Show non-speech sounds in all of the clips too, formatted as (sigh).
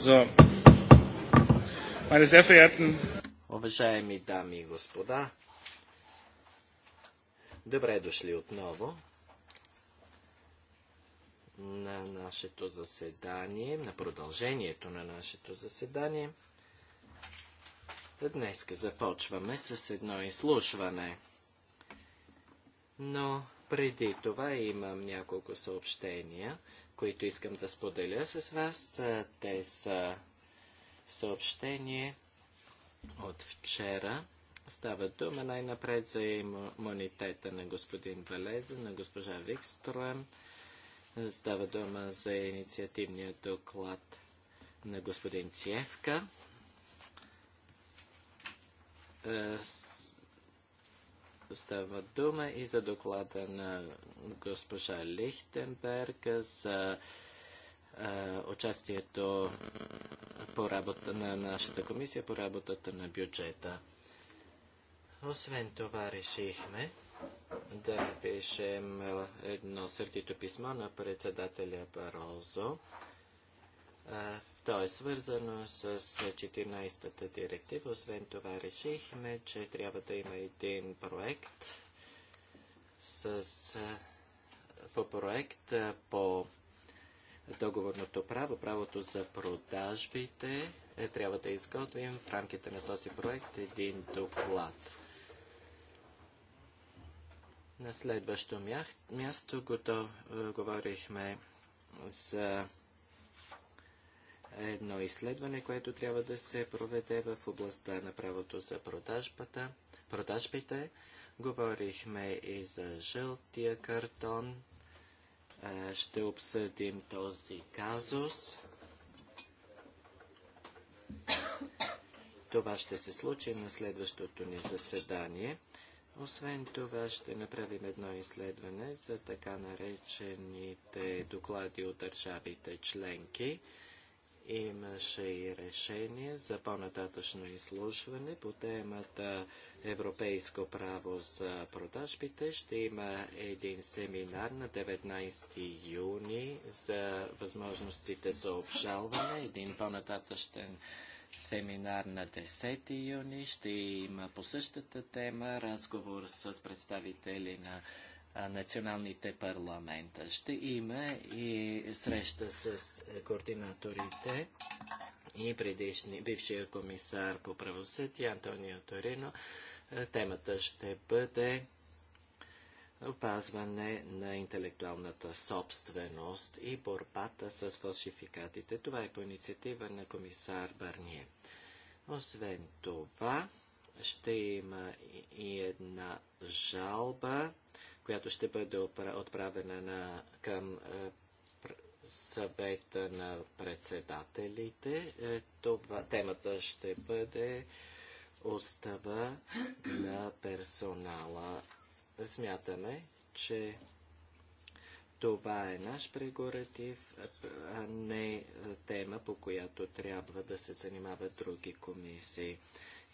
So. Meine sehr verehrten... Уважаеми дами и господа, добре дошли отново на нашето заседание, на продължението на нашето заседание. Днес започваме с едно изслушване. Но преди това имам няколко съобщения които искам да споделя с вас. Те са съобщение от вчера. Става дума най-напред за имунитета на господин Валеза, на госпожа Викстроем. Става дума за инициативния доклад на господин Цевка става дума и за доклада на госпожа Лихтенберг за участието по работа на нашата комисия по работата на бюджета. Освен това решихме да пишем едно сърдито писмо на председателя Барозо. То е свързано с 14-та директива. Освен това решихме, че трябва да има един проект с, по проект по договорното право, правото за продажбите. Е, трябва да изготвим в рамките на този проект един доклад. На следващо място готов, говорихме за едно изследване, което трябва да се проведе в областта на правото за продажбата, продажбите. Говорихме и за жълтия картон. Е, ще обсъдим този казус. Това ще се случи на следващото ни заседание. Освен това ще направим едно изследване за така наречените доклади от държавите членки. Имаше и решение за по-нататъчно изслушване по темата Европейско право за продажбите. Ще има един семинар на 19 юни за възможностите за обжалване, един по-нататъчен семинар на 10 юни. Ще има по същата тема разговор с представители на националните парламента. Ще има и среща с е, координаторите и предишни, бившия комисар по правосъдие Антонио Торино. Е, темата ще бъде опазване на интелектуалната собственост и борбата с фалшификатите. Това е по инициатива на комисар Барние. Освен това, ще има и една жалба която ще бъде отправена на, към е, съвета на председателите. Е, това, темата ще бъде устава на персонала. Смятаме, че това е наш прегоратив, а не е, тема, по която трябва да се занимават други комисии.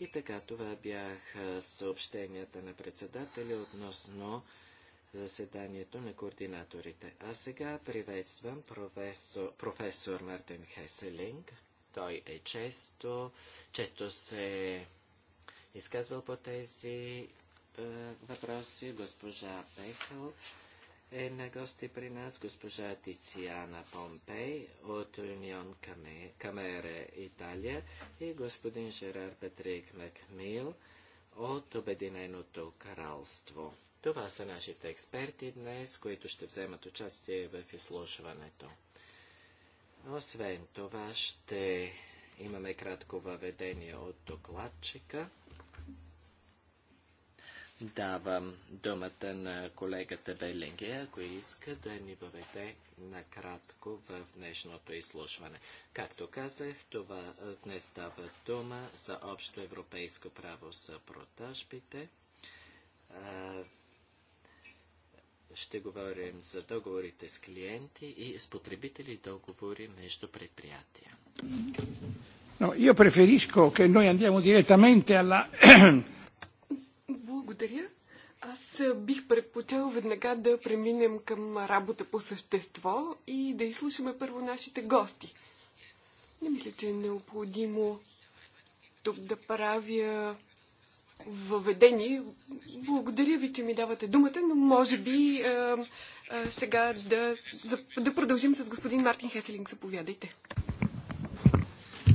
И така, това бяха съобщенията на председателя относно заседанието на координаторите. А сега приветствам професор, професор Мартин Хеселинг. Той е често, често се изказвал по тези е, въпроси. Госпожа Пехъл е на гости при нас. Госпожа Тициана Помпей от Унион Камере, Италия и господин Жерар Петрик Макмил от Обединеното кралство. Това са нашите експерти днес, които ще вземат участие в изслушването. Освен това ще имаме кратко въведение от докладчика. Давам думата на колегата Белинге, ако иска да ни въведе накратко в днешното изслушване. Както казах, това днес става дума за общо европейско право за продажбите ще говорим за договорите с клиенти и с потребители договори между предприятия. No, io preferisco che noi andiamo direttamente alla... Благодаря. Аз бих предпочел веднага да преминем към работа по същество и да изслушаме първо нашите гости. Не мисля, че е необходимо тук да правя въведени. Благодаря ви, че ми давате думата, но може би а, е, а, е, сега да, за, да продължим с господин Мартин Хеселинг. Заповядайте.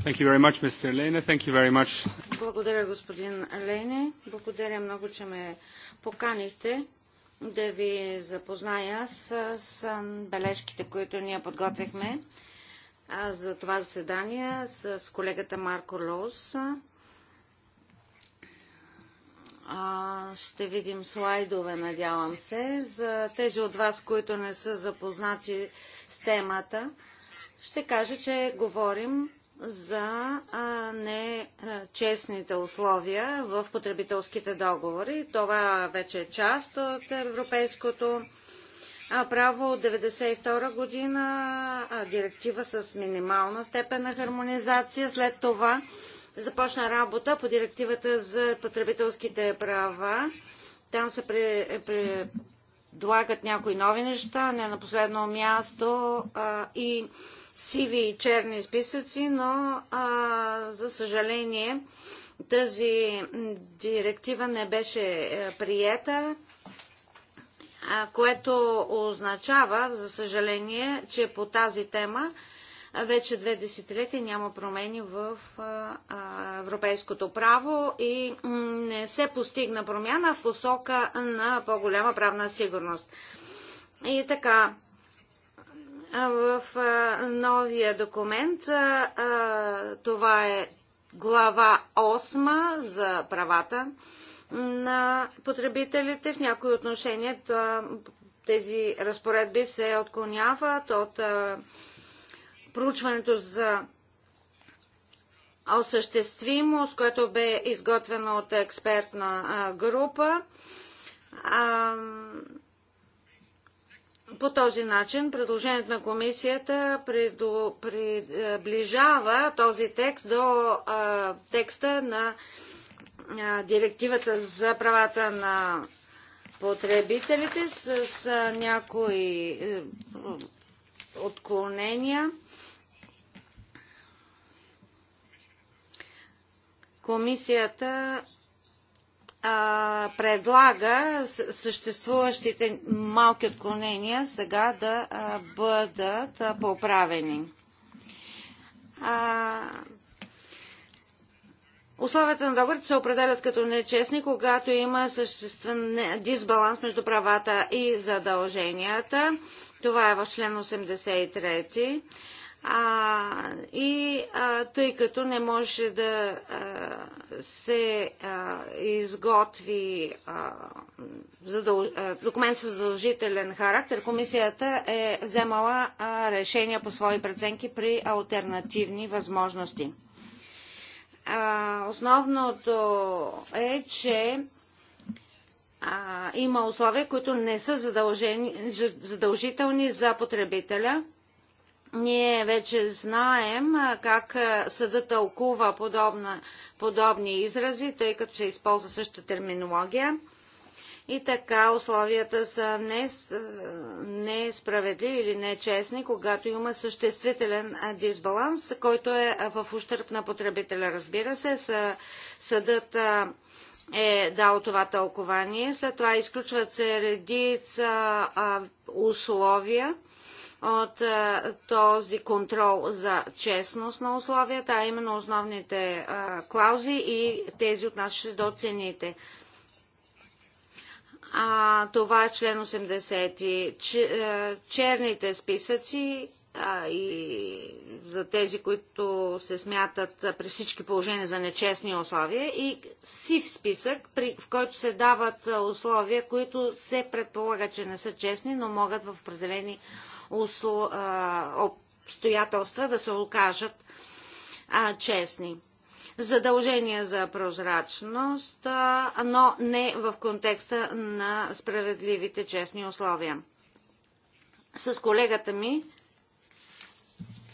Much, Благодаря, господин Лейне. Благодаря много, че ме поканихте да ви запозная с, с бележките, които ние подготвихме за това заседание с колегата Марко Лоус. А, ще видим слайдове, надявам се. За тези от вас, които не са запознати с темата, ще кажа, че говорим за нечестните условия в потребителските договори. Това вече е част от европейското право от 1992 година, директива с минимална степен на хармонизация. След това започна работа по директивата за потребителските права. Там се е, предлагат някои нови неща, не на последно място а, и сиви и черни списъци, но а, за съжаление тази директива не беше е, приета, което означава, за съжаление, че по тази тема вече две десетилетия няма промени в европейското право и не се постигна промяна в посока на по-голяма правна сигурност. И така, в новия документ това е глава 8 за правата на потребителите. В някои отношения тези разпоредби се отклоняват от проучването за осъществимост, което бе изготвено от експертна група. По този начин предложението на комисията приближава този текст до текста на директивата за правата на потребителите с някои е, отклонения. Комисията а, предлага съществуващите малки отклонения сега да а, бъдат а, поправени. А, Условията на договорите се определят като нечестни, когато има съществен дисбаланс между правата и задълженията. Това е в член 83. А, и а, тъй като не може да а, се а, изготви а, задълж... а, документ с задължителен характер, комисията е вземала а, решения по свои преценки при альтернативни възможности. А, основното е, че а, има условия, които не са задължени, задължителни за потребителя ние вече знаем как съда тълкува подобна, подобни изрази, тъй като се използва същата терминология. И така условията са несправедливи не или нечестни, когато има съществителен дисбаланс, който е в ущърп на потребителя. Разбира се, съдът е дал това тълкование. След това изключват се редица условия от е, този контрол за честност на условията, а именно основните е, клаузи и тези нас до цените. А, това е член 80. Е, черните списъци а, и за тези, които се смятат при всички положения за нечестни условия и сив списък, при, в който се дават условия, които се предполага, че не са честни, но могат в определени обстоятелства да се окажат честни задължения за прозрачност, но не в контекста на справедливите честни условия. С колегата ми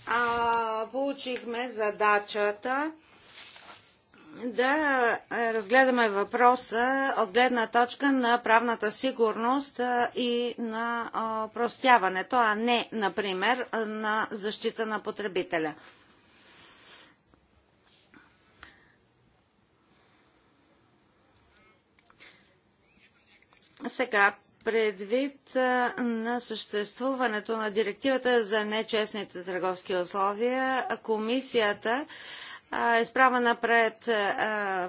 а, получихме задачата да е, разгледаме въпроса от гледна точка на правната сигурност е, и на простяването, а не, например, е, на защита на потребителя. Сега, предвид на съществуването на директивата за нечестните търговски условия, комисията изправена е пред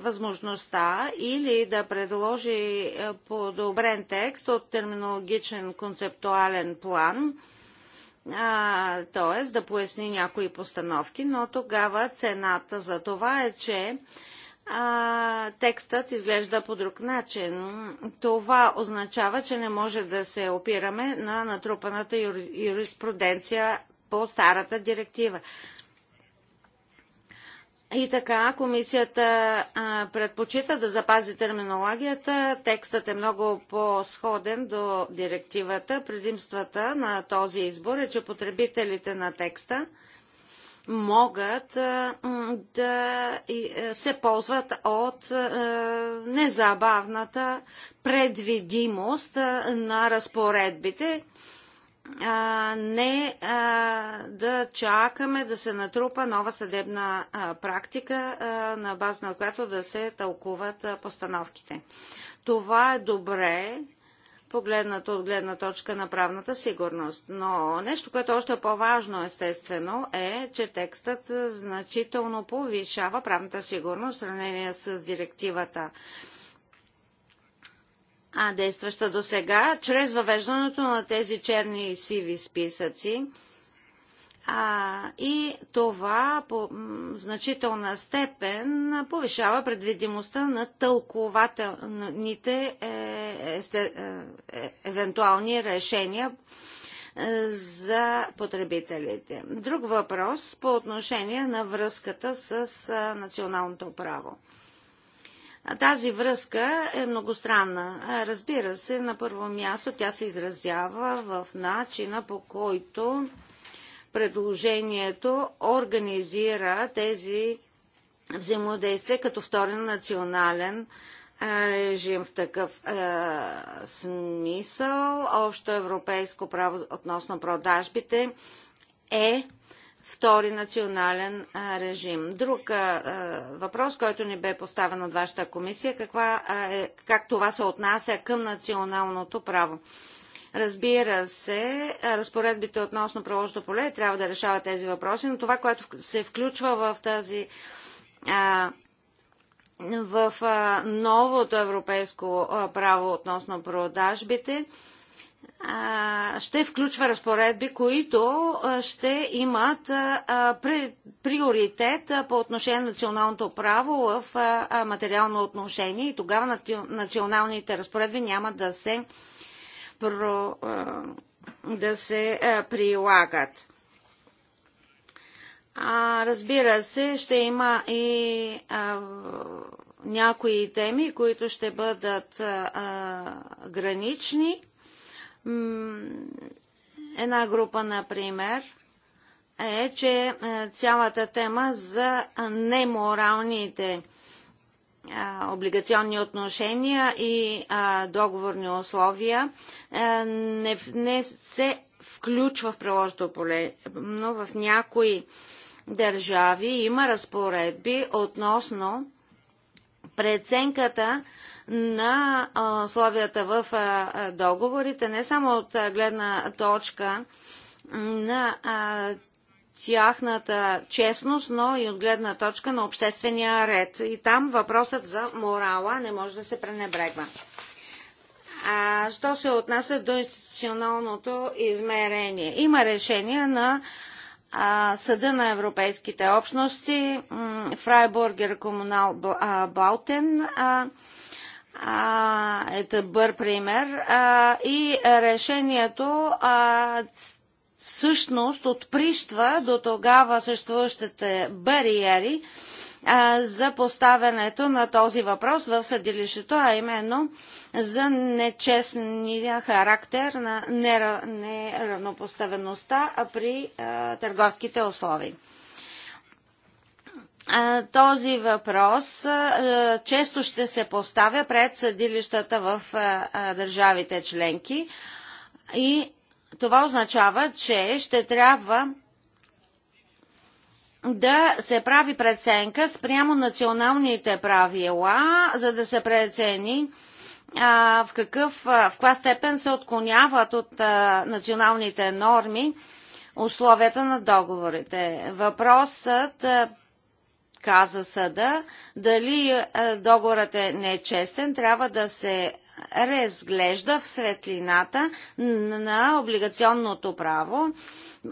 възможността или да предложи подобрен текст от терминологичен концептуален план, т.е. да поясни някои постановки, но тогава цената за това е, че а, текстът изглежда по друг начин. Това означава, че не може да се опираме на натрупаната юриспруденция по старата директива. И така, комисията а, предпочита да запази терминологията. Текстът е много по-сходен до директивата. Предимствата на този избор е, че потребителите на текста могат а, да е, се ползват от а, е, незабавната предвидимост е, на разпоредбите а, не а, да чакаме да се натрупа нова съдебна а, практика, а, на база на която да се тълкуват а, постановките. Това е добре, погледнато от гледна точка на правната сигурност. Но нещо, което е още е по-важно, естествено, е, че текстът значително повишава правната сигурност в сравнение с директивата а действаща до сега, чрез въвеждането на тези черни и сиви списъци. А, и това по в значителна степен повишава предвидимостта на тълкователните е, е, е, евентуални решения е, за потребителите. Друг въпрос по отношение на връзката с е, националното право. Тази връзка е многостранна. Разбира се, на първо място тя се изразява в начина по който предложението организира тези взаимодействия като втори национален режим в такъв е, смисъл. Общо европейско право относно продажбите е втори национален режим. Друг въпрос, който ни бе поставен от вашата комисия, каква е, как това се отнася към националното право. Разбира се, разпоредбите относно приложното поле трябва да решават тези въпроси, но това, което се включва в тази в новото европейско право относно продажбите, ще включва разпоредби, които ще имат приоритет по отношение на националното право в материално отношение и тогава националните разпоредби няма да се, да се прилагат. Разбира се, ще има и някои теми, които ще бъдат гранични Една група, например, е, че е, цялата тема за неморалните е, облигационни отношения и е, договорни условия не, не се включва в приложното поле, но в някои държави има разпоредби относно преценката на условията в договорите, не само от гледна точка на тяхната честност, но и от гледна точка на обществения ред. И там въпросът за морала не може да се пренебрегва. А що се отнася до институционалното измерение? Има решение на а, Съда на европейските общности, Фрайбургер Комунал Балтен, а, а, е бър пример. А, и решението а, всъщност отприщва до тогава съществуващите бариери а, за поставянето на този въпрос в съдилището, а именно за нечестния характер на неравнопоставеността при търговските условия този въпрос често ще се поставя пред съдилищата в държавите членки и това означава, че ще трябва да се прави преценка спрямо националните правила, за да се прецени в какъв, в каква степен се отклоняват от националните норми условията на договорите. Въпросът каза съда, дали е, е, договорът е нечестен, трябва да се разглежда в светлината на облигационното право.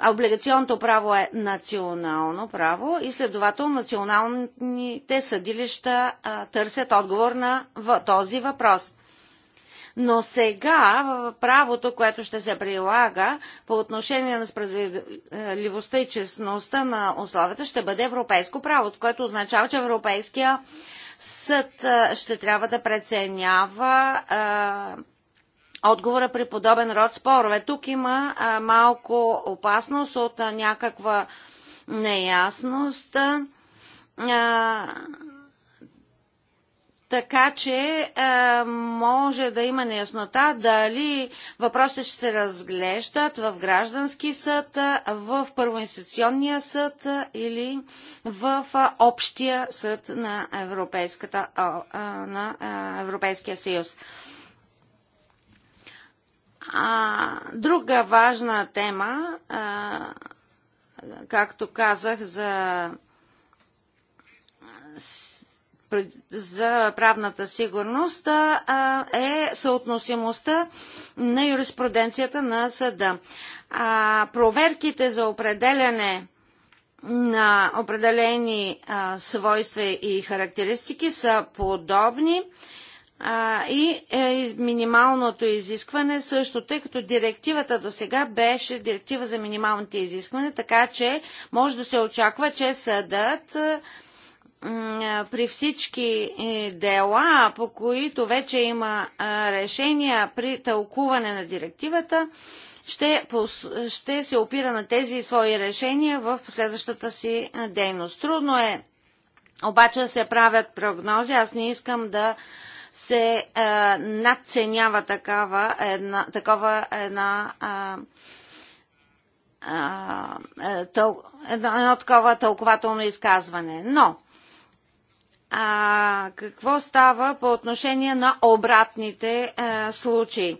Облигационното право е национално право и следователно националните съдилища търсят отговор на този въпрос. Но сега правото, което ще се прилага по отношение на справедливостта и честността на условията, ще бъде европейско право, което означава, че Европейския съд ще трябва да преценява отговора при подобен род спорове. Тук има малко опасност от някаква неясност така че е, може да има неяснота дали въпросите ще се разглеждат в граждански съд, е, в първоинституционния съд е, или в е, общия съд на, Европейската, на Европейския съюз. А, друга важна тема, а, както казах, за за правната сигурност е съотносимостта на юриспруденцията на съда. Проверките за определяне на определени свойства и характеристики са подобни и е минималното изискване също, тъй като директивата до сега беше директива за минималните изисквания, така че може да се очаква, че съдът при всички е, дела, по които вече има решения при тълкуване на директивата, ще, ще се опира на тези свои решения в последващата си дейност. Трудно е обаче да се правят прогнози. Аз не искам да се надценява такава една, такова една а, а, тъл, едно, едно такова тълкователно изказване. Но а, какво става по отношение на обратните а, е, случаи.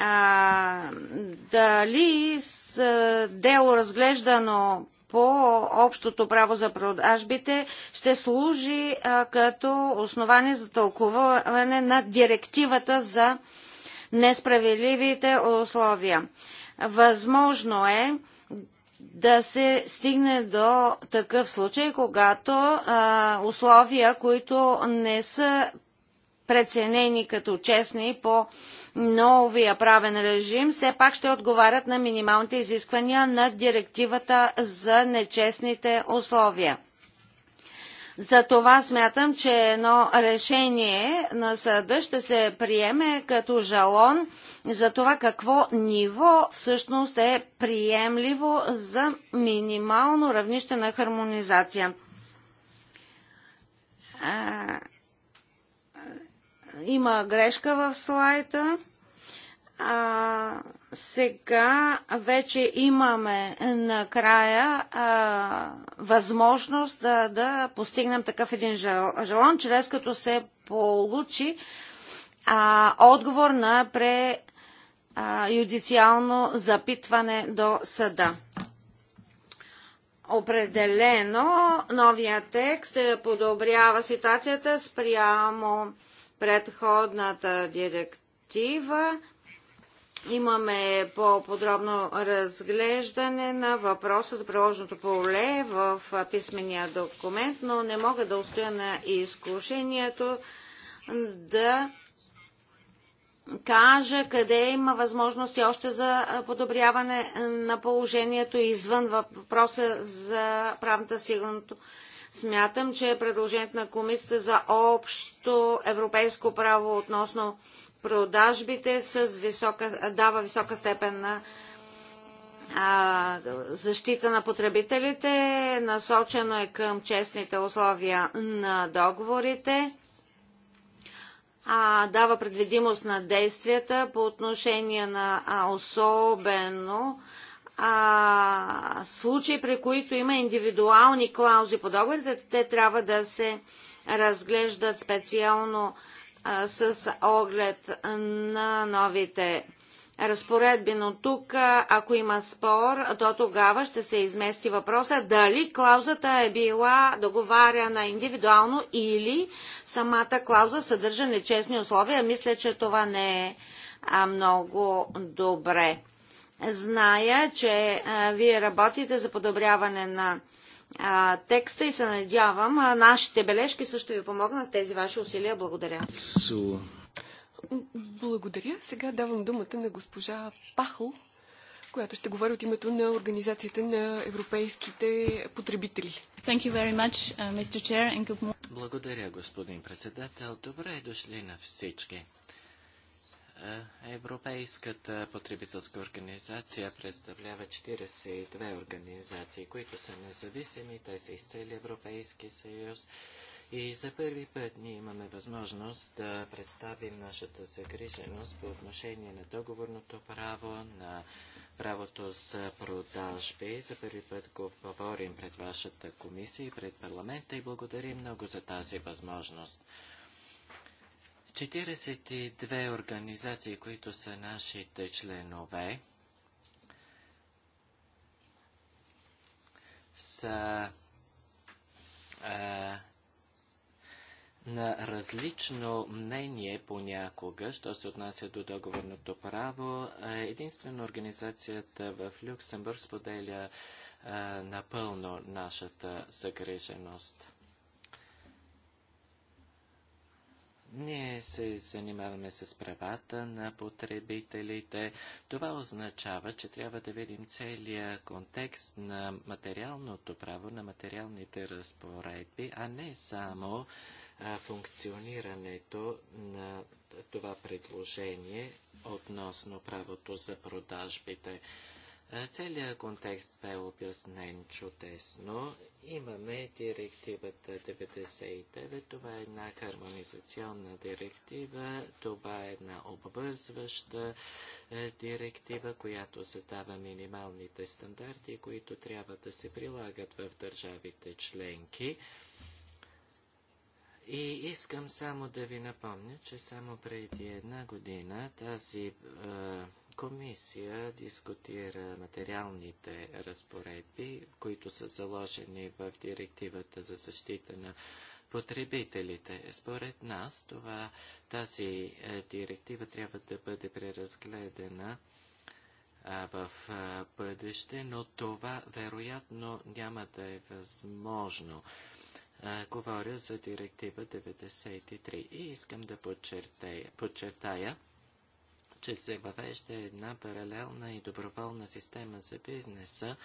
А, дали с е, дело разглеждано по общото право за продажбите ще служи а, е, като основание за тълкуване на директивата за несправедливите условия. Възможно е да се стигне до такъв случай, когато а, условия, които не са преценени като честни по новия правен режим, все пак ще отговарят на минималните изисквания на директивата за нечестните условия. За това смятам, че едно решение на съда ще се приеме като жалон за това какво ниво всъщност е приемливо за минимално равнище на хармонизация. има грешка в слайда сега вече имаме накрая а, възможност да, да постигнем такъв един жалон, чрез като се получи а, отговор на преюдициално запитване до съда. Определено новия текст е, подобрява ситуацията спрямо предходната директива Имаме по-подробно разглеждане на въпроса за приложеното поле в писмения документ, но не мога да устоя на изкушението да кажа къде има възможности още за подобряване на положението извън въпроса за правната сигурност. Смятам, че предложението на комисията за общо европейско право относно продажбите с висока, дава висока степен на а, защита на потребителите, насочено е към честните условия на договорите, а, дава предвидимост на действията по отношение на а, особено а, случаи, при които има индивидуални клаузи по договорите, те трябва да се разглеждат специално с оглед на новите разпоредби, но тук, ако има спор, то тогава ще се измести въпроса дали клаузата е била договаряна индивидуално или самата клауза съдържа нечестни условия. Мисля, че това не е много добре. Зная, че вие работите за подобряване на а, текста и се надявам а, нашите бележки също ви помогнат с тези ваши усилия. Благодаря. Благодаря. Сега давам думата на госпожа Пахл, която ще говори от името на Организацията на европейските потребители. Thank you very much, uh, Mr. Chair, and good Благодаря, господин председател. Добре дошли на всички. Е, Европейската потребителска организация представлява 42 организации, които са независими, те са из цели Европейски съюз. И за първи път ние имаме възможност да представим нашата загриженост по отношение на договорното право, на правото с продажби. За първи път го говорим пред вашата комисия и пред парламента и благодарим много за тази възможност. 42 организации, които са нашите членове, са а, е, на различно мнение понякога, що се отнася до договорното право. Е, единствено организацията в Люксембург споделя а, е, напълно нашата съгреженост. Ние се занимаваме с правата на потребителите. Това означава, че трябва да видим целия контекст на материалното право, на материалните разпоредби, а не само а, функционирането на това предложение относно правото за продажбите. Целият контекст бе обяснен чудесно Имаме директивата 99, това е една хармонизационна директива, това е една обвързваща е, директива, която задава минималните стандарти, които трябва да се прилагат в държавите членки. И искам само да ви напомня, че само преди една година тази е, комисия дискутира материалните разпоредби, които са заложени в директивата за защита на потребителите. Според нас това, тази е, директива трябва да бъде преразгледана в бъдеще, но това вероятно няма да е възможно. говоря за директива 93 и искам да подчертая, подчертая че се въвежда една паралелна и доброволна система за бизнеса,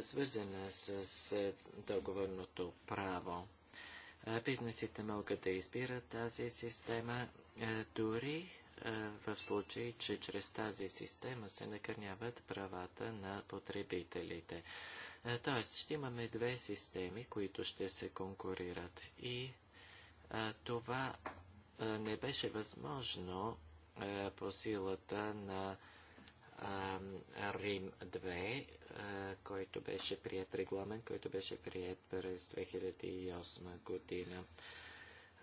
свързана с, договорното право. бизнесите могат да избират тази система, дори в случай, че чрез тази система се накърняват правата на потребителите. Тоест, ще имаме две системи, които ще се конкурират. И това не беше възможно е, по силата на Рим 2, е, който беше прият регламент, който беше прият през 2008 година.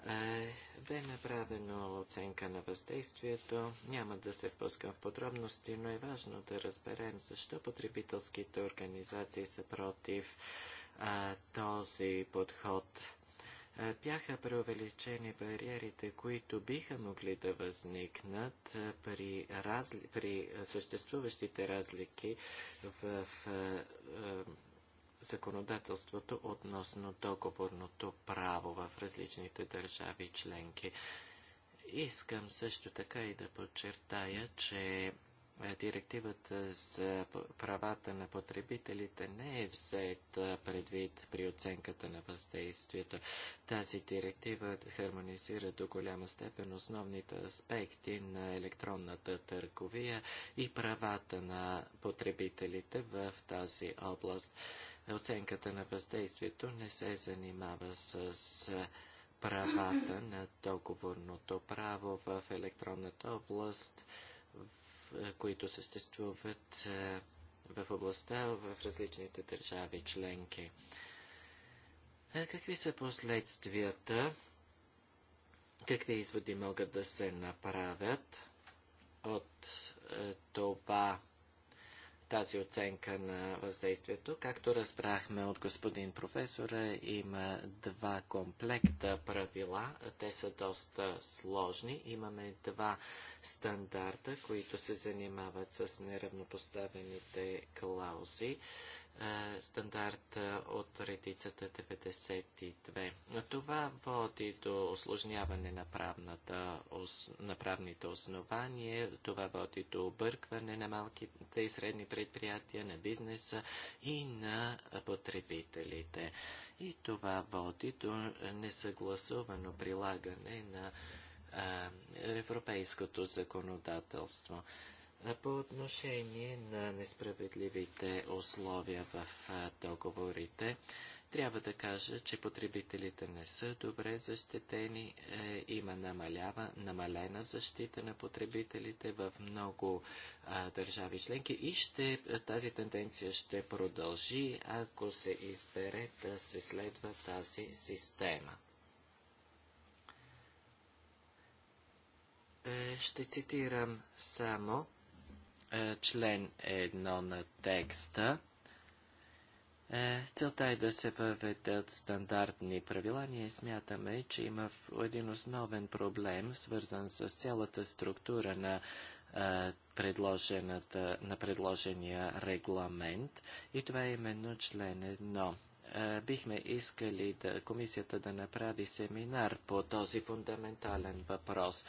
Е, бе направено оценка на въздействието. Няма да се впускам в подробности, но е важно да разберем защо потребителските организации са против този подход бяха преувеличени бариерите, които биха могли да възникнат при, разли... при съществуващите разлики в, в законодателството относно договорното право в различните държави членки. Искам също така и да подчертая, че е, директивата за правата на потребителите не е взета предвид при оценката на въздействието. Тази директива хармонизира до голяма степен основните аспекти на електронната търговия и правата на потребителите в тази област. Оценката на въздействието не се занимава с правата на договорното право в електронната област е, които съществуват е, в областта в различните държави членки. Е, какви са последствията? Какви изводи могат да се направят от това тази оценка на въздействието. Както разбрахме от господин професора, има два комплекта правила. Те са доста сложни. Имаме два стандарта, които се занимават с неравнопоставените клаузи стандарт от редицата 92. Това води до осложняване на, правната, на правните основания, това води до объркване на малките и средни предприятия, на бизнеса и на потребителите. И това води до несъгласувано прилагане на европейското законодателство. По отношение на несправедливите условия в договорите, трябва да кажа, че потребителите не са добре защитени. Е, има намалява, намалена защита на потребителите в много а, държави членки и ще, тази тенденция ще продължи, ако се избере да се следва тази система. Е, ще цитирам само е, член едно на текста. Е, целта е да се въведат стандартни правила. Ние смятаме, че има един основен проблем, свързан с цялата структура на, е, на предложения регламент и това е именно член едно бихме искали да, комисията да направи семинар по този фундаментален въпрос.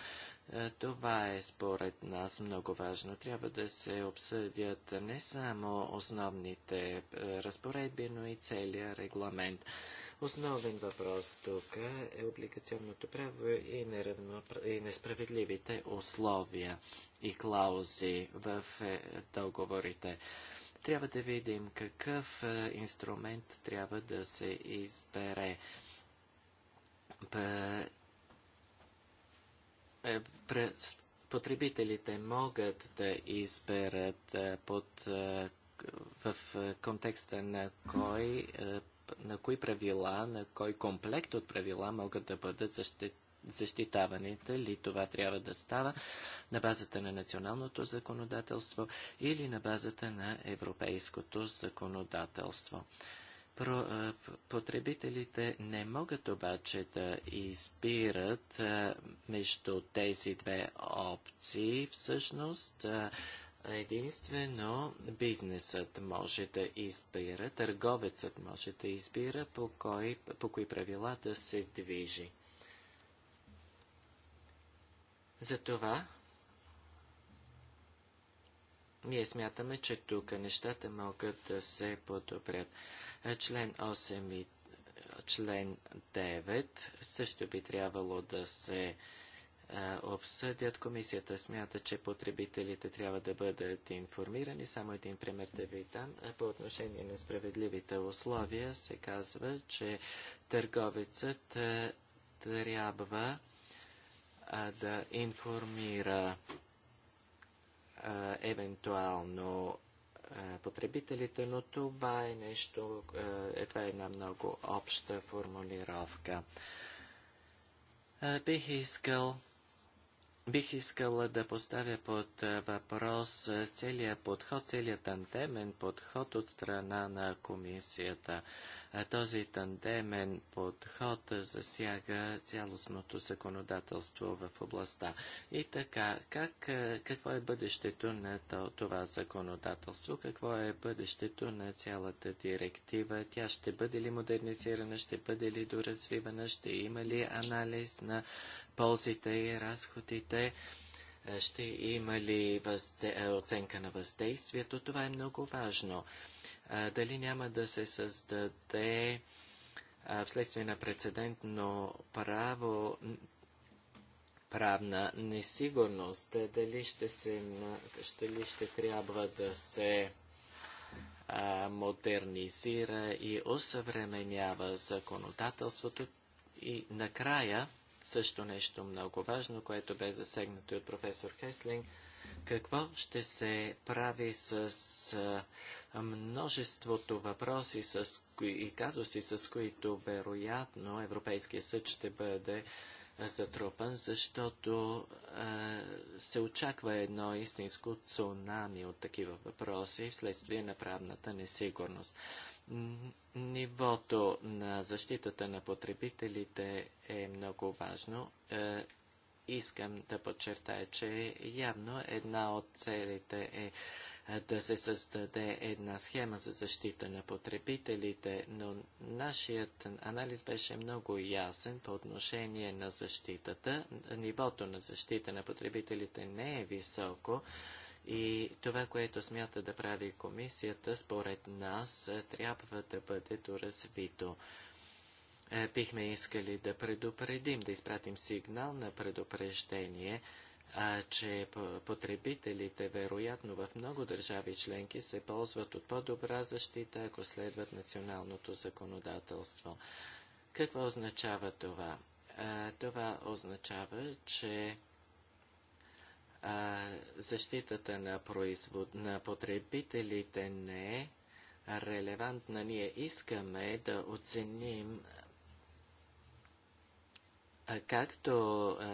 Това е според нас много важно. Трябва да се обсъдят не само основните разпоредби, но и целият регламент. Основен въпрос тук е облигационното право и, неравно, и несправедливите условия и клаузи в е, договорите. Трябва да видим какъв е, инструмент трябва да се избере. Е, потребителите могат да изберат е, под, в контекста на кой на кои правила, на кой комплект от правила могат да бъдат защитени Защитаването ли това трябва да става на базата на националното законодателство или на базата на европейското законодателство. Про, потребителите не могат обаче да избират а, между тези две опции. Всъщност, а, единствено бизнесът може да избира, търговецът може да избира по кои, по кои правила да се движи. Затова ние смятаме, че тук нещата могат да се подобрят. Член 8 и член 9 също би трябвало да се обсъдят. Комисията смята, че потребителите трябва да бъдат информирани. Само един пример да ви дам. По отношение на справедливите условия се казва, че търговецът трябва а, да информира а, евентуално а, потребителите, но това е нещо, е, това е една много обща формулировка. Бих искал Бих искала да поставя под въпрос целият подход, целият антемен подход от страна на комисията. Този тандемен подход засяга цялостното законодателство в областта. И така, как, какво е бъдещето на това законодателство? Какво е бъдещето на цялата директива? Тя ще бъде ли модернизирана? Ще бъде ли доразвивана? Ще има ли анализ на ползите и разходите? ще има ли възде... оценка на въздействието. Това е много важно дали няма да се създаде вследствие на прецедентно право правна несигурност, дали ще, се, ще, ли ще трябва да се а, модернизира и усъвременява законодателството и накрая също нещо много важно, което бе засегнато от професор Хеслинг – какво ще се прави с множеството въпроси с и казуси, с които вероятно Европейския съд ще бъде затрупан, защото а, се очаква едно истинско цунами от такива въпроси вследствие на правната несигурност. Нивото на защитата на потребителите е много важно. Е, искам да подчертая, че явно една от целите е, е да се създаде една схема за защита на потребителите, но нашият анализ беше много ясен по отношение на защитата. Нивото на защита на потребителите не е високо. И това, което смята да прави комисията, според нас, е, трябва да бъде доразвито. развито. Е, бихме искали да предупредим, да изпратим сигнал на предупреждение, а, че потребителите вероятно в много държави членки се ползват от по-добра защита, ако следват националното законодателство. Какво означава това? А, е, това означава, че а, защитата на, производ... на потребителите не е релевантна. Ние искаме да оценим както е,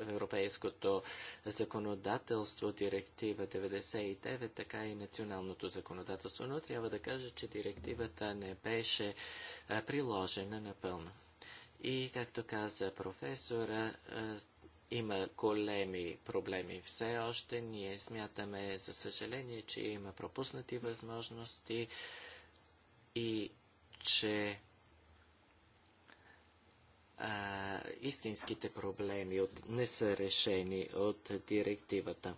европейското законодателство, директива 99, така и националното законодателство. Но трябва да кажа, че директивата не беше е, приложена напълно. И, както каза професора, е, има големи проблеми все още. Ние смятаме, за съжаление, че има пропуснати възможности и че а, истинските проблеми от, не са решени от директивата.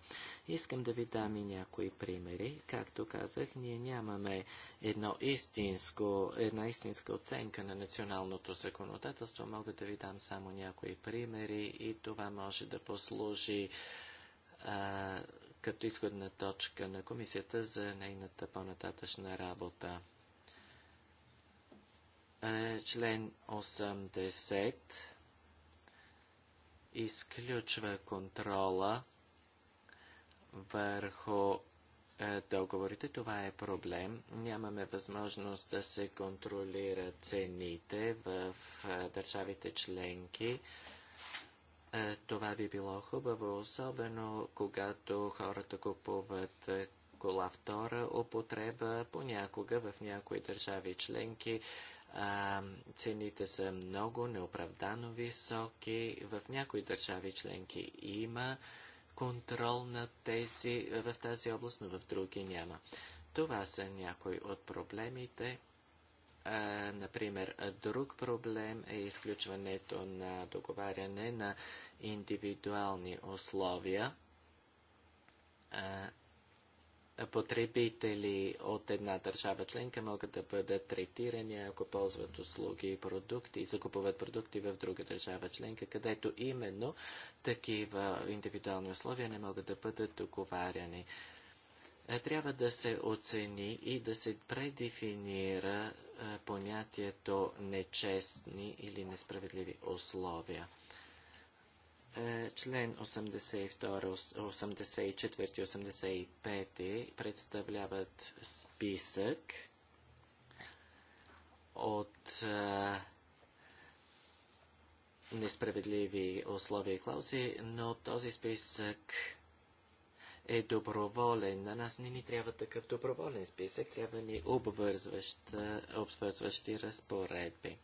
Искам да ви дам и някои примери. Както казах, ние нямаме едно истинско, една истинска оценка на националното законодателство. Мога да ви дам само някои примери и това може да послужи а, като изходна точка на комисията за нейната по-нататъчна работа. Е, член 80 изключва контрола върху е, договорите. Това е проблем. Нямаме възможност да се контролира цените в е, държавите членки. Това би било хубаво, особено когато хората купуват кола втора употреба. Понякога в някои държави членки а, цените са много неоправдано високи. В някои държави членки има контрол на тези, в тази област, но в други няма. Това са някои от проблемите. А, например, друг проблем е изключването на договаряне на индивидуални условия. А, потребители от една държава членка могат да бъдат третирани, ако ползват услуги и продукти и закупуват продукти в друга държава членка, където именно такива индивидуални условия не могат да бъдат договаряни. Е, трябва да се оцени и да се предефинира е, понятието нечестни или несправедливи условия. Е, член 84-85 представляват списък от е, несправедливи условия и клаузи, но този списък е доброволен. На нас не ни трябва такъв доброволен списък, трябва ни обвързващи разпоредби.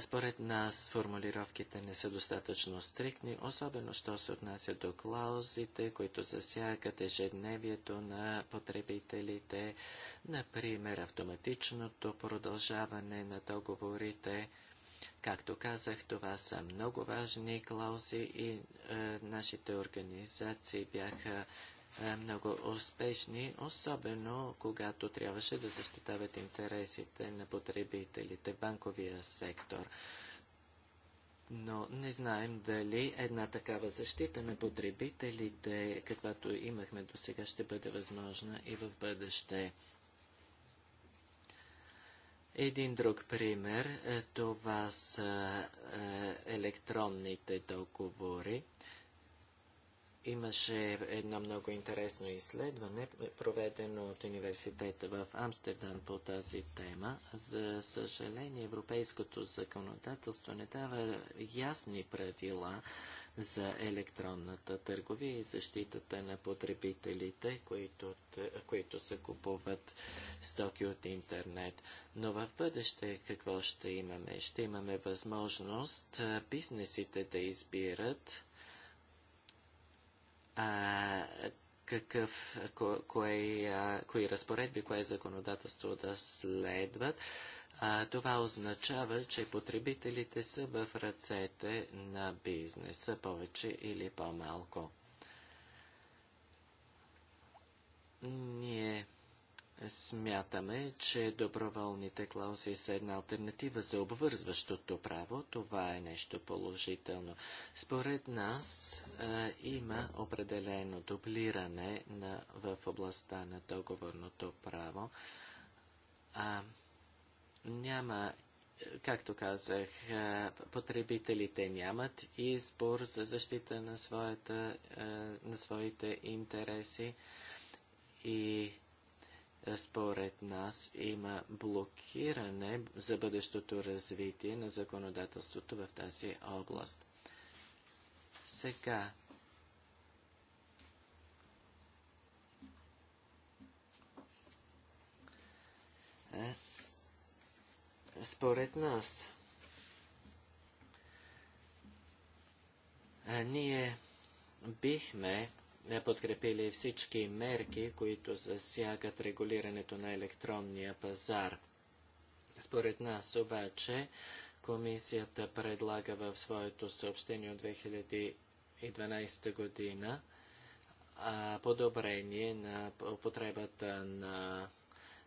Според нас формулировките не са достатъчно стриктни, особено що се отнася до клаузите, които засягат ежедневието на потребителите, например автоматичното продължаване на договорите. Както казах, това са много важни клаузи и е, нашите организации бяха е, много успешни, особено когато трябваше да защитават интересите на потребителите, банковия сектор. Но не знаем дали една такава защита на потребителите, каквато имахме до сега, ще бъде възможна и в бъдеще. Един друг пример, е, това са е, електронните договори. Имаше едно много интересно изследване, проведено от университета в Амстердам по тази тема. За съжаление, европейското законодателство не дава ясни правила за електронната търговия и защитата на потребителите, които, които се купуват стоки от интернет. Но в бъдеще какво ще имаме? Ще имаме възможност бизнесите да избират какъв, кое, кои разпоредби, кое законодателство да следват. това означава, че потребителите са в ръцете на бизнеса, повече или по-малко. Ние. Yeah Смятаме, че доброволните клаузи са една альтернатива за обвързващото право. Това е нещо положително. Според нас е, има определено дублиране на, в областта на договорното право. А, няма, както казах, е, потребителите нямат избор за защита на, своята, е, на своите интереси и е, според нас има блокиране за бъдещото развитие на законодателството в тази област. Сега е, според нас е, ние бихме е подкрепили всички мерки, които засягат регулирането на електронния пазар. Според нас обаче, комисията предлага в своето съобщение от 2012 година подобрение на употребата на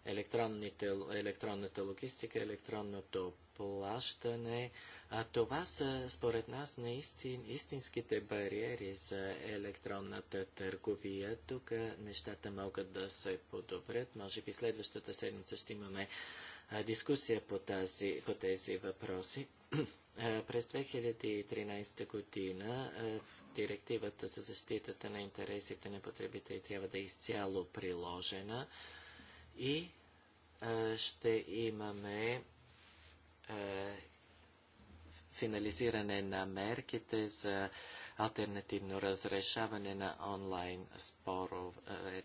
електронната логистика, електронното плащане. А това са, според нас, наистин, истинските бариери за електронната търговия. Тук нещата могат да се подобрят. Може би следващата седмица ще имаме дискусия по, тази, по тези въпроси. През 2013 година директивата за защитата на интересите на потребители трябва да е изцяло приложена и а, ще имаме а, финализиране на мерките за альтернативно разрешаване на онлайн споров.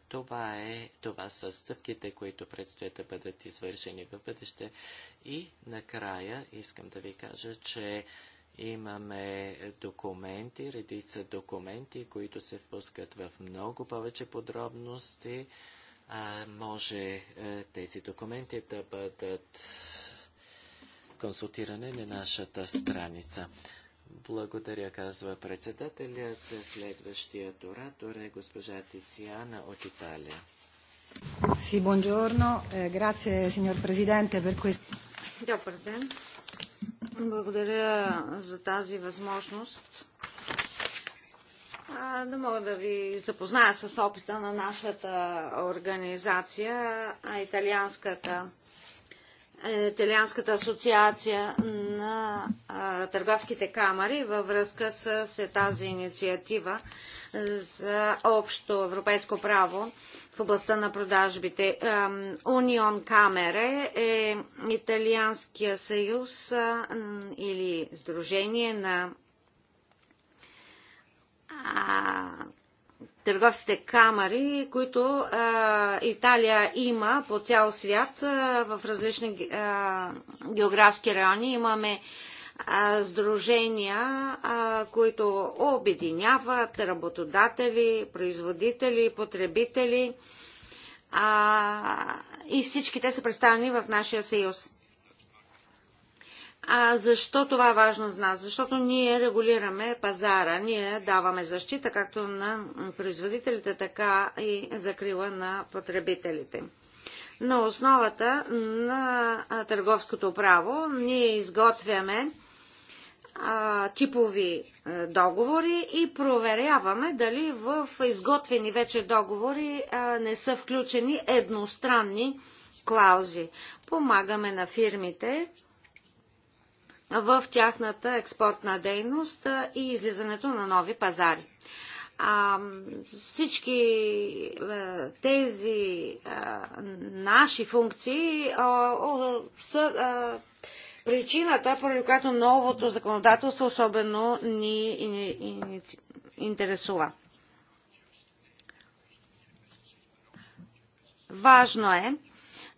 Това, е, това са стъпките, които предстоят да бъдат извършени в бъдеще. И накрая искам да ви кажа, че имаме документи, редица документи, които се впускат в много повече подробности може е, тези документи да бъдат консултирани на нашата страница. Благодаря, казва председателят. Следващият оратор е госпожа Тициана от Италия. Sì, buongiorno. Eh, grazie, signor Presidente, per questo. Добър ден. Благодаря за тази възможност да мога да ви запозная с опита на нашата организация, а италианската е, Италианската асоциация на а, търговските камери във връзка с, с е, тази инициатива е, за общо европейско право в областта на продажбите. Унион Камере е Италианския съюз а, или Сдружение на търговските камери, които а, Италия има по цял свят а, в различни а, географски райони. Имаме а, сдружения, а, които обединяват работодатели, производители, потребители а, и всички те са представени в нашия съюз. А защо това е важно за нас? Защото ние регулираме пазара, ние даваме защита както на производителите, така и закрила на потребителите. На основата на търговското право ние изготвяме типови договори и проверяваме дали в изготвени вече договори не са включени едностранни клаузи. Помагаме на фирмите в тяхната експортна дейност и излизането на нови пазари. А, всички а, тези а, наши функции а, а, са а, причината, поради която новото законодателство особено ни, ни, ни интересува. Важно е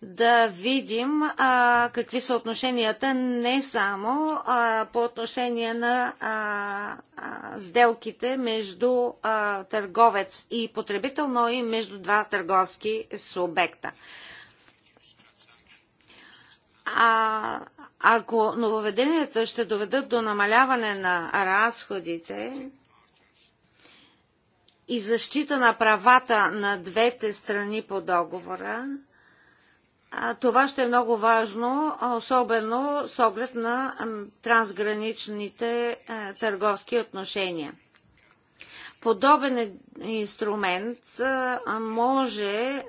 да видим а, какви са отношенията не само а, по отношение на а, а, сделките между а, търговец и потребител, но и между два търговски субекта. А, ако нововеденията ще доведат до намаляване на разходите, и защита на правата на двете страни по договора, това ще е много важно, особено с оглед на трансграничните е, търговски отношения. Подобен е, инструмент е, може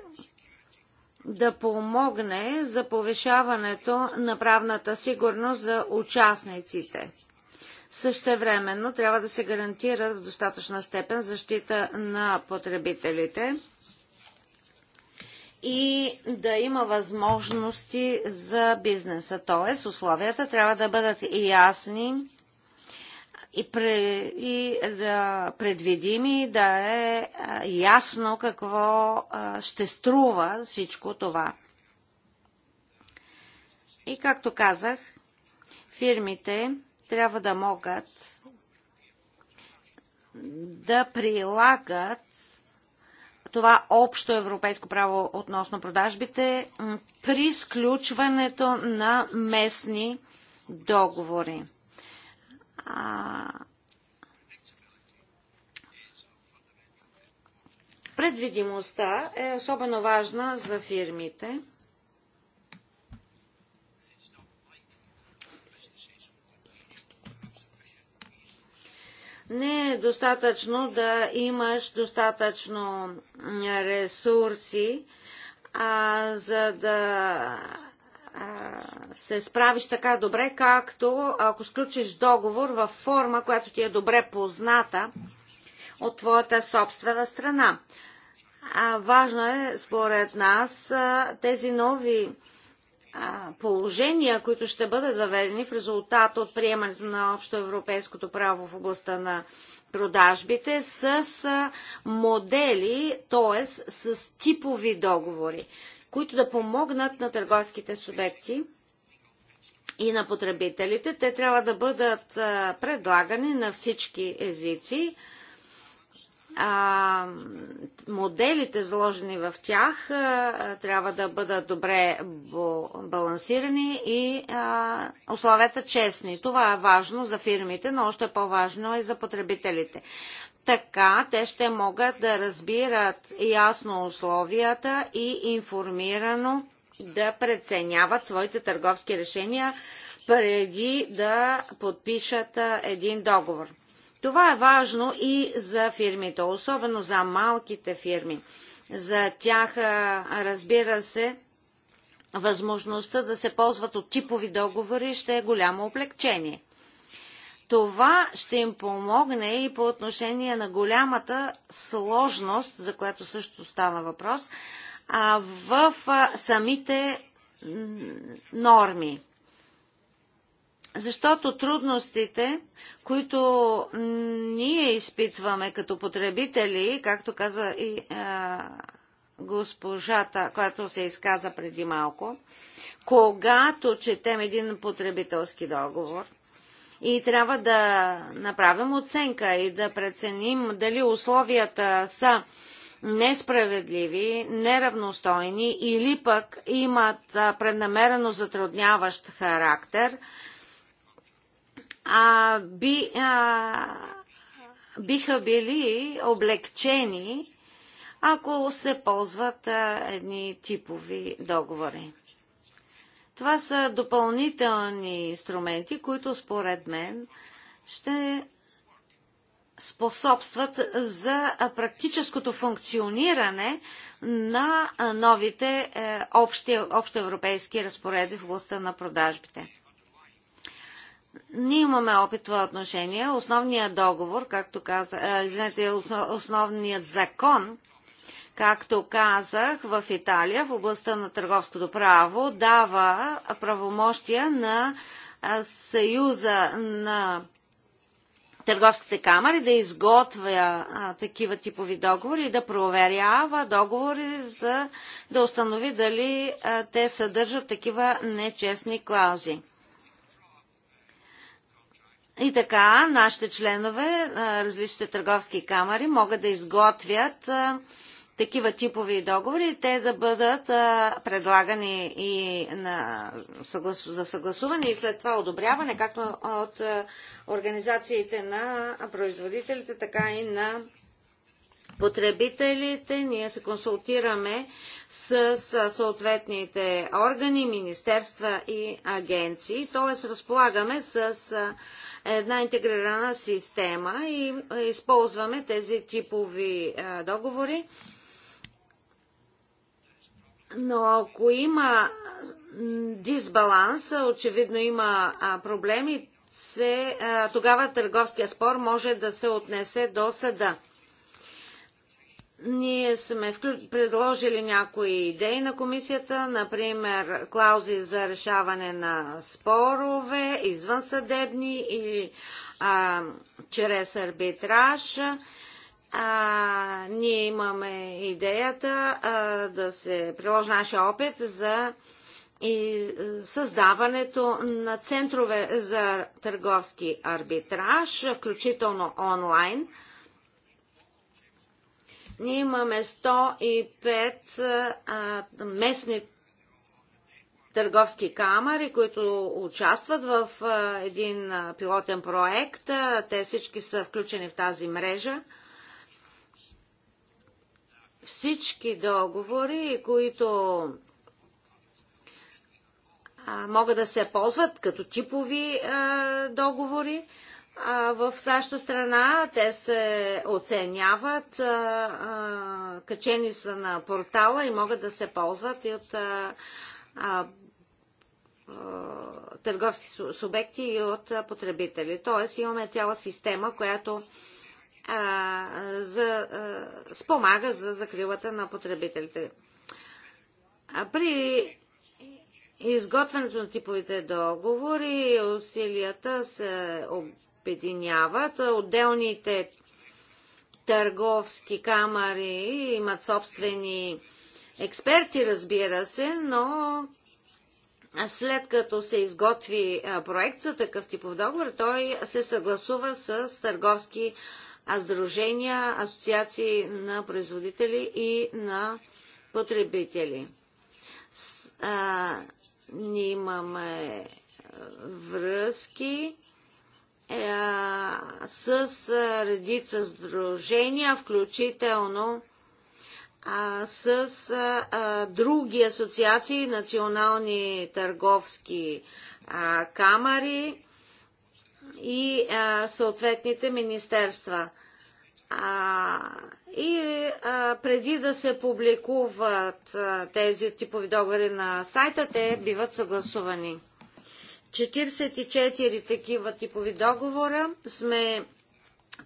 да помогне за повишаването на правната сигурност за участниците. Същевременно трябва да се гарантира в достатъчна степен защита на потребителите и да има възможности за бизнеса. Тоест, условията трябва да бъдат ясни и, пред, и да предвидими, да е ясно какво ще струва всичко това. И както казах, фирмите трябва да могат да прилагат това общо европейско право относно продажбите при сключването на местни договори. Предвидимостта е особено важна за фирмите. Не е достатъчно да имаш достатъчно ресурси, а, за да се справиш така добре, както ако сключиш договор в форма, която ти е добре позната от твоята собствена страна. А важно е, според нас, тези нови положения, които ще бъдат въведени в резултат от приемането на общо европейското право в областта на продажбите с модели, т.е. с типови договори, които да помогнат на търговските субекти и на потребителите. Те трябва да бъдат предлагани на всички езици а, моделите, заложени в тях, а, трябва да бъдат добре балансирани и а, условията честни. Това е важно за фирмите, но още по-важно е за потребителите. Така те ще могат да разбират ясно условията и информирано да преценяват своите търговски решения преди да подпишат един договор. Това е важно и за фирмите, особено за малките фирми. За тях, разбира се, възможността да се ползват от типови договори ще е голямо облегчение. Това ще им помогне и по отношение на голямата сложност, за която също стана въпрос, в самите норми защото трудностите, които ние изпитваме като потребители, както каза и а, госпожата, която се изказа преди малко, когато четем един потребителски договор и трябва да направим оценка и да преценим дали условията са несправедливи, неравностойни или пък имат преднамерено затрудняващ характер – а, би, а, биха били облегчени, ако се ползват а, едни типови договори. Това са допълнителни инструменти, които според мен ще способстват за практическото функциониране на новите е, общи, общоевропейски разпореди в областта на продажбите. Ние имаме опит в отношение. Основният договор, както каза, извинете, основният закон, както казах, в Италия в областта на търговското право дава правомощия на Съюза на търговските камери да изготвя а, такива типови договори и да проверява договори за да установи дали а, те съдържат такива нечестни клаузи. И така, нашите членове на различните търговски камери могат да изготвят такива типови договори, те да бъдат предлагани и на, за съгласуване и след това одобряване, както от организациите на производителите, така и на потребителите. Ние се консултираме с, съответните органи, министерства и агенции, т.е. разполагаме с една интегрирана система и използваме тези типови е, договори. Но ако има дисбаланс, очевидно има проблеми, е, тогава търговския спор може да се отнесе до съда. Ние сме вклю... предложили някои идеи на комисията, например клаузи за решаване на спорове, извънсъдебни или а, чрез арбитраж. А, ние имаме идеята а, да се приложи нашия опит за и създаването на центрове за търговски арбитраж, включително онлайн – ние имаме 105 а, местни търговски камери, които участват в а, един а, пилотен проект. А, те всички са включени в тази мрежа. Всички договори, които могат да се ползват като типови договори, а в нашата страна те се оценяват, а, а, качени са на портала и могат да се ползват и от а, търговски субекти и от потребители. Тоест имаме цяла система, която за, спомага за закрилата на потребителите. При изготвянето на типовите договори усилията се обединяват. Отделните търговски камери имат собствени експерти, разбира се, но след като се изготви проект за такъв типов договор, той се съгласува с търговски сдружения, асоциации на производители и на потребители. С, а, ние имаме връзки е, с редица сдружения, включително с други асоциации, национални търговски камари и съответните министерства. И а, преди да се публикуват а, тези типови договори на сайта, те биват съгласувани. 44 такива типови договора сме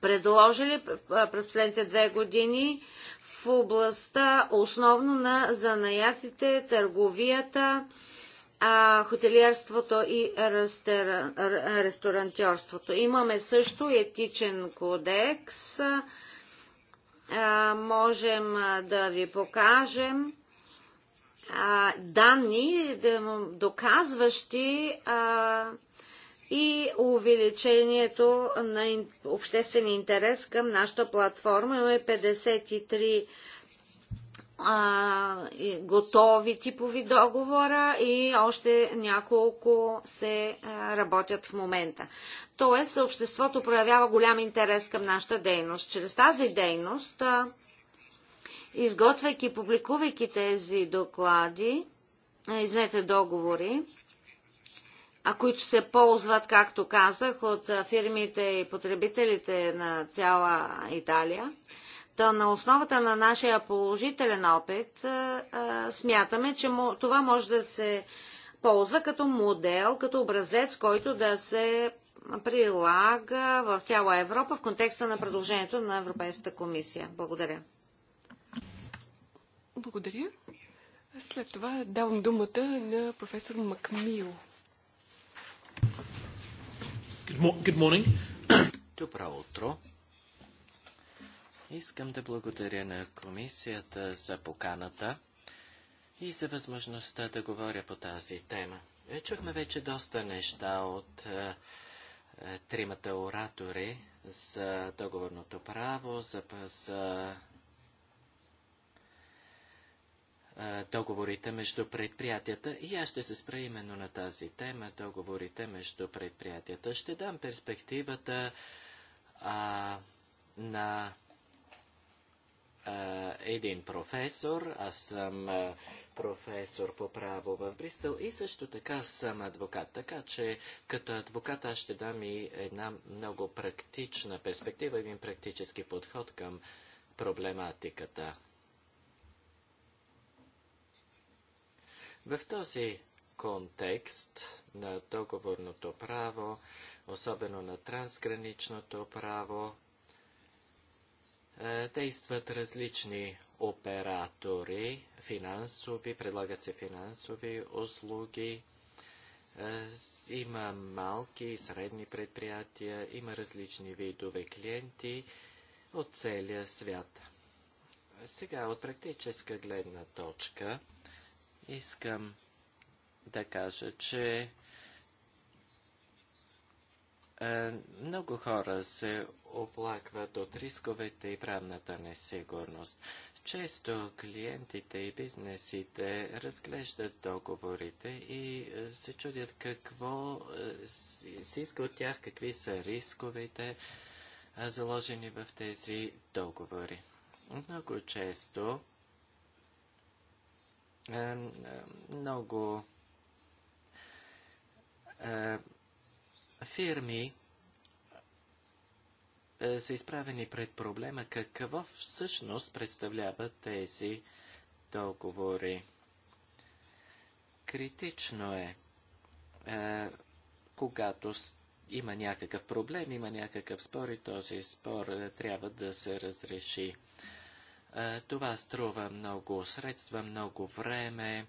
предложили през последните две години в областта основно на занаятите, търговията, хотелиерството и ресторантьорството. Имаме също етичен кодекс. можем да ви покажем а, данни, доказващи а, и увеличението на обществен интерес към нашата платформа. Имаме 53 готови типови договора и още няколко се работят в момента. Тоест, обществото проявява голям интерес към нашата дейност. Чрез тази дейност изготвяйки и публикувайки тези доклади, изнете договори, а които се ползват, както казах, от фирмите и потребителите на цяла Италия. Та на основата на нашия положителен опит смятаме, че това може да се ползва като модел, като образец, който да се прилага в цяла Европа в контекста на предложението на Европейската комисия. Благодаря. Благодаря. След това давам думата на професор Макмил. Good morning. (coughs) Добро утро. Искам да благодаря на комисията за поканата и за възможността да говоря по тази тема. Е, чухме вече доста неща от е, е, тримата оратори за договорното право, за, за договорите между предприятията. И аз ще се спра именно на тази тема, договорите между предприятията. Ще дам перспективата а, на а, един професор. Аз съм а, професор по право в Бристъл и също така съм адвокат. Така че като адвокат аз ще дам и една много практична перспектива, един практически подход към проблематиката. В този контекст на договорното право, особено на трансграничното право, е, действат различни оператори, финансови, предлагат се финансови услуги, е, има малки и средни предприятия, има различни видове клиенти от целия свят. Сега, от практическа гледна точка, Искам да кажа, че е, много хора се оплакват от рисковете и правната несигурност. Често клиентите и бизнесите разглеждат договорите и е, се чудят какво е, се иска от тях, какви са рисковете, е, заложени в тези договори. Много често е, много е, фирми е, са изправени пред проблема какво всъщност представляват тези договори. Критично е, е когато има някакъв проблем, има някакъв спор и този спор е, трябва да се разреши. Е, това струва много средства, много време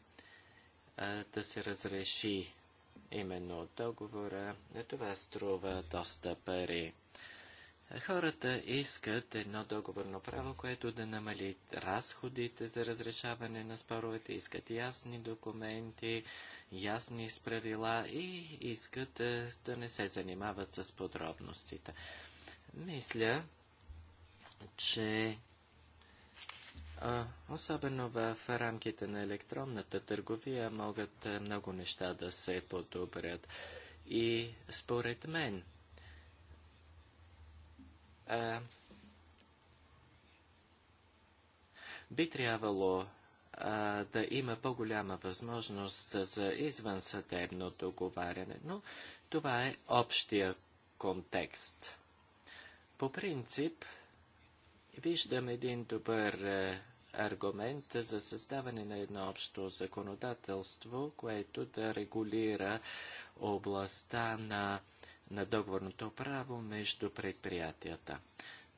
е, да се разреши именно от договора. Това струва доста пари. Хората искат едно договорно право, което да намали разходите за разрешаване на споровете, искат ясни документи, ясни справила и искат да, е, да не се занимават с подробностите. Мисля, че Особено в рамките на електронната търговия могат е, много неща да се подобрят. И според мен, а, би трябвало а, да има по-голяма възможност за извънсъдебно договаряне, но това е общия контекст. По принцип, Виждам един добър е, аргумент за създаване на едно общо законодателство, което да регулира областта на, на договорното право между предприятията.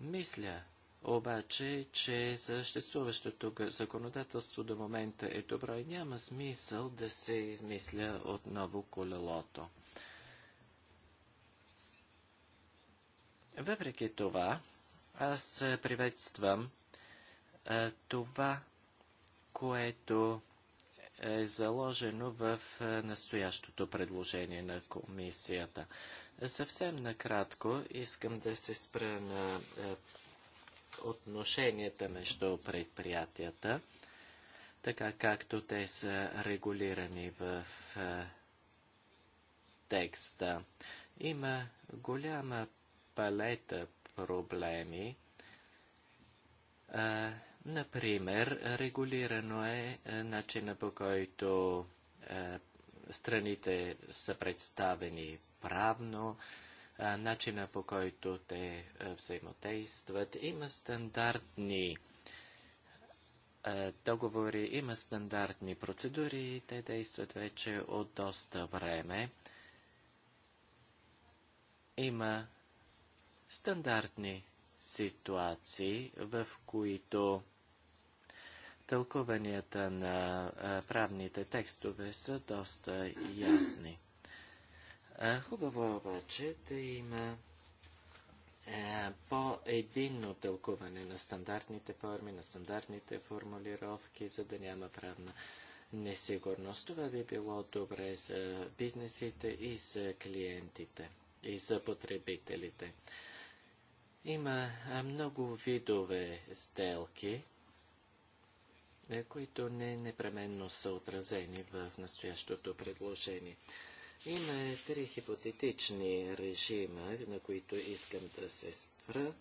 Мисля, обаче, че съществуващото законодателство до момента е добро и няма смисъл да се измисля отново колелото. Въпреки това, аз приветствам а, това, което е заложено в настоящото предложение на комисията. Съвсем накратко искам да се спра на отношенията между предприятията, така както те са регулирани в текста. Има голяма палета проблеми. например, регулирано е, е начина по който е, страните са представени правно, начина по който те е, взаимодействат. Има стандартни договори, има стандартни процедури, те действат вече от доста време. Има стандартни ситуации, в които тълкуванията на правните текстове са доста ясни. хубаво обаче да има по-единно тълкуване на стандартните форми, на стандартните формулировки, за да няма правна несигурност. Това би било добре за бизнесите и за клиентите и за потребителите. Има много видове сделки, които не непременно са отразени в настоящото предложение. Има три хипотетични режима, на които искам да се спра.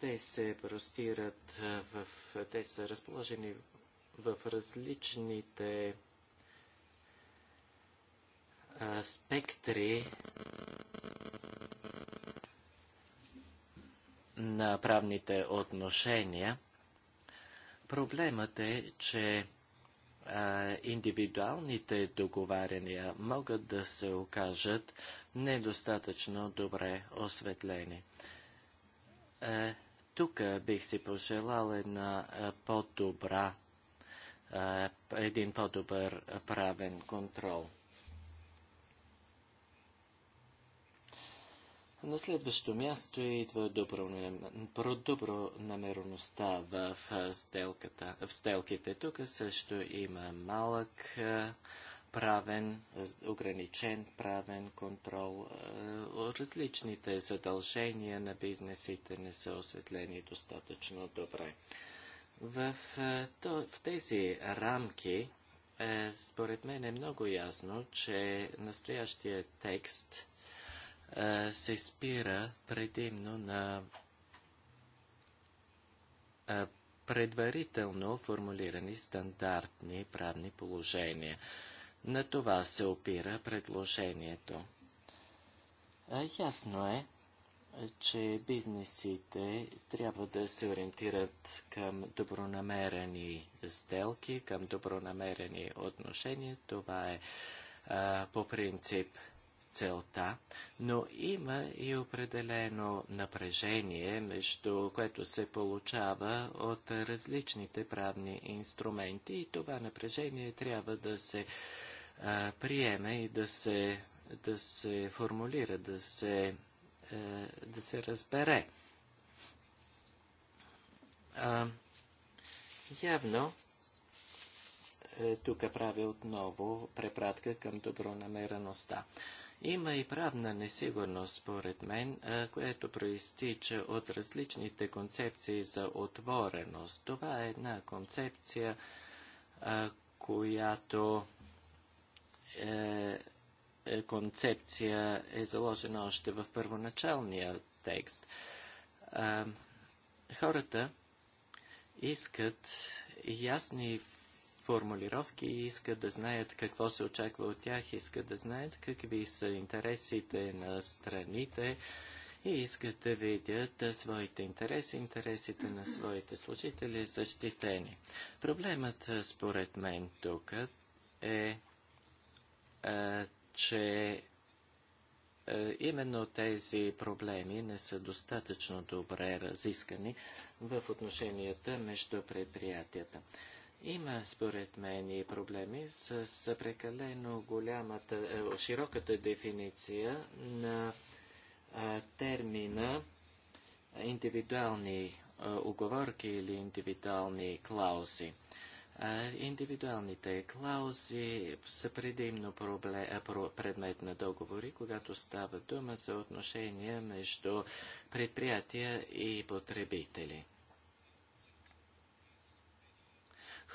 Те се простират в... Те са разположени в различните спектри на правните отношения. Проблемът е, че а, индивидуалните договаряния могат да се окажат недостатъчно добре осветлени. Е, тук бих си пожелал една по-добра, един по-добър правен контрол. На следващо място е идва Добро в, сделката, в сделките. Тук също има малък правен, ограничен правен контрол. Различните задължения на бизнесите не са осветлени достатъчно добре. В, в тези рамки, е, според мен е много ясно, че настоящия текст се спира предимно на предварително формулирани стандартни правни положения. На това се опира предложението. ясно е, че бизнесите трябва да се ориентират към добронамерени сделки, към добронамерени отношения. Това е по принцип целта, но има и определено напрежение, между което се получава от различните правни инструменти и това напрежение трябва да се а, приеме и да се, да се формулира, да се, а, да се разбере. А, явно, е, тук прави отново препратка към добронамереността. Има и правна несигурност, според мен, което проистича от различните концепции за отвореност. Това е една концепция, която е, е, концепция е заложена още в първоначалния текст. Хората искат ясни формулировки и искат да знаят какво се очаква от тях, искат да знаят какви са интересите на страните и искат да видят своите интереси, интересите на своите служители защитени. Проблемът според мен тук е, а, че именно тези проблеми не са достатъчно добре разискани в отношенията между предприятията. Има, според мен, и проблеми с, прекалено голямата, е, широката дефиниция на термина индивидуални оговорки или индивидуални клаузи. Индивидуалните клаузи са предимно предмет на договори, когато става дума за отношения между предприятия и потребители.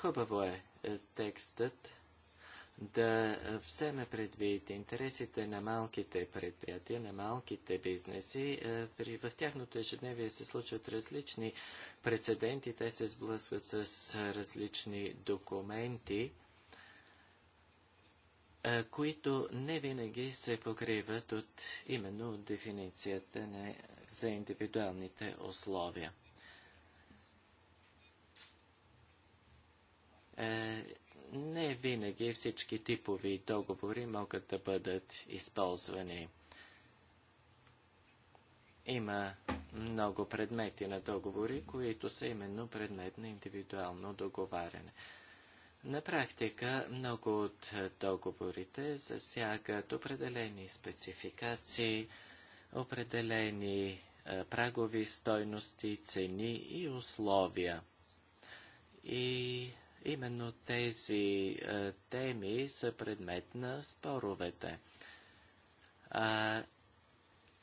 Хубаво е, е текстът да вземе предвид интересите на малките предприятия, на малките бизнеси. Е, при, в тяхното ежедневие се случват различни прецеденти, те се сблъскват с различни документи, е, които не винаги се покриват от, именно от дефиницията на, за индивидуалните условия. Е, не винаги всички типови договори могат да бъдат използвани. Има много предмети на договори, които са именно предмет на индивидуално договаряне. На практика много от договорите засягат определени спецификации, определени е, прагови стойности, цени и условия. И Именно тези е, теми са предмет на споровете. А,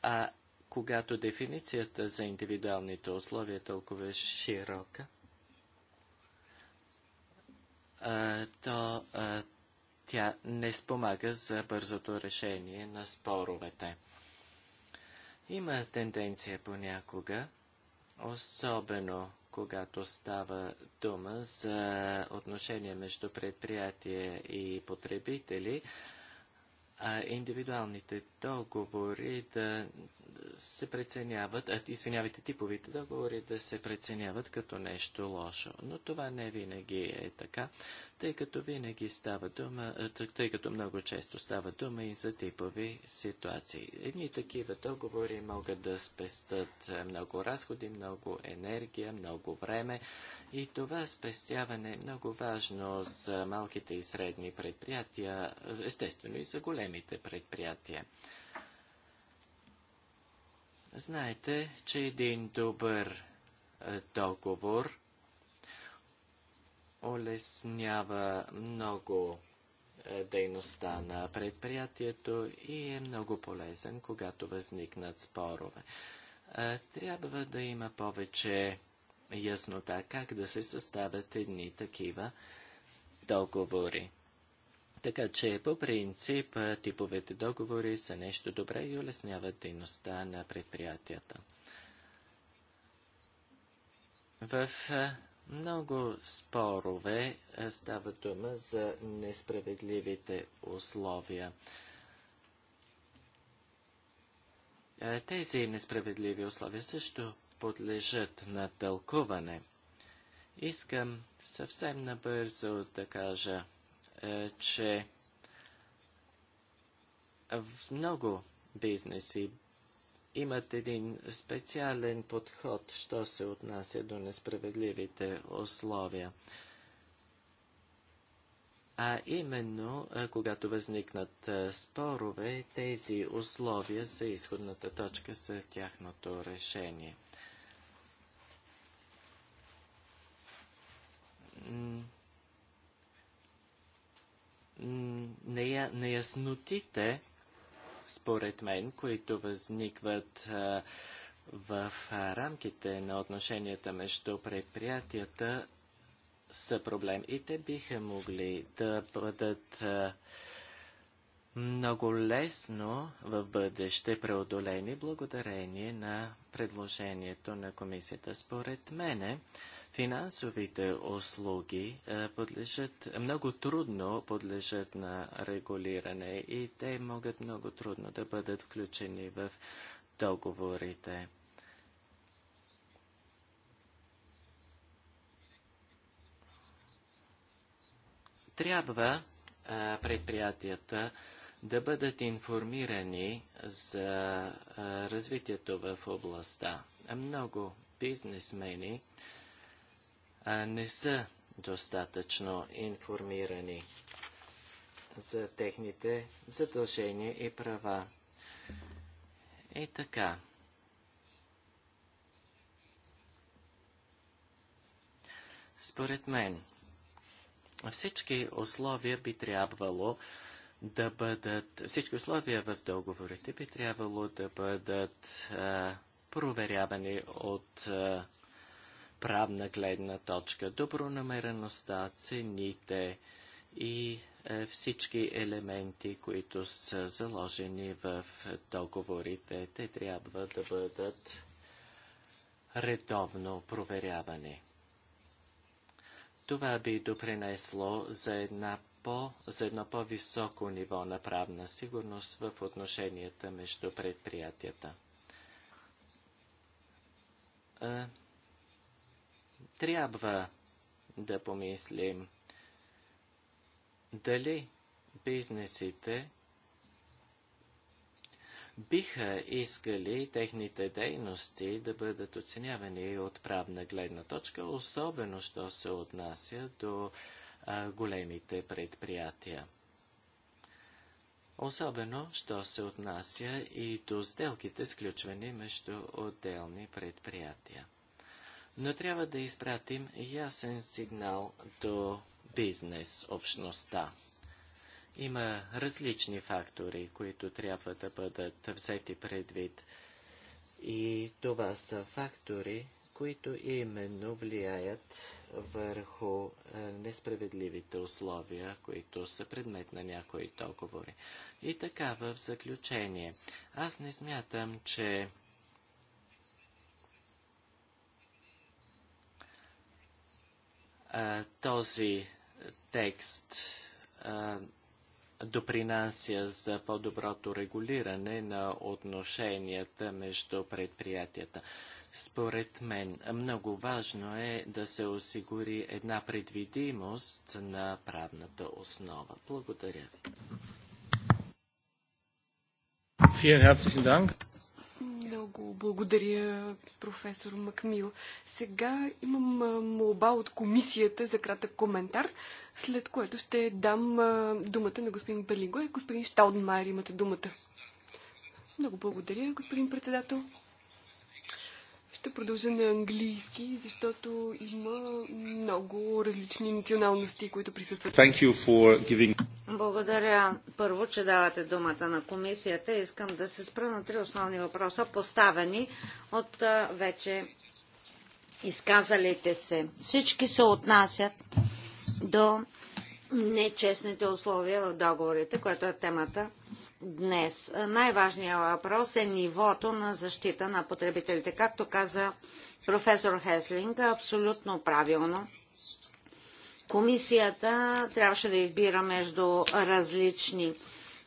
а когато дефиницията за индивидуалните условия е толкова широка, а, то а, тя не спомага за бързото решение на споровете. Има тенденция понякога особено когато става дума за отношения между предприятия и потребители, а индивидуалните договори да се преценяват, а, извинявайте, типовите договори да се преценяват като нещо лошо. Но това не винаги е така, тъй като винаги става дума, тъй като много често става дума и за типови ситуации. Едни такива договори могат да спестат много разходи, много енергия, много време и това спестяване е много важно за малките и средни предприятия, естествено и за големите предприятия. Знаете, че един добър е, договор улеснява много е, дейността на предприятието и е много полезен, когато възникнат спорове. Е, трябва да има повече яснота как да се съставят едни такива договори. Така че по принцип типовете договори са нещо добре и улесняват дейността на предприятията. В много спорове става дума за несправедливите условия. Тези несправедливи условия също подлежат на тълкуване. Искам съвсем набързо да кажа е, че в много бизнеси имат един специален подход, що се отнася до несправедливите условия. А именно, е, когато възникнат е, спорове, тези условия са изходната точка за тяхното решение неяснотите, според мен, които възникват в рамките на отношенията между предприятията, са проблем. И те биха могли да бъдат много лесно в бъдеще преодолени благодарение на предложението на комисията. Според мене, финансовите услуги е, подлежат, много трудно подлежат на регулиране и те могат много трудно да бъдат включени в договорите. Трябва е, предприятията да бъдат информирани за развитието в областта. Много бизнесмени не са достатъчно информирани за техните задължения и права. И така. Според мен, всички условия би трябвало да бъдат, всички условия в договорите би трябвало да бъдат а, проверявани от а, правна гледна точка. Добронамереността, цените и а, всички елементи, които са заложени в договорите, те трябва да бъдат редовно проверявани. Това би допринесло за една по, за едно по-високо ниво на правна сигурност в отношенията между предприятията. Е, трябва да помислим дали бизнесите биха искали техните дейности да бъдат оценявани от правна гледна точка, особено що се отнася до големите предприятия. Особено, що се отнася и до сделките, сключвани между отделни предприятия. Но трябва да изпратим ясен сигнал до бизнес общността. Има различни фактори, които трябва да бъдат взети предвид. И това са фактори, които именно влияят върху е, несправедливите условия, които са предмет на някои договори. И така, в заключение, аз не смятам, че е, този текст е, допринася за по-доброто регулиране на отношенията между предприятията. Според мен много важно е да се осигури една предвидимост на правната основа. Благодаря ви. Много благодаря, професор Макмил. Сега имам молба от комисията за кратък коментар, след което ще дам думата на господин Берлингой и господин Шталдмайер имате думата. Много благодаря, господин председател. Ще продължа на английски, защото има много различни националности, които присъстват. Thank you for giving... Благодаря първо, че давате думата на комисията. Искам да се спра на три основни въпроса, поставени от вече изказалите се. Всички се отнасят до нечестните условия в договорите, което е темата днес. Най-важният въпрос е нивото на защита на потребителите. Както каза професор Хеслинг, абсолютно правилно. Комисията трябваше да избира между различни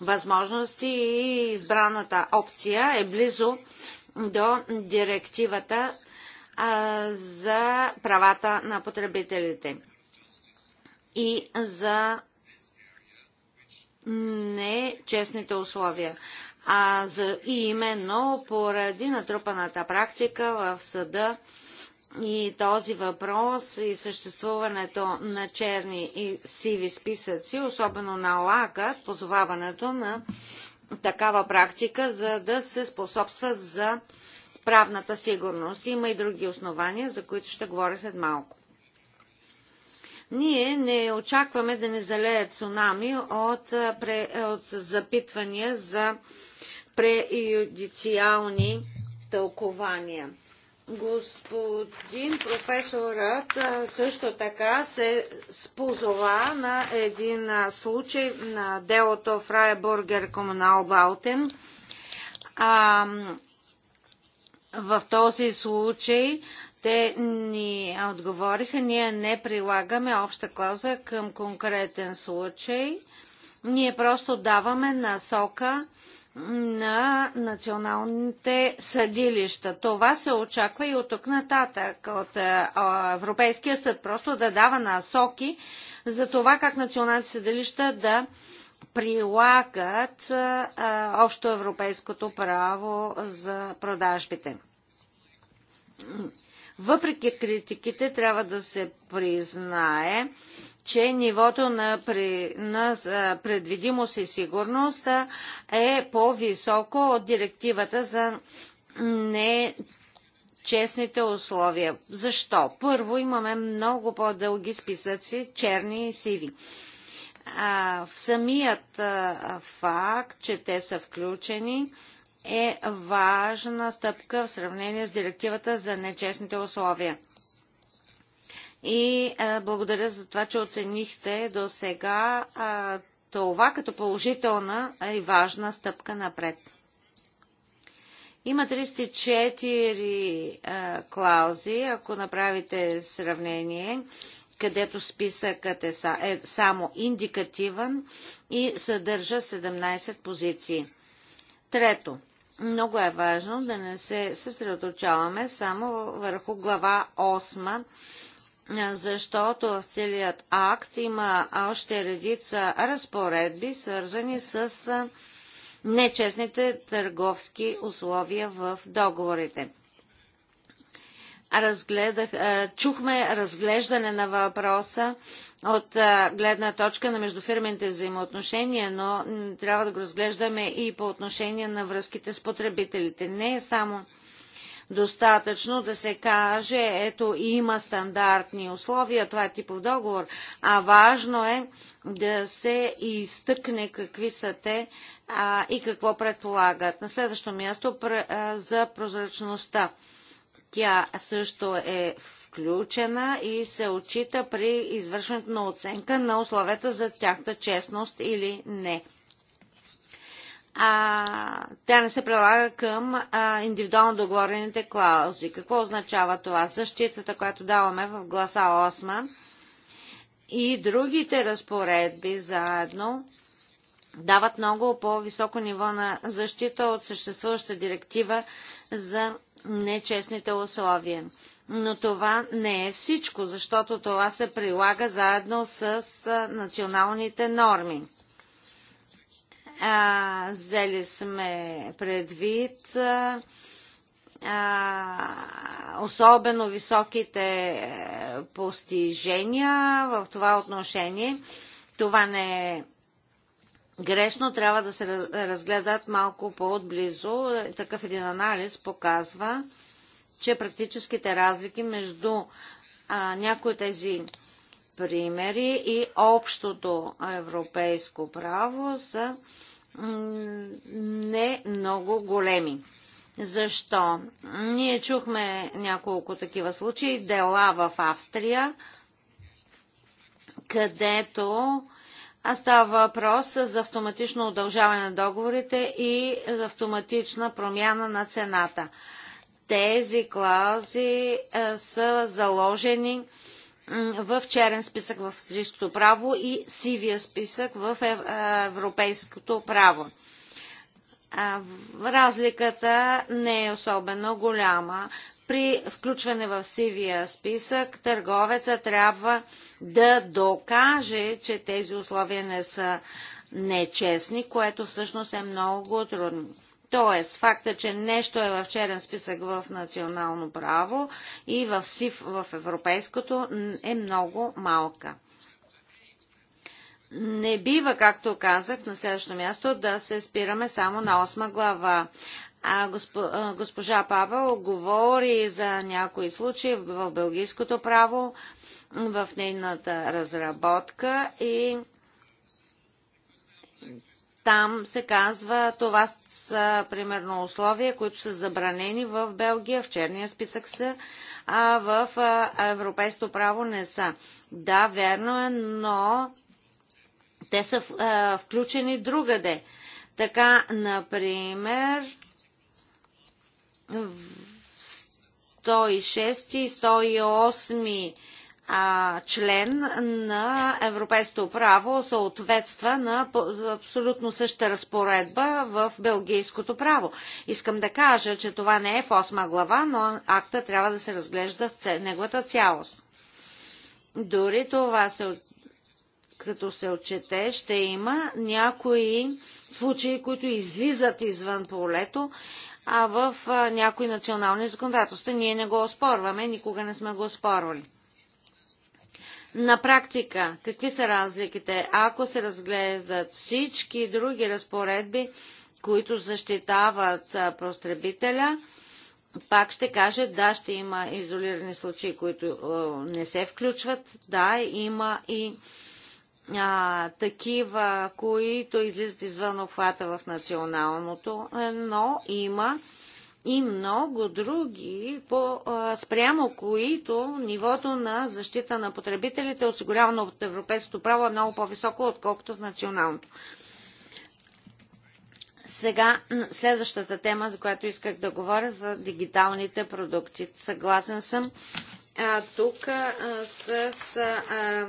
възможности и избраната опция е близо до директивата за правата на потребителите и за нечестните условия. А за, и именно поради натрупаната практика в съда и този въпрос и съществуването на черни и сиви списъци особено на лака, позоваването на такава практика, за да се способства за правната сигурност. Има и други основания, за които ще говоря след малко. Ние не очакваме да не залее цунами от, от запитвания за преюдициални тълкования. Господин професорът също така се спозова на един случай на делото Фрайбургер Комунал Балтен, в този случай те ни отговориха, ние не прилагаме обща клауза към конкретен случай. Ние просто даваме насока на националните съдилища. Това се очаква и от тук нататък от е, Европейския съд, просто да дава насоки за това как националните съдилища да прилагат е, общо европейското право за продажбите. Въпреки критиките, трябва да се признае, че нивото на, при, на предвидимост и сигурност е по-високо от директивата за не честните условия. Защо? Първо, имаме много по-дълги списъци, черни и сиви. А, в самият а, факт, че те са включени, а, е важна стъпка в сравнение с директивата за нечестните условия. И а, е, благодаря за това, че оценихте до сега а, е, това като положителна и важна стъпка напред. Има 34 а, е, клаузи, ако направите сравнение, където списъкът е, са, е само индикативен и съдържа 17 позиции. Трето, много е важно да не се съсредоточаваме само върху глава 8 защото в целият акт има още редица разпоредби, свързани с нечестните търговски условия в договорите разгледах, чухме разглеждане на въпроса от гледна точка на междуфирмените взаимоотношения, но трябва да го разглеждаме и по отношение на връзките с потребителите. Не е само достатъчно да се каже, ето има стандартни условия, това е типов договор, а важно е да се изтъкне какви са те а, и какво предполагат. На следващо място за прозрачността. Тя също е включена и се отчита при извършването на оценка на условията за тяхта честност или не. А, тя не се прилага към а, индивидуално договорените клаузи. Какво означава това? Защитата, която даваме в гласа 8 и другите разпоредби заедно дават много по-високо ниво на защита от съществуваща директива за нечестните условия. Но това не е всичко, защото това се прилага заедно с националните норми. взели сме предвид особено високите е, постижения в това отношение. Това не е грешно, трябва да се разгледат малко по-отблизо. Такъв един анализ показва, че практическите разлики между някои тези примери и общото европейско право са не много големи. Защо? Ние чухме няколко такива случаи, дела в Австрия, където а става въпрос за автоматично удължаване на договорите и автоматична промяна на цената. Тези клаузи е, са заложени в черен списък в австрийското право и сивия списък в е, европейското право. Разликата не е особено голяма при включване в сивия списък търговеца трябва да докаже, че тези условия не са нечестни, което всъщност е много трудно. Тоест, факта, че нещо е в черен списък в национално право и в СИФ в европейското е много малка. Не бива, както казах на следващото място, да се спираме само на 8 глава. А госпожа Павел, говори за някои случаи в бългийското право, в нейната разработка и там се казва, това са примерно условия, които са забранени в Белгия, в черния списък са, а в европейското право не са. Да, верно е, но те са включени другаде. Така, например, 106 и 108 член на европейското право съответства на абсолютно същата разпоредба в белгийското право. Искам да кажа, че това не е в 8 глава, но акта трябва да се разглежда в неговата цялост. Дори това се като се отчете, ще има някои случаи, които излизат извън полето а в някои национални законодателства. Ние не го оспорваме, никога не сме го оспорвали. На практика, какви са разликите? Ако се разгледат всички други разпоредби, които защитават потребителя, пак ще каже, да, ще има изолирани случаи, които не се включват. Да, има и а, такива, които излизат извън обхвата в националното, е, но има и много други, по, а, спрямо които нивото на защита на потребителите, осигурявано от европейското право, е много по-високо, отколкото в националното. Сега следващата тема, за която исках да говоря, за дигиталните продукти. Съгласен съм а, тук а, с. А,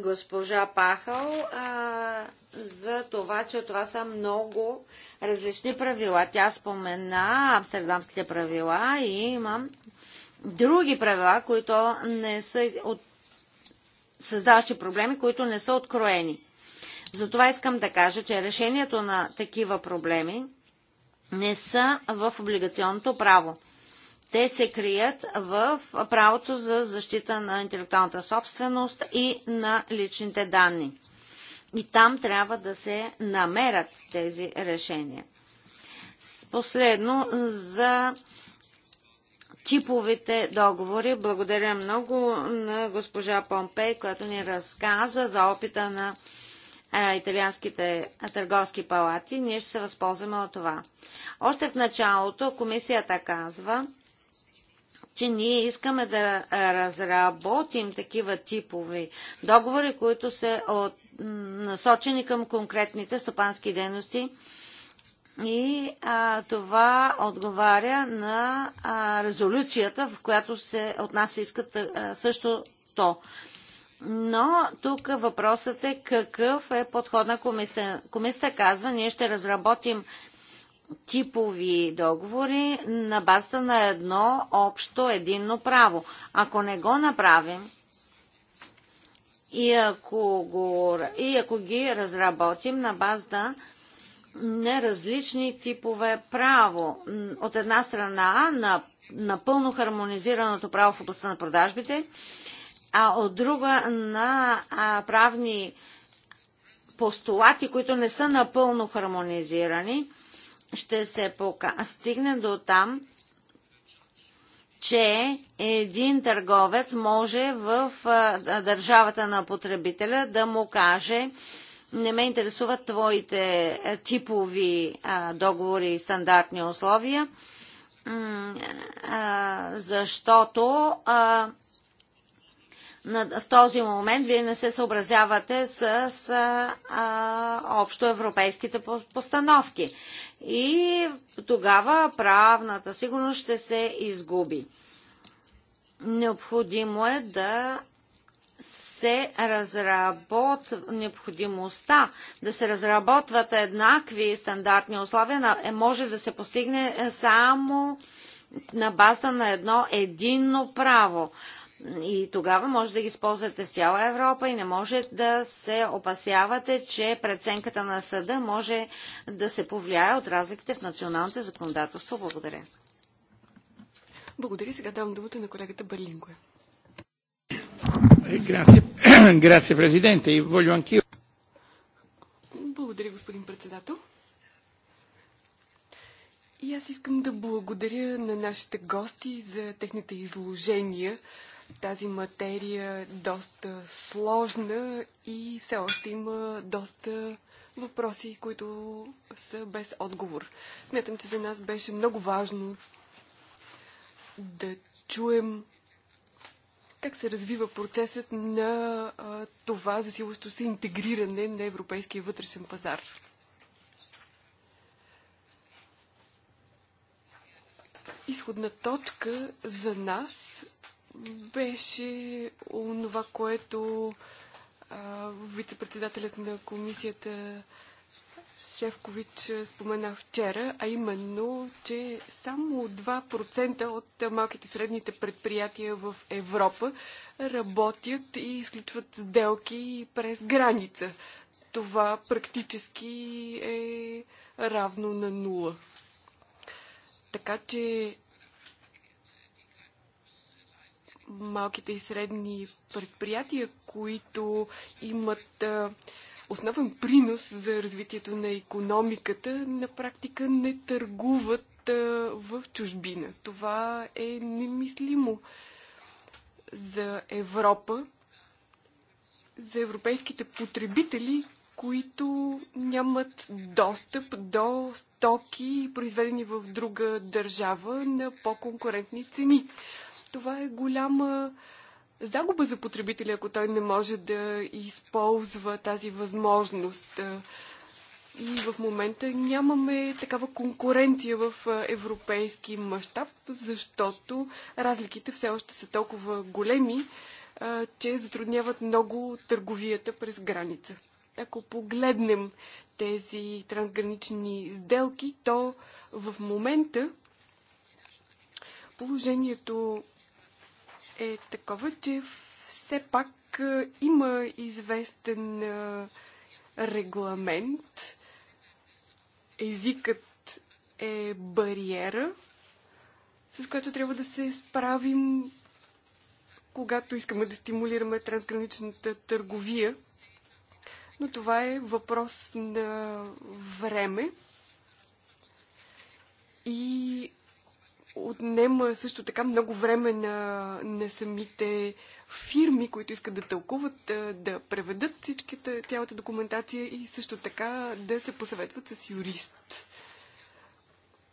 госпожа Пахал а, за това, че това са много различни правила. Тя спомена амстердамските правила и имам други правила, които не са от... създаващи проблеми, които не са откроени. Затова искам да кажа, че решението на такива проблеми не са в облигационното право те се крият в правото за защита на интелектуалната собственост и на личните данни. И там трябва да се намерят тези решения. Последно за типовите договори. Благодаря много на госпожа Помпей, която ни разказа за опита на италианските търговски палати. Ние ще се възползваме от това. Още в началото комисията казва, че ние искаме да разработим такива типови договори, които са от, насочени към конкретните стопански дейности. И а, това отговаря на а, резолюцията, в която се, от нас искат а, също то. Но тук въпросът е какъв е подход на комисията. Комисията казва, ние ще разработим типови договори на базата на едно общо единно право. Ако не го направим и ако, го, и ако ги разработим на базата на различни типове право, от една страна на напълно хармонизираното право в областта на продажбите, а от друга на правни постулати, които не са напълно хармонизирани, ще се пока... стигне до там, че един търговец може в държавата на потребителя да му каже не ме интересуват твоите типови договори и стандартни условия, защото в този момент вие не се съобразявате с, с а, общоевропейските постановки. И тогава правната сигурност ще се изгуби. Необходимо е да се разработ... необходимостта да се разработват еднакви стандартни условия, е, може да се постигне само на база на едно единно право. И тогава може да ги използвате в цяла Европа и не може да се опасявате, че преценката на съда може да се повлияе от разликите в националните законодателства. Благодаря. Благодаря. Сега давам думата на колегата Берлингуе. (clears throat) Грация, президенте. И волю анкио. Благодаря, господин председател. И аз искам да благодаря на нашите гости за техните изложения тази материя е доста сложна и все още има доста въпроси, които са без отговор. Смятам, че за нас беше много важно да чуем как се развива процесът на а, това засилващо се интегриране на европейския вътрешен пазар. Изходна точка за нас беше онова, което вице-председателят на комисията Шефкович спомена вчера, а именно, че само 2% от малките средните предприятия в Европа работят и изключват сделки през граница. Това практически е равно на нула. Така че малките и средни предприятия, които имат основен принос за развитието на економиката, на практика не търгуват в чужбина. Това е немислимо за Европа, за европейските потребители, които нямат достъп до стоки, произведени в друга държава на по-конкурентни цени това е голяма загуба за потребителя, ако той не може да използва тази възможност. И в момента нямаме такава конкуренция в европейски мащаб, защото разликите все още са толкова големи, че затрудняват много търговията през граница. Ако погледнем тези трансгранични сделки, то в момента положението е такова, че все пак е, има известен е, регламент. Езикът е бариера, с която трябва да се справим, когато искаме да стимулираме трансграничната търговия. Но това е въпрос на време и отнема също така много време на, на самите фирми, които искат да тълкуват, да преведат всичките цялата документация и също така да се посъветват с юрист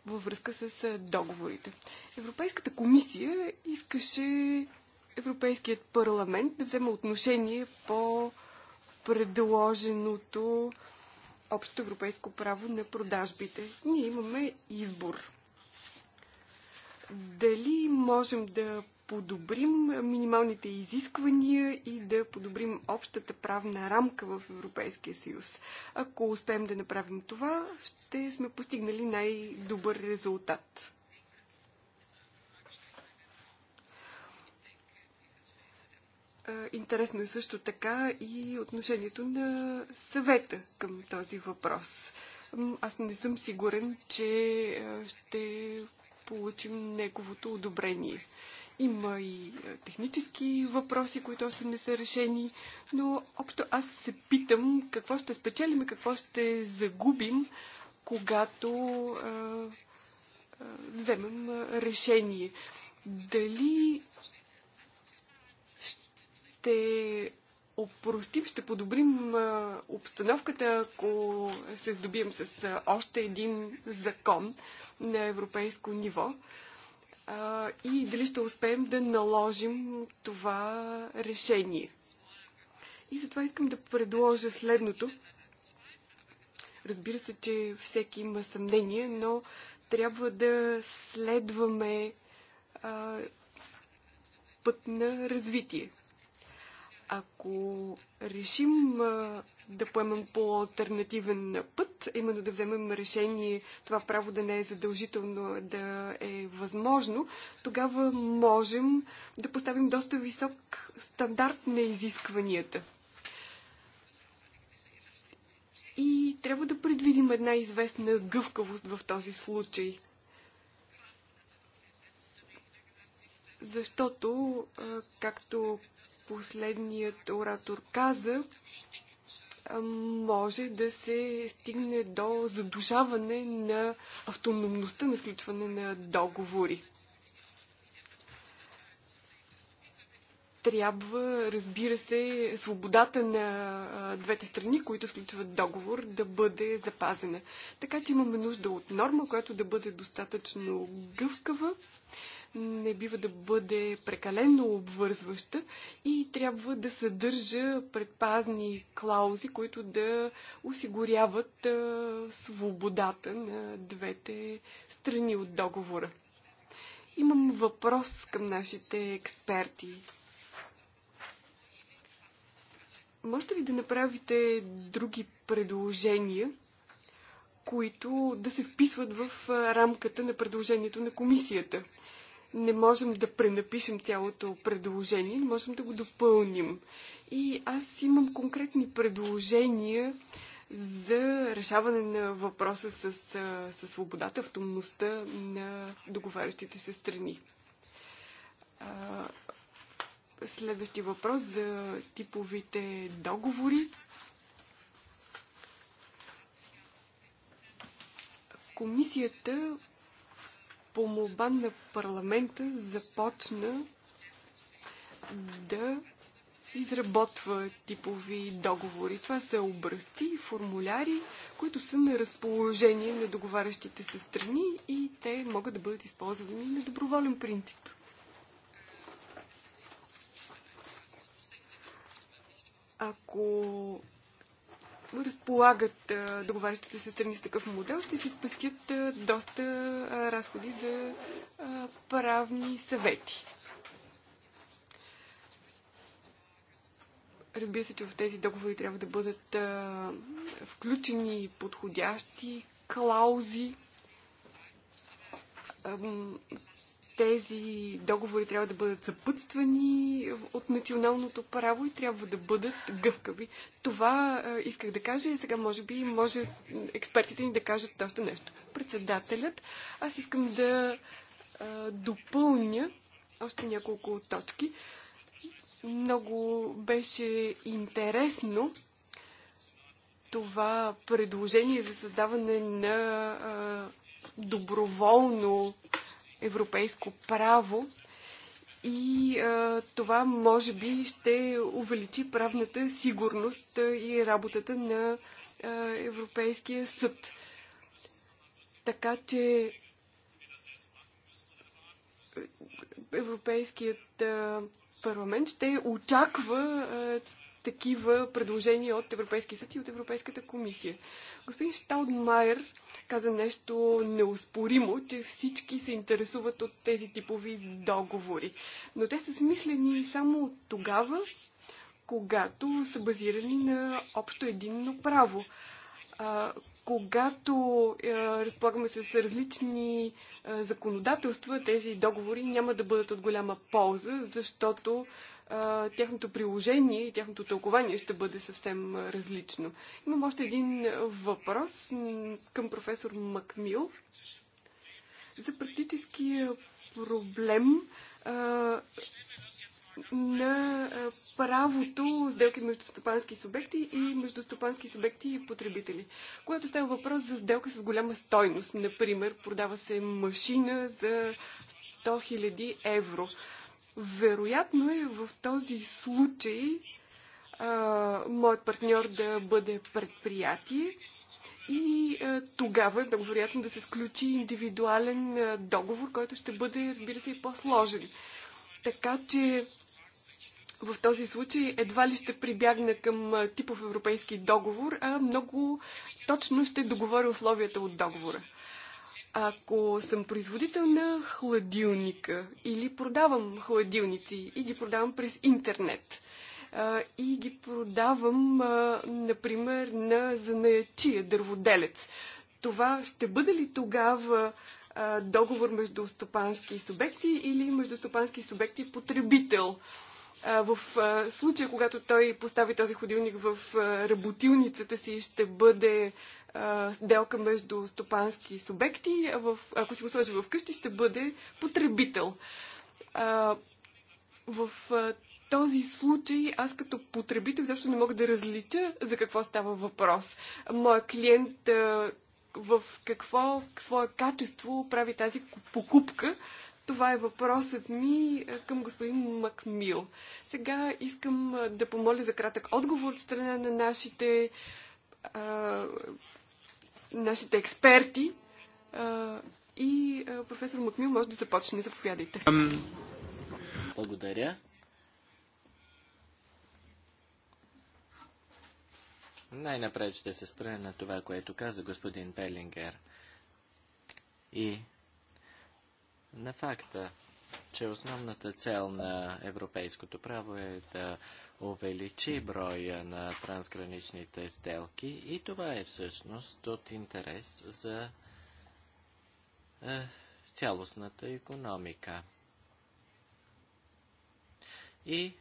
във връзка с договорите. Европейската комисия искаше Европейският парламент да вземе отношение по предложеното общо европейско право на продажбите. Ние имаме избор – дали можем да подобрим минималните изисквания и да подобрим общата правна рамка в Европейския съюз. Ако успеем да направим това, ще сме постигнали най-добър резултат. Интересно е също така и отношението на съвета към този въпрос. Аз не съм сигурен, че ще получим неговото одобрение. Има и е, технически въпроси, които още не са решени, но общо аз се питам какво ще спечелим и какво ще загубим, когато а, е, а, е, вземем решение. Дали ще опростим, ще подобрим обстановката, ако се здобием с още един закон на европейско ниво. И дали ще успеем да наложим това решение. И затова искам да предложа следното. Разбира се, че всеки има съмнение, но трябва да следваме а, път на развитие. Ако решим да поемем по альтернативен път, именно да вземем решение това право да не е задължително, да е възможно, тогава можем да поставим доста висок стандарт на изискванията. И трябва да предвидим една известна гъвкавост в този случай. Защото, както последният оратор каза, може да се стигне до задушаване на автономността на сключване на договори. Трябва, разбира се, свободата на двете страни, които сключват договор, да бъде запазена. Така че имаме нужда от норма, която да бъде достатъчно гъвкава, не бива да бъде прекалено обвързваща и трябва да съдържа предпазни клаузи, които да осигуряват свободата на двете страни от договора. Имам въпрос към нашите експерти. Можете ли да направите други предложения, които да се вписват в рамката на предложението на комисията? не можем да пренапишем цялото предложение, не можем да го допълним. И аз имам конкретни предложения за решаване на въпроса с, с свободата, автономността на договарящите се страни. Следващи въпрос за типовите договори. Комисията по молба на парламента започна да изработва типови договори. Това са образци, и формуляри, които са на разположение на договарящите се страни и те могат да бъдат използвани на доброволен принцип. Ако разполагат договарящите се страни с такъв модел, ще си спестят доста разходи за правни съвети. Разбира се, че в тези договори трябва да бъдат включени подходящи клаузи, тези договори трябва да бъдат съпътствани от националното право и трябва да бъдат гъвкави. Това а, исках да кажа и сега може би може експертите ни да кажат още нещо. Председателят, аз искам да а, допълня още няколко точки. Много беше интересно това предложение за създаване на а, доброволно европейско право и а, това може би ще увеличи правната сигурност и работата на а, Европейския съд. Така че Европейският а, парламент ще очаква а, такива предложения от Европейския съд и от Европейската комисия. Господин Штаудмайер каза нещо неоспоримо, че всички се интересуват от тези типови договори. Но те са смислени само от тогава, когато са базирани на общо единно право когато е, разполагаме с различни е, законодателства, тези договори няма да бъдат от голяма полза, защото е, тяхното приложение и тяхното тълкование ще бъде съвсем различно. Имам още един въпрос към професор Макмил за практическия проблем. Е, на правото сделки между стопански субекти и между стопански субекти и потребители. Когато става въпрос за сделка с голяма стойност, например, продава се машина за 100 000 евро. Вероятно е в този случай а, моят партньор да бъде предприятие и а, тогава е много вероятно да се сключи индивидуален а, договор, който ще бъде, разбира се, и по-сложен. Така че в този случай едва ли ще прибягна към типов европейски договор, а много точно ще договоря условията от договора. Ако съм производител на хладилника или продавам хладилници и ги продавам през интернет и ги продавам, например, на занаячия, дърводелец, това ще бъде ли тогава договор между стопански субекти или между стопански субекти потребител? В случая, когато той постави този ходилник в работилницата си, ще бъде делка между стопански субекти, а в, ако си го сложи в къщи, ще бъде потребител. В този случай аз като потребител защо не мога да различа за какво става въпрос. Моя клиент в какво свое качество прави тази покупка, това е въпросът ми е, към господин Макмил. Сега искам е, да помоля за кратък отговор от страна на нашите, а, е, нашите експерти. А, и а, професор Макмил може да започне. Заповядайте. Благодаря. Най-напред ще се спра на това, което каза господин Пелингер. И на факта, че основната цел на европейското право е да увеличи броя на трансграничните сделки и това е всъщност от интерес за е, цялостната економика. И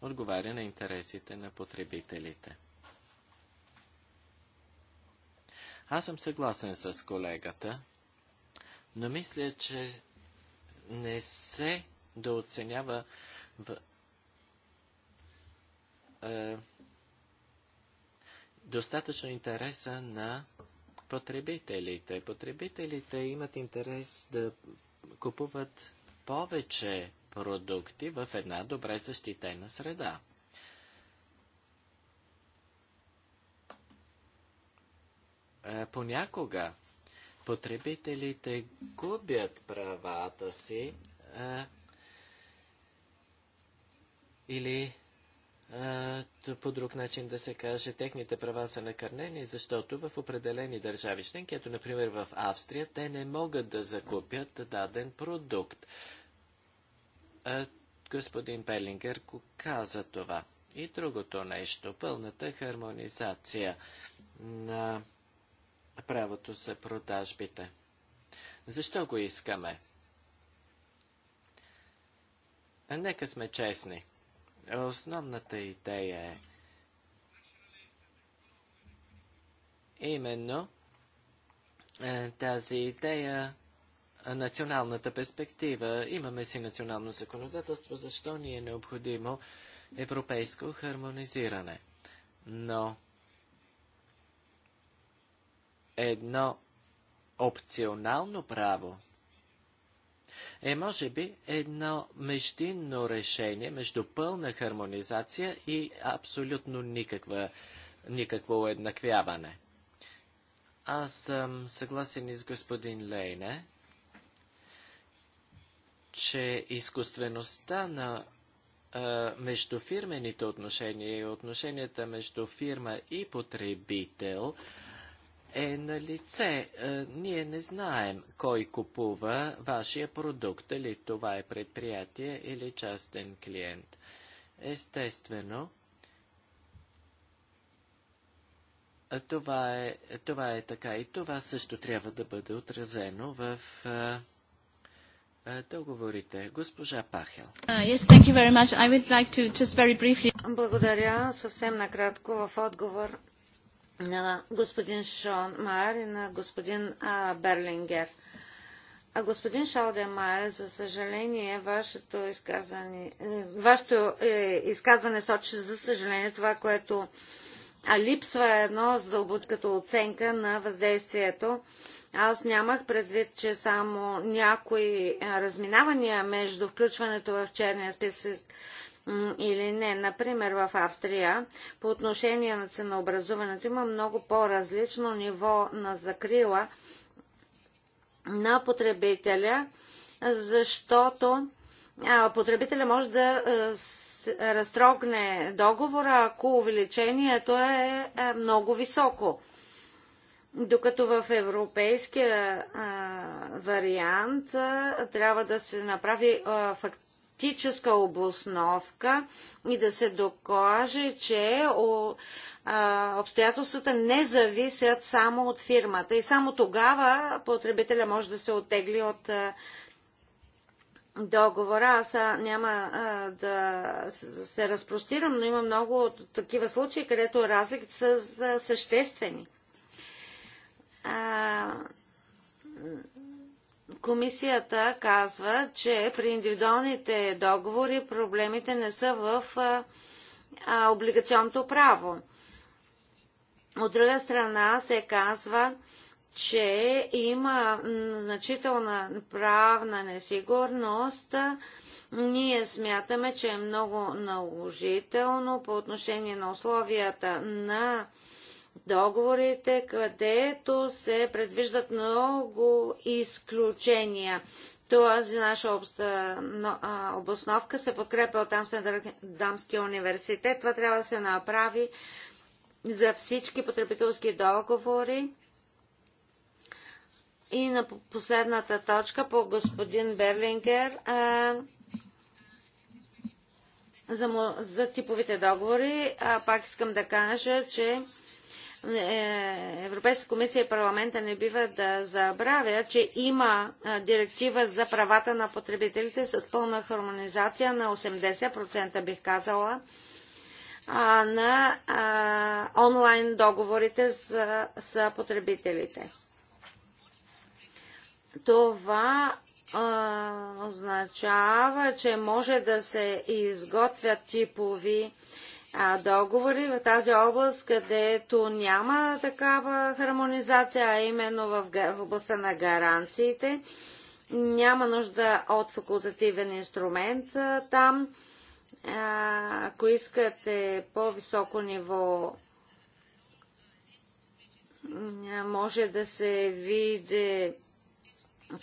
отговаря на интересите на потребителите. Аз съм съгласен с колегата, но мисля, че не се оценява в, е, достатъчно интереса на потребителите. Потребителите имат интерес да купуват повече продукти в една добре защитена среда. Е, понякога потребителите губят правата си а, или а, по друг начин да се каже, техните права са накърнени, защото в определени държави членки, ето например в Австрия, те не могат да закупят даден продукт. А, господин Пелингер го каза това. И другото нещо, пълната хармонизация на правото за продажбите. Защо го искаме? А нека сме честни. Основната идея е именно е, тази идея е, националната перспектива. Имаме си национално законодателство, защо ни е необходимо европейско хармонизиране. Но едно опционално право е, може би, едно междинно решение между пълна хармонизация и абсолютно никаква, никакво уеднаквяване. Аз съм съгласен и с господин Лейне, че изкуствеността на а, междуфирмените отношения и отношенията между фирма и потребител – е на лице. Е, ние не знаем кой купува вашия продукт, или това е предприятие или частен клиент. Естествено, е, това е, това е така и това също трябва да бъде отразено в е, договорите. Госпожа Пахел. Uh, Благодаря. Съвсем накратко в отговор на господин Шон Майер и на господин а, Берлингер. А господин Шалдемайер, за съжаление, вашето, изказане, вашето е, изказване сочи, за съжаление, това, което а липсва е едно задълбоч като оценка на въздействието. Аз нямах предвид, че само някои разминавания между включването в черния списък или не. Например, в Австрия по отношение на ценообразуването има много по-различно ниво на закрила на потребителя, защото потребителя може да разтрогне договора, ако увеличението е, е много високо. Докато в европейския а, вариант а, трябва да се направи а, фактическа обосновка и да се докаже, че обстоятелствата не зависят само от фирмата. И само тогава потребителя може да се отегли от договора. Аз няма а, да се разпростирам, но има много такива случаи, където разликите са съществени. Комисията казва, че при индивидуалните договори проблемите не са в облигационното право. От друга страна се казва, че има значителна правна несигурност. Ние смятаме, че е много наложително по отношение на условията на договорите, където се предвиждат много изключения. Тази наша обста, но, а, обосновка се подкрепя от Амстердамския университет. Това трябва да се направи за всички потребителски договори. И на последната точка по господин Берлингер а, за, за типовите договори. А, пак искам да кажа, че е, Европейската комисия и парламента не бива да забравя, че има директива за правата на потребителите с пълна хармонизация на 80%, бих казала, на онлайн договорите с потребителите. Това означава, че може да се изготвят типови а, договори в тази област, където няма такава хармонизация, а именно в, в областта на гаранциите. Няма нужда от факултативен инструмент а, там. А, ако искате по-високо ниво, може да се види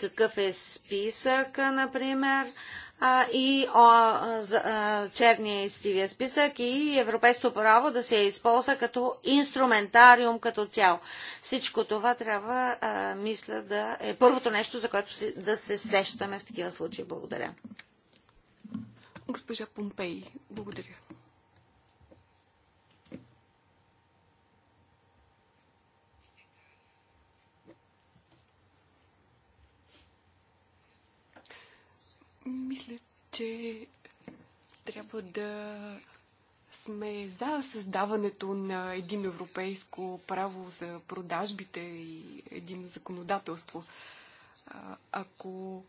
какъв е списък, например, а, и о, за, а, черния и стивия списък и европейското право да се използва като инструментариум като цяло. Всичко това трябва, а, мисля, да е първото нещо, за което си, да се сещаме в такива случаи. Благодаря. Госпожа Помпей, благодаря. Мисля, че трябва да сме за създаването на един европейско право за продажбите и едино законодателство. Ако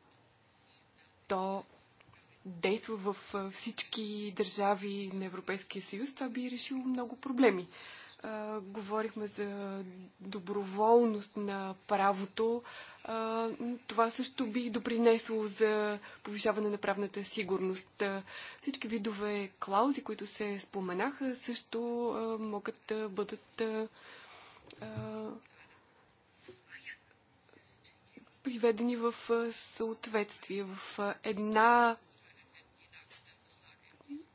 то действа в всички държави на Европейския съюз, това би решило много проблеми. Говорихме за доброволност на правото, това също би допринесло за повишаване на правната сигурност. Всички видове клаузи, които се споменаха, също могат да бъдат приведени в съответствие, в една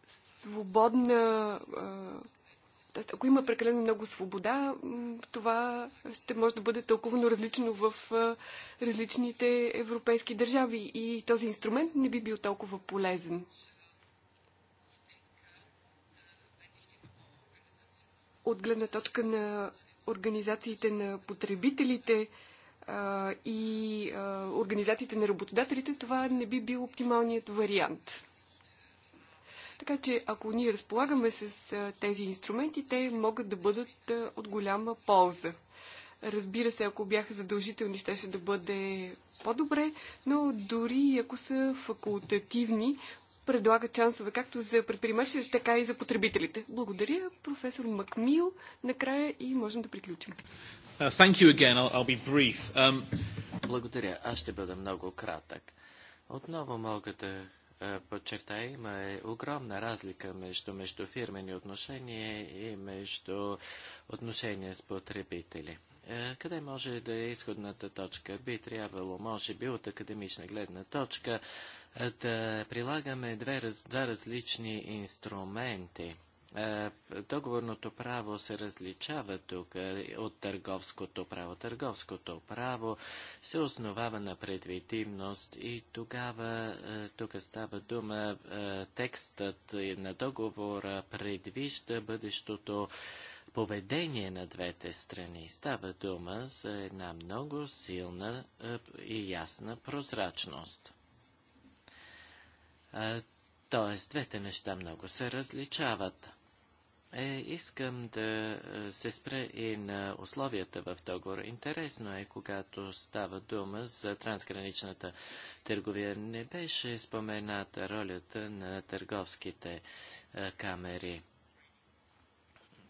свободна Тоест, ако има прекалено много свобода, това ще може да бъде толкова различно в различните европейски държави и този инструмент не би бил толкова полезен. От гледна точка на организациите на потребителите а, и а, организациите на работодателите, това не би бил оптималният вариант. Така че ако ние разполагаме с тези инструменти, те могат да бъдат от голяма полза. Разбира се, ако бяха задължителни, ще, ще да бъде по-добре, но дори ако са факултативни, предлагат шансове както за предприемачите, така и за потребителите. Благодаря, професор Макмил. Накрая и можем да приключим. Uh, thank you again. I'll, I'll be brief. Um... Благодаря. Аз ще бъда много кратък. Отново мога да е, подчертай, има е огромна разлика между междуфирмени отношения и между отношения с потребители. Е, къде може да е изходната точка? Би трябвало, може би, от академична гледна точка да прилагаме две, два различни инструменти. Е, договорното право се различава тук е, от търговското право. Търговското право се основава на предвидимност и тогава е, тук става дума текстът на договора предвижда бъдещото поведение на двете страни. Става дума за една много силна и ясна прозрачност. Тоест, двете неща много се различават. Е, искам да е, се спре и на условията в договор. Интересно е, когато става дума за трансграничната търговия. Не беше спомената ролята на търговските е, камери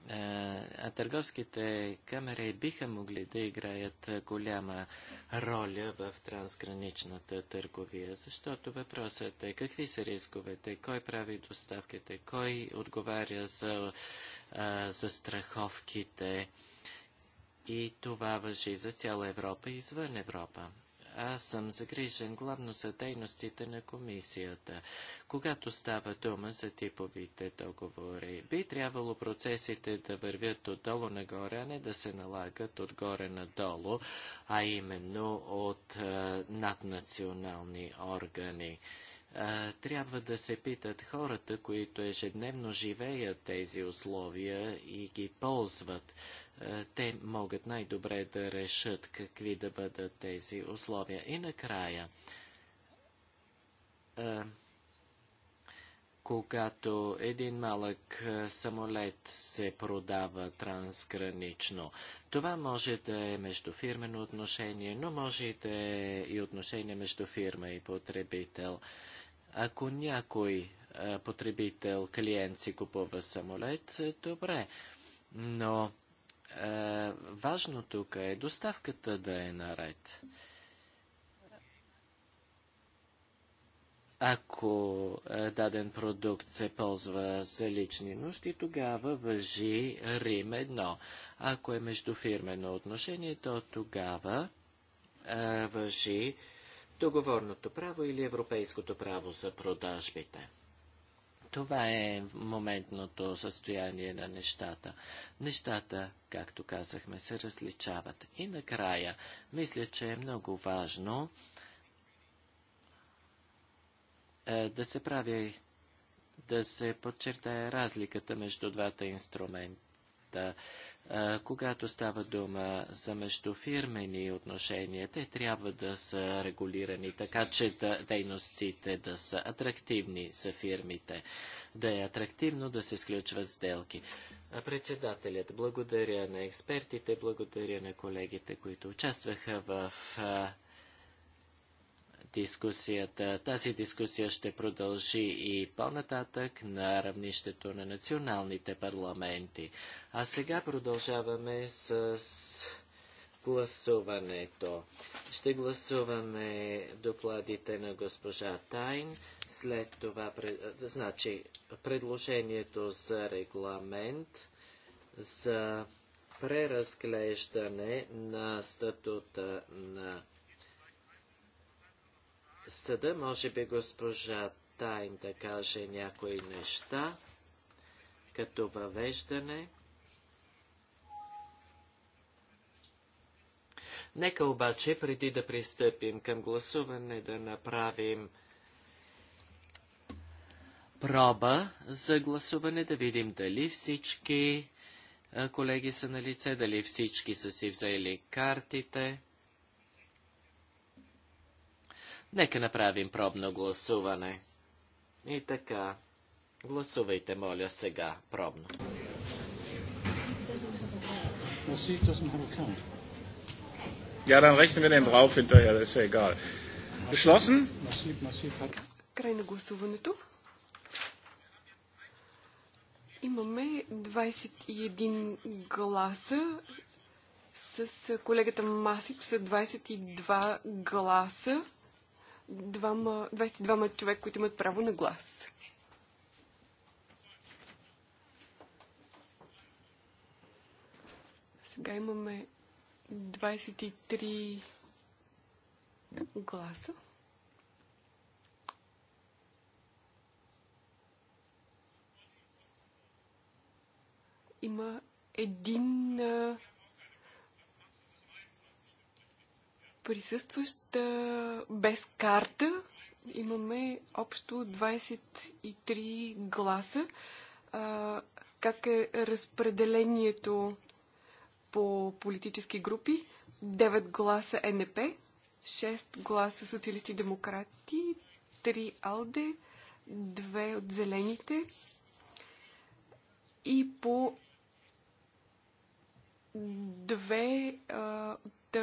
а търговските камери биха могли да играят голяма роля в трансграничната търговия, защото въпросът е какви са рисковете, кой прави доставките, кой отговаря за, а, за страховките. И това въжи за цяла Европа и извън Европа аз съм загрижен главно за дейностите на комисията. Когато става дума за типовите договори, би трябвало процесите да вървят отдолу нагоре, а не да се налагат отгоре надолу, а именно от а, е, наднационални органи е, трябва да се питат хората, които ежедневно живеят тези условия и ги ползват. Е, те могат най-добре да решат какви да бъдат тези условия. И накрая, е, когато един малък е, самолет се продава трансгранично. Това може да е междуфирмено отношение, но може да е и отношение между фирма и потребител. Ако някой потребител, клиент си купува самолет, добре, но е, важно тук е доставката да е наред. Ако е, даден продукт се ползва за лични нужди, тогава въжи Рим едно. Ако е междуфирмено отношение, то тогава е, въжи договорното право или европейското право за продажбите. Това е моментното състояние на нещата. Нещата, както казахме, се различават. И накрая, мисля, че е много важно е, да се прави да се подчертая разликата между двата инструмента нещата. А, когато става дума за междуфирмени отношения, те трябва да са регулирани, така че да, дейностите да са атрактивни за фирмите, да е атрактивно да се сключват сделки. Председателят, благодаря на експертите, благодаря на колегите, които участваха в дискусията. Тази дискусия ще продължи и по-нататък на равнището на националните парламенти. А сега продължаваме с гласуването. Ще гласуваме докладите на госпожа Тайн. След това, значи, предложението за регламент за преразглеждане на статута на съда. Може би госпожа Тайн да каже някои неща, като въвеждане. Нека обаче, преди да пристъпим към гласуване, да направим проба за гласуване, да видим дали всички колеги са на лице, дали всички са си взели картите. Нека направим пробно гласуване. И така, гласувайте, моля, сега, пробно. Ja, dann rechnen wir den drauf hinterher, das ist ja egal. Край на гласуването. Имаме 21 гласа с колегата Масип са 22 гласа двама, 22 човек, които имат право на глас. Сега имаме 23 гласа. Има един присъстващ без карта. Имаме общо 23 гласа. Как е разпределението по политически групи? 9 гласа НП, 6 гласа социалисти и демократи, 3 АЛДЕ, 2 от зелените и по 2 а, от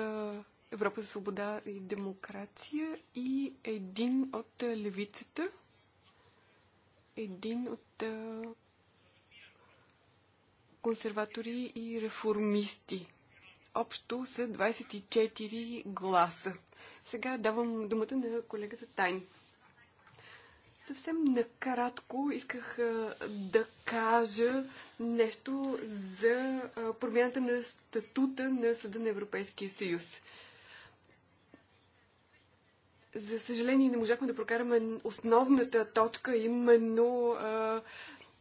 Европа за свобода и демокрация и един от левицата, един от консерватори и реформисти. Общо са 24 гласа. Сега давам думата на колегата Тайн. Съвсем накратко исках да кажа нещо за промяната на статута на Съда на Европейския съюз. За съжаление, не можахме да прокараме основната точка, именно а,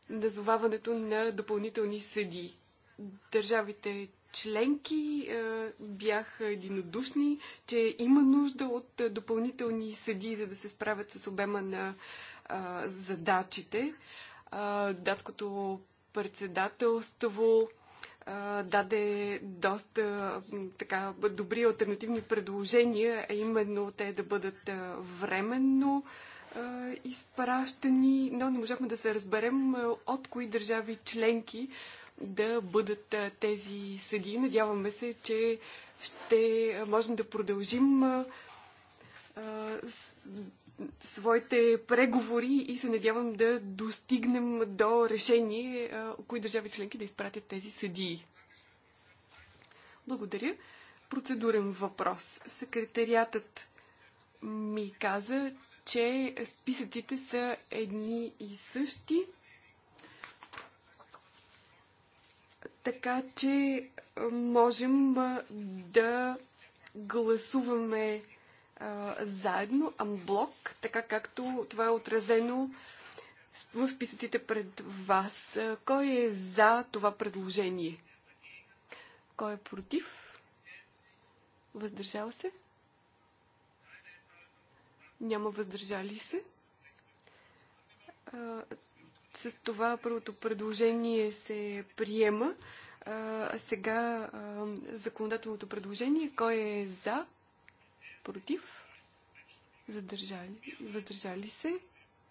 назоваването на допълнителни съди. Държавите членки а, бяха единодушни, че има нужда от допълнителни съди, за да се справят с обема на а, задачите. А, датското председателство даде доста така, добри альтернативни предложения, а именно те да бъдат временно изпращани, но не можахме да се разберем от кои държави членки да бъдат тези съдии. Надяваме се, че ще можем да продължим своите преговори и се надявам да достигнем до решение кои държави членки да изпратят тези съдии. Благодаря. Процедурен въпрос. Секретариатът ми каза, че списъците са едни и същи. Така че можем да гласуваме заедно, амблок, така както това е отразено в списъците пред вас. Кой е за това предложение? Кой е против? Въздържал се? Няма въздържали се. А, с това първото предложение се приема. А сега законодателното предложение. Кой е за? против, задържали, въздържали се,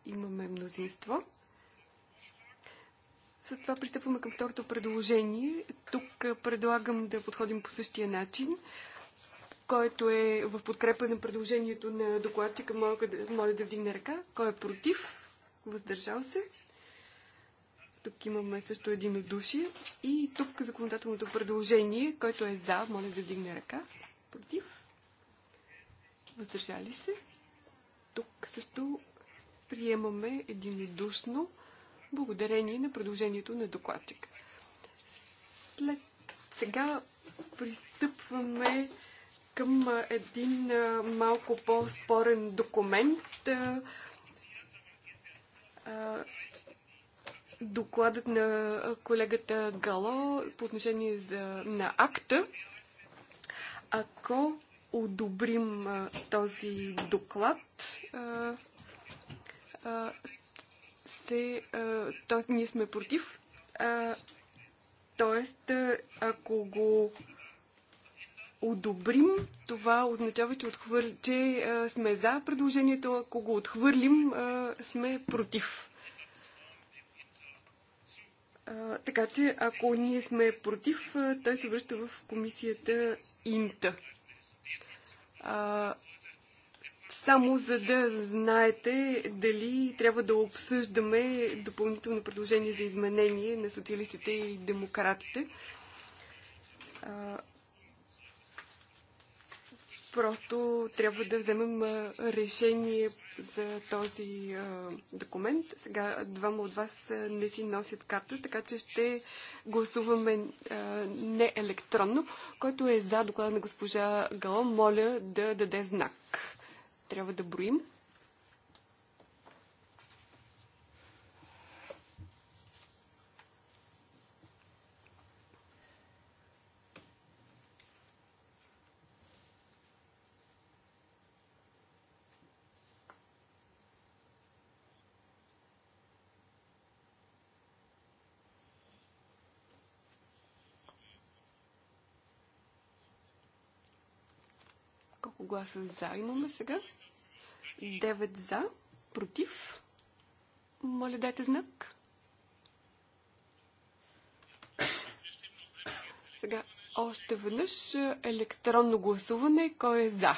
имаме мнозинство. С това пристъпваме към второто предложение. Тук предлагам да подходим по същия начин, който е в подкрепа на предложението на докладчика. Моля да, моля да вдигне ръка. Кой е против? Въздържал се? Тук имаме също един от души. И тук законодателното предложение, който е за, моля да вдигне ръка. Против? въздържали се. Тук също приемаме единодушно благодарение на предложението на докладчик. След сега пристъпваме към един малко по-спорен документ. Докладът на колегата Гало по отношение на акта. Ако одобрим този доклад, се, т.е. ние сме против. Тоест, ако го одобрим, това означава, че, отхвър... че а, сме за предложението, ако го отхвърлим, а, сме против. А, така че, ако ние сме против, а, той се връща в комисията Инта. А, само за да знаете дали трябва да обсъждаме допълнително предложение за изменение на социалистите и демократите. А, Просто трябва да вземем решение за този документ. Сега двама от вас не си носят карта, така че ще гласуваме не електронно. Който е за доклада на госпожа Гала, моля да даде знак. Трябва да броим. гласа за имаме сега. 9 за, против. Моля, дайте знак. Сега още веднъж електронно гласуване. Кой е за?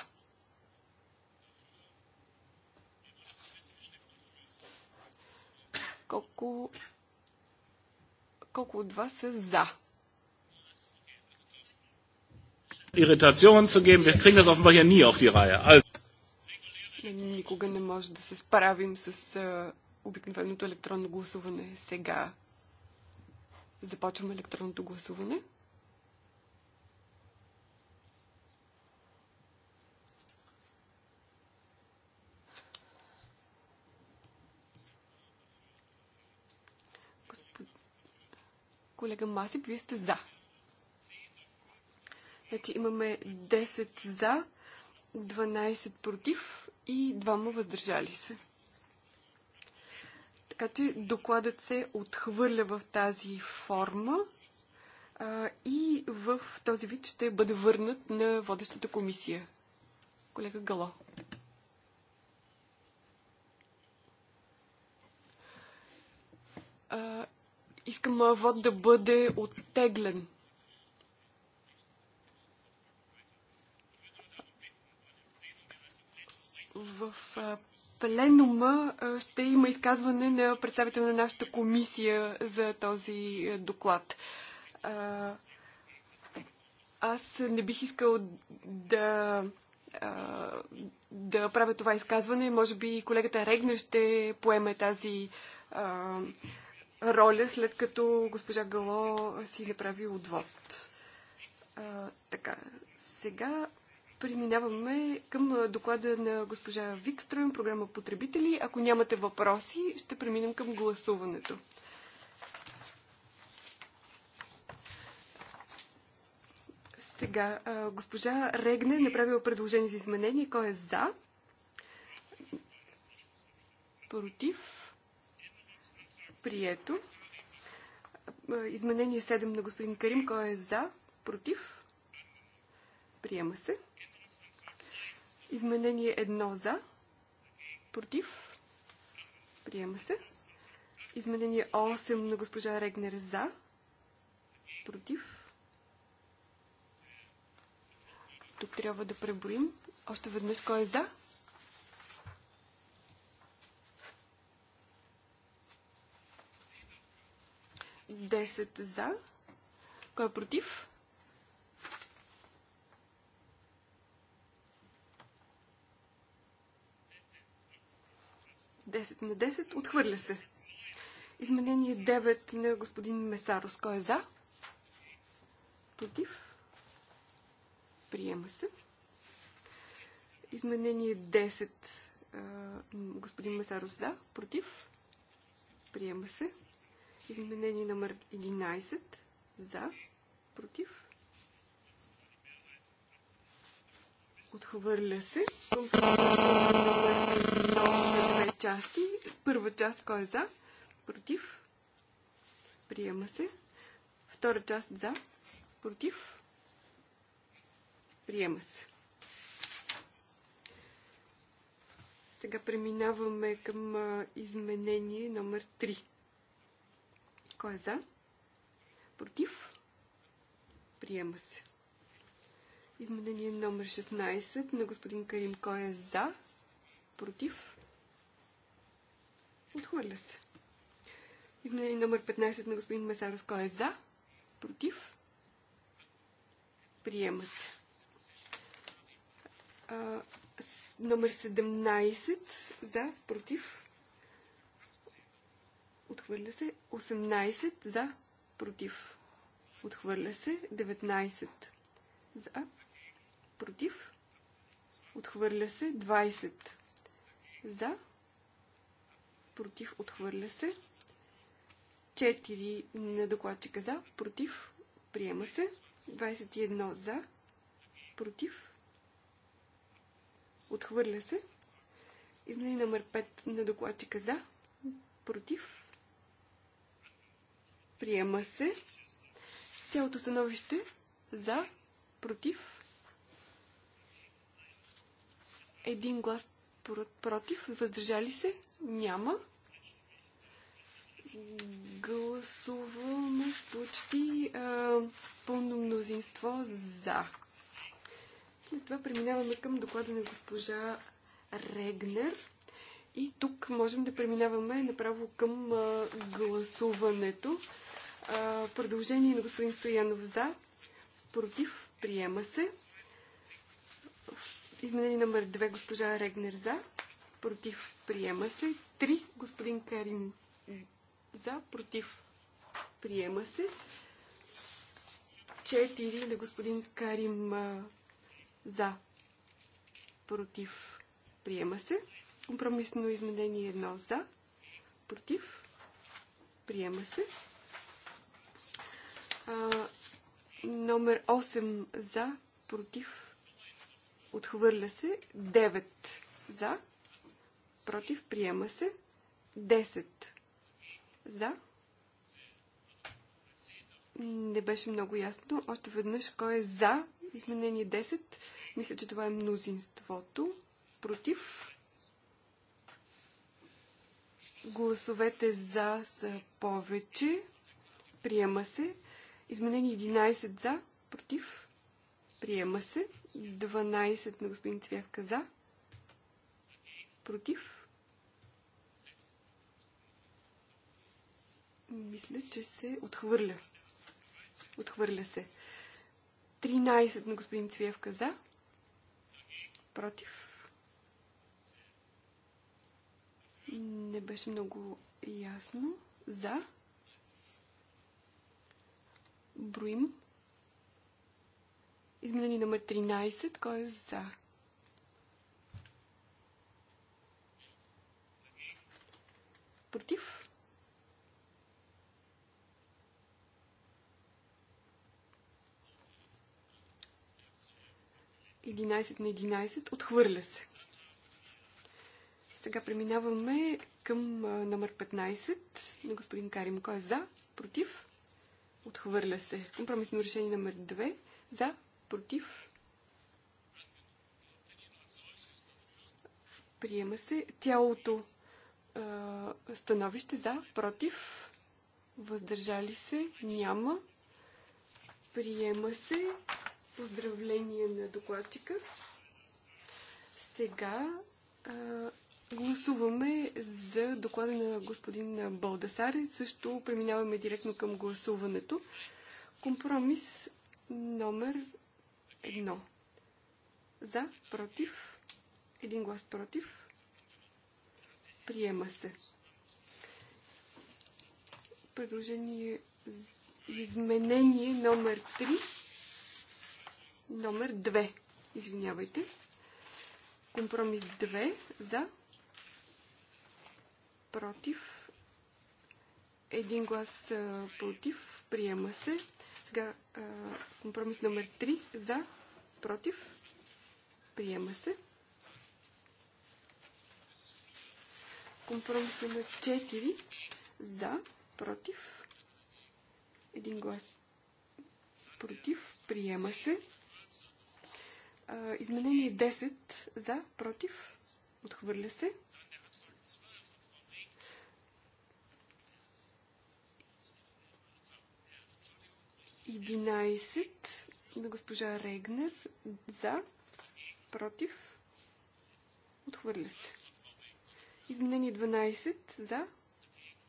Колко, колко от вас са за? Иритационно zu geben. Wir kriegen das offenbar hier nie auf die Reihe. Also... Никога не може да се справим с а, обикновеното електронно гласуване. Сега започваме електронното гласуване. Колега Масип, вие сте за. Значи имаме 10 за, 12 против и 2 въздържали се. Така че докладът се отхвърля в тази форма а, и в този вид ще бъде върнат на водещата комисия. Колега Гало. А, искам моят вод да бъде оттеглен в пленума ще има изказване на представител на нашата комисия за този доклад. Аз не бих искал да, да правя това изказване. Може би колегата Регна ще поеме тази роля, след като госпожа Гало си направи отвод. А, така, сега Преминаваме към доклада на госпожа Викстроен, програма Потребители. Ако нямате въпроси, ще преминем към гласуването. Сега, госпожа Регне направила предложение за изменение. Кой е за? Против? Прието. Изменение 7 на господин Карим. Кой е за? Против? Приема се. Изменение 1 за. Против. Приема се. Изменение 8 на госпожа Регнер за. Против. Тук трябва да преброим. Още веднъж кой е за? Десет за. Кой е против? 10 на 10. Отхвърля се. Изменение 9 на господин Месарос. Кой е за? Против? Приема се. Изменение 10. Господин Месарос за. Против? Приема се. Изменение номер 11. За. Против? Отхвърля се. две части. Първа част кой е за? Против. Приема се. Втора част за. Против. Приема се. Сега преминаваме към изменение номер 3. Кой е за? Против? Приема се. Изменение номер 16 на господин Карим Кой е за, против, отхвърля се. Изменение номер 15 на господин Месарос Кой е за, против, приема се. А, номер 17 за, против, отхвърля се. 18 за, против, отхвърля се. 19 за, против, отхвърля се 20 за, против, отхвърля се 4 на докладчика за, против, приема се 21 за, против, отхвърля се изменение номер 5 на докладчика за, против, приема се цялото становище за, против, Един глас против, въздържали се? Няма. Гласуваме почти а, пълно мнозинство за. След това преминаваме към доклада на госпожа Регнер. И тук можем да преминаваме направо към а, гласуването. А, продължение на господин Стоянов за, против, приема се. Изменение номер 2, госпожа Регнер за. Против приема се. 3, господин Карим за. Против приема се. 4 на господин Карим за. Против приема се. Компромисно изменение 1 за. Против приема се. А, номер 8 за. Против Отхвърля се 9 за. Против. Приема се 10 за. Не беше много ясно. Още веднъж кой е за изменение 10. Мисля, че това е мнозинството. Против. Гласовете за са повече. Приема се. Изменени 11 за, против. Приема се. 12 на господин Цвявка за. Против. Мисля, че се отхвърля. Отхвърля се. 13 на господин Цвявка за. Против. Не беше много ясно. За. Броим. Изменение номер 13. Кой е за? Против? Единайсет на 11. Отхвърля се. Сега преминаваме към номер 15 на господин Карим. Кой е за? Против? Отхвърля се. Компромисно решение номер 2. За? против, приема се цялото е, становище за, против, въздържали се, няма, приема се, поздравление на докладчика. Сега е, гласуваме за доклада на господин Балдасар също преминаваме директно към гласуването. Компромис номер Едно. За, против, един глас против, приема се. Предложение изменение номер 3, номер 2, извинявайте. Компромис 2 за, против, един глас против, приема се. Сега компромис номер 3 за, против, приема се. Компромис номер 4 за, против, един глас против, приема се. Изменение 10 за, против, отхвърля се. 11 на госпожа Регнер за, против, отхвърля се. Изменение 12 за,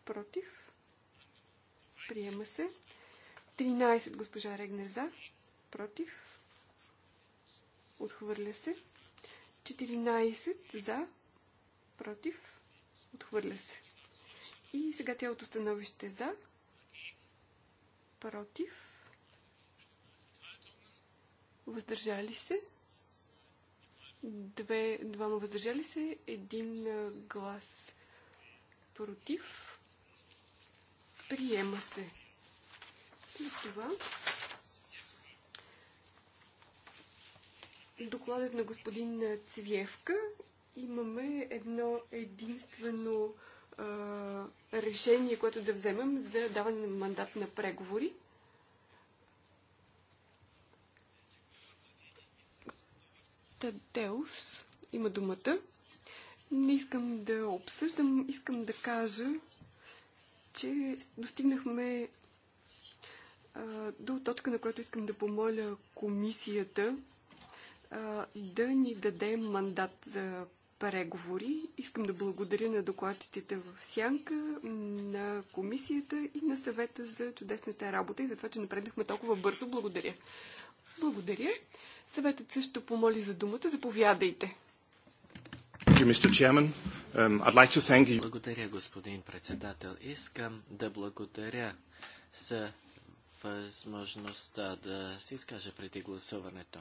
против, приема се. 13 госпожа Регнер за, против, отхвърля се. 14 за, против, отхвърля се. И сега тялото становище за, против, въздържали се, две, двама въздържали се, един глас против, приема се. И това докладът на господин Цвиевка имаме едно единствено а, решение, което да вземем за даване на мандат на преговори. Делс има думата. Не искам да обсъждам, искам да кажа, че достигнахме а, до точка, на която искам да помоля комисията а, да ни даде мандат за преговори. Искам да благодаря на докладчиците в Сянка, на комисията и на съвета за чудесната работа и за това, че напреднахме толкова бързо. Благодаря. Благодаря. Съветът също помоли за думата. Заповядайте. Um, благодаря, господин председател. Искам да благодаря за възможността да се изкажа преди гласуването.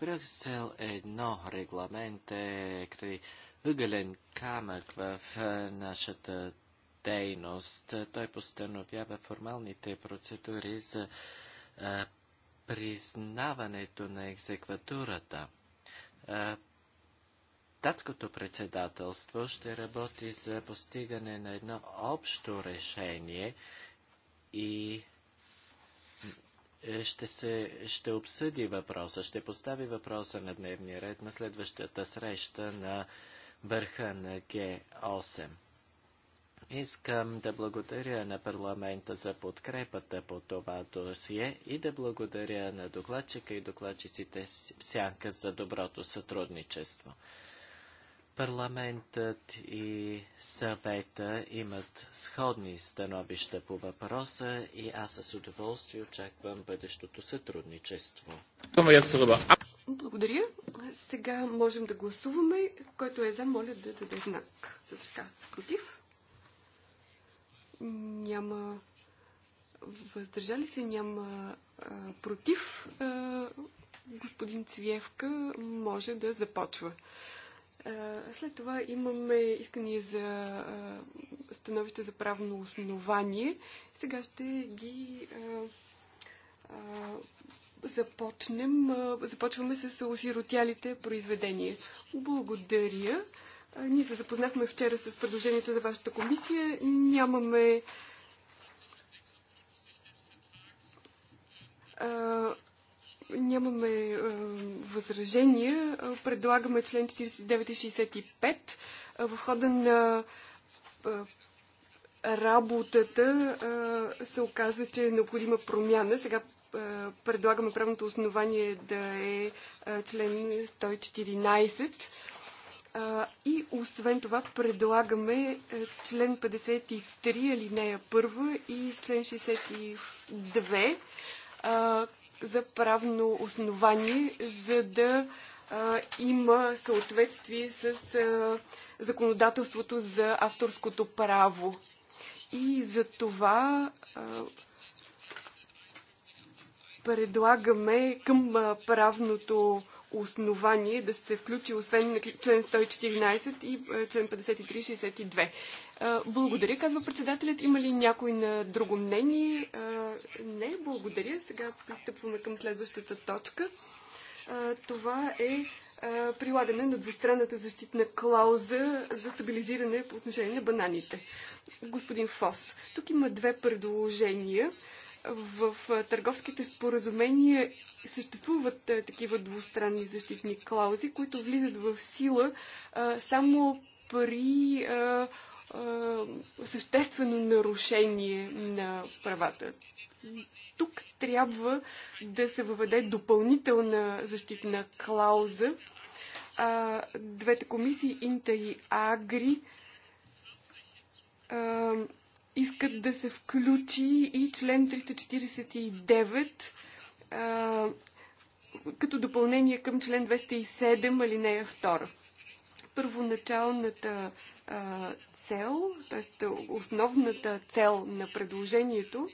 Брюксел едно регламент е ъгълен камък в нашата дейност. Той постановява формалните процедури за а, признаването на екзекватурата. А, датското председателство ще работи за постигане на едно общо решение и е, ще, се, ще обсъди въпроса, ще постави въпроса на дневния ред на следващата среща на върха на Г8. Искам да благодаря на парламента за подкрепата по това досие и да благодаря на докладчика и докладчиците сянка за доброто сътрудничество. Парламентът и съвета имат сходни становища по въпроса и аз с удоволствие очаквам бъдещото сътрудничество. Благодаря. Сега можем да гласуваме. Който е за, моля да даде знак с ръка. Против? няма въздържали се, няма а, против, а, господин Цвиевка може да започва. А, след това имаме искания за а, становище за правно основание. Сега ще ги а, а, започнем. А, започваме с осиротялите произведения. Благодаря. Ние се запознахме вчера с предложението за вашата комисия. Нямаме а, нямаме а, възражения. Предлагаме член 49 и 65 в хода на а, работата а, се оказа, че е необходима промяна. Сега а, предлагаме правното основание да е а, член 114 а, и освен това предлагаме е, член 53 алинея 1 и член 62 а, за правно основание, за да а, има съответствие с а, законодателството за авторското право. И за това а, предлагаме към правното основание да се включи освен член 114 и е, член 53-62. Е, благодаря, казва председателят. Има ли някой на друго мнение? Е, не, благодаря. Сега пристъпваме към следващата точка. Това е прилагане на двустранната защитна клауза за стабилизиране по отношение на бананите. Господин Фос, тук има две предложения в търговските споразумения съществуват а, е, такива двустранни защитни клаузи, които влизат в сила а, е, само при а, е, а, съществено нарушение на правата. Тук трябва да се въведе допълнителна защитна клауза. А, двете комисии, Инта и Агри, а, искат да се включи и член 349 като допълнение към член 207 алинея 2. Първоначалната а, цел, т.е. основната цел на предложението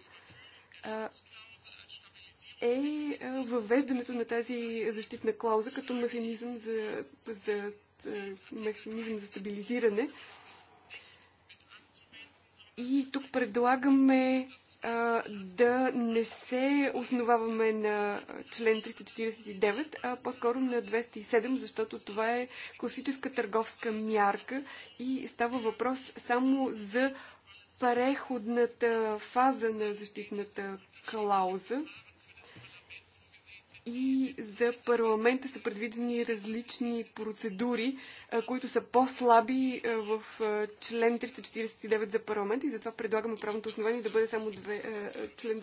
а, е въвеждането на тази защитна клауза като механизъм за, за, за, механизъм за стабилизиране. И тук предлагаме да не се основаваме на член 349, а по-скоро на 207, защото това е класическа търговска мярка и става въпрос само за преходната фаза на защитната клауза и за парламента са предвидени различни процедури, които са по-слаби в член 349 за парламента и затова предлагаме правното основание да бъде само две, член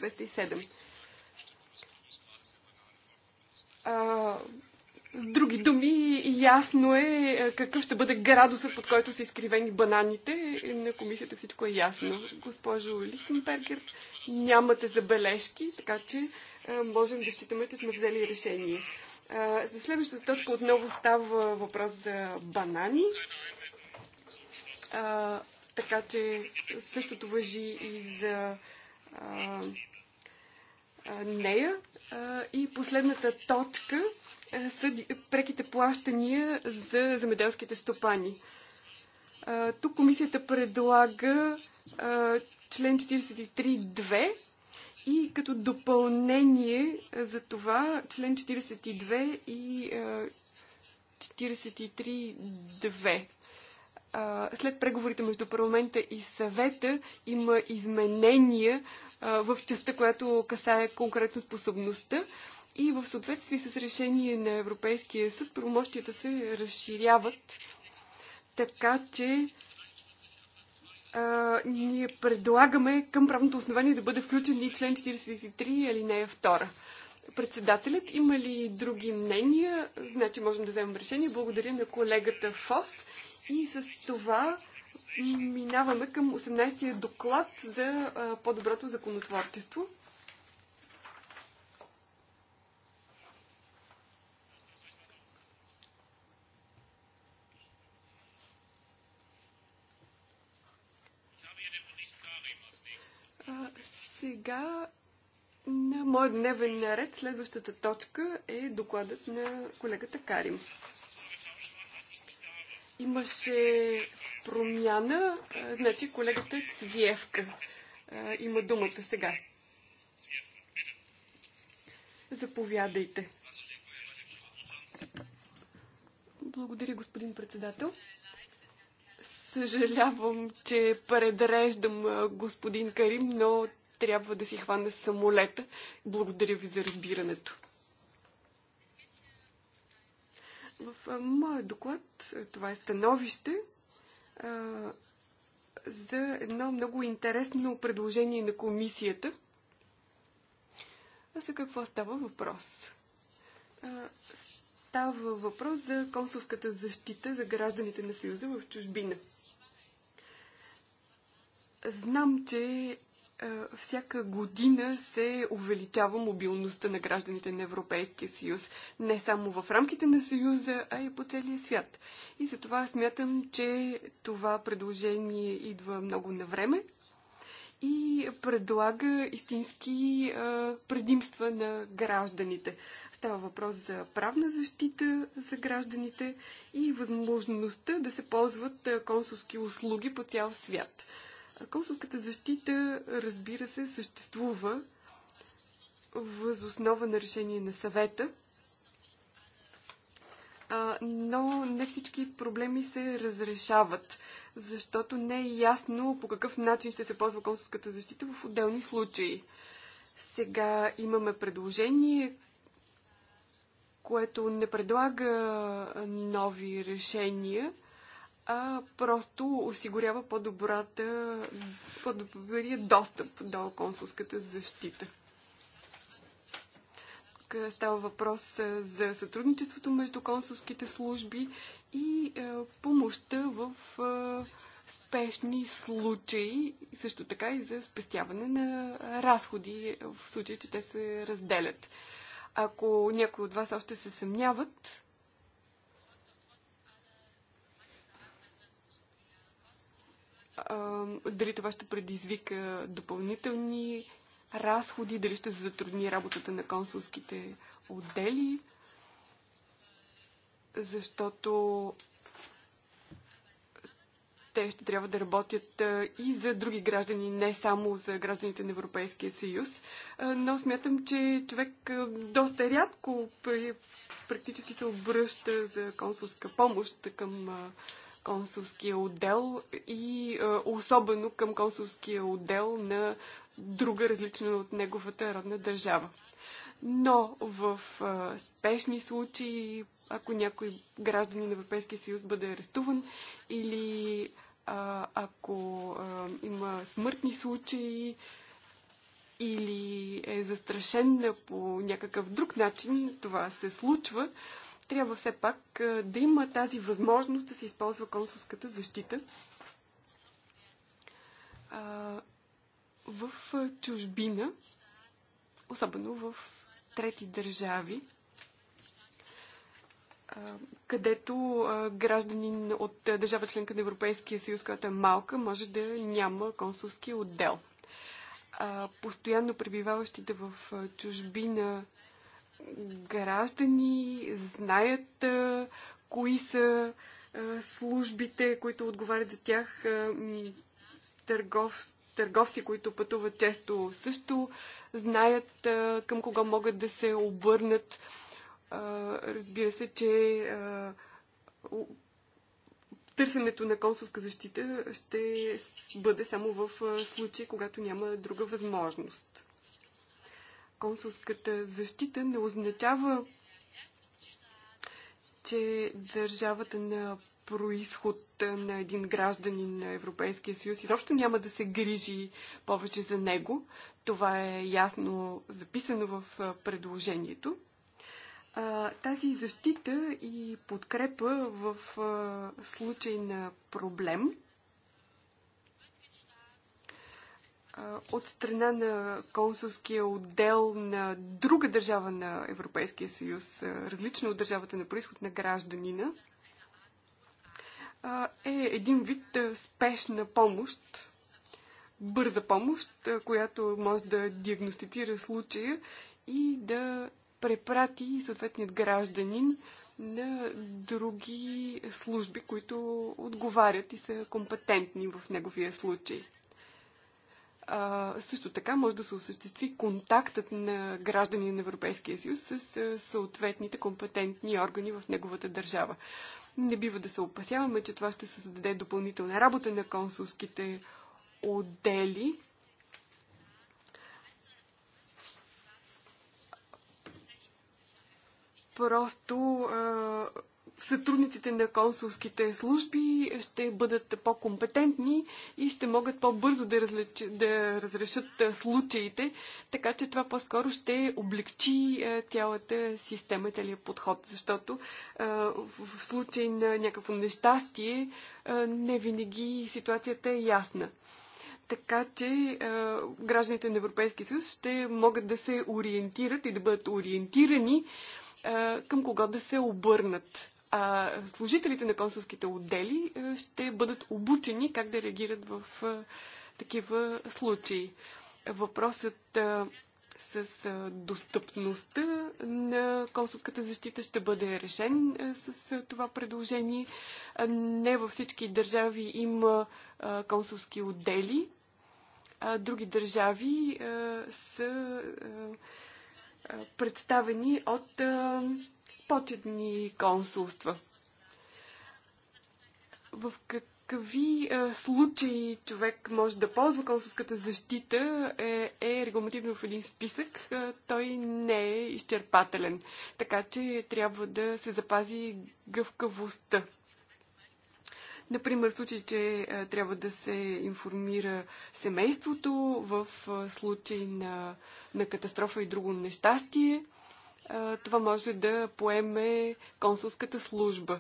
207. С други думи, ясно е какъв ще бъде градусът, под който са изкривени бананите. На комисията всичко е ясно. Госпожо Лихтенбергер, нямате забележки, така че можем да считаме, че сме взели решение. За следващата точка отново става въпрос за банани. така че същото въжи и за нея. и последната точка са преките плащания за земеделските стопани. тук комисията предлага член 43.2 и като допълнение за това, член 42 и 43.2. След преговорите между парламента и съвета има изменения в частта, която касае конкретно способността. И в съответствие с решение на Европейския съд, правомощията се разширяват така, че ние предлагаме към правното основание да бъде включен и член 43, алинея 2. Председателят, има ли други мнения? Значи можем да вземем решение. Благодаря на колегата Фос. И с това минаваме към 18-я доклад за по-доброто законотворчество. сега на моят дневен наред следващата точка е докладът на колегата Карим. Имаше промяна, значи колегата Цвиевка има думата сега. Заповядайте. Благодаря, господин председател. Съжалявам, че предреждам господин Карим, но трябва да си хване самолета. Благодаря ви за разбирането. В моя доклад, това е становище, за едно много интересно предложение на комисията. А за какво става въпрос? Става въпрос за консулската защита за гражданите на Съюза в чужбина. Знам, че е, всяка година се увеличава мобилността на гражданите на Европейския съюз. Не само в рамките на съюза, а и по целия свят. И затова смятам, че това предложение идва много на време и предлага истински е, предимства на гражданите. Става въпрос за правна защита за гражданите и възможността да се ползват е, консулски услуги по цял свят. Консулската защита, разбира се, съществува въз основа на решение на съвета, но не всички проблеми се разрешават, защото не е ясно по какъв начин ще се ползва консулската защита в отделни случаи. Сега имаме предложение, което не предлага нови решения – а просто осигурява по-добрата, по-добрия достъп до консулската защита. Тук става въпрос за сътрудничеството между консулските служби и помощта в спешни случаи, също така и за спестяване на разходи в случай, че те се разделят. Ако някои от вас още се съмняват, дали това ще предизвика допълнителни разходи, дали ще се затрудни работата на консулските отдели, защото те ще трябва да работят и за други граждани, не само за гражданите на Европейския съюз. Но смятам, че човек доста рядко практически се обръща за консулска помощ към консулския отдел и е, особено към консулския отдел на друга различна от неговата родна държава. Но в е, спешни случаи, ако някой гражданин на Европейския съюз бъде арестуван или а, ако а, има смъртни случаи или е застрашен по някакъв друг начин, това се случва, трябва все пак е, да има тази възможност да се използва консулската защита. В е, чужбина, особено в трети държави, където гражданин от е, държава членка на Европейския съюз, която е малка, може да няма консулски отдел. Постоянно пребиваващите в чужбина граждани знаят кои са службите, които отговарят за тях, търгов, търговци, които пътуват често също, знаят към кога могат да се обърнат. Разбира се, че търсенето на консулска защита ще бъде само в случай, когато няма друга възможност консулската защита не означава, че държавата на происход на един гражданин на Европейския съюз изобщо няма да се грижи повече за него. Това е ясно записано в предложението. Тази защита и подкрепа в случай на проблем – от страна на консулския отдел на друга държава на Европейския съюз, различна от държавата на происход на гражданина, е един вид спешна помощ, бърза помощ, която може да диагностицира случая и да препрати съответният гражданин на други служби, които отговарят и са компетентни в неговия случай. А, също така може да се осъществи контактът на граждани на Европейския съюз с съответните компетентни органи в неговата държава. Не бива да се опасяваме, че това ще създаде допълнителна работа на консулските отдели. Просто а, сътрудниците на консулските служби ще бъдат по-компетентни и ще могат по-бързо да, да разрешат случаите, така че това по-скоро ще облегчи цялата система, целият подход, защото в случай на някакво нещастие не винаги ситуацията е ясна така че е, гражданите на Европейския съюз ще могат да се ориентират и да бъдат ориентирани е, към кого да се обърнат а, служителите на консулските отдели ще бъдат обучени как да реагират в а, такива случаи. Въпросът а, с а, достъпността на консулската защита ще бъде решен а, с а, това предложение. А, не във всички държави има а, консулски отдели. А, други държави а, са а, представени от. А, почетни консулства. В какви а, е, случаи човек може да ползва консулската защита е, е регламентирано в един списък. А, е, той не е изчерпателен. Така че трябва да се запази гъвкавостта. Например, в случай, че а, е, трябва да се информира семейството, в а, случай на, на катастрофа и друго нещастие това може да поеме консулската служба.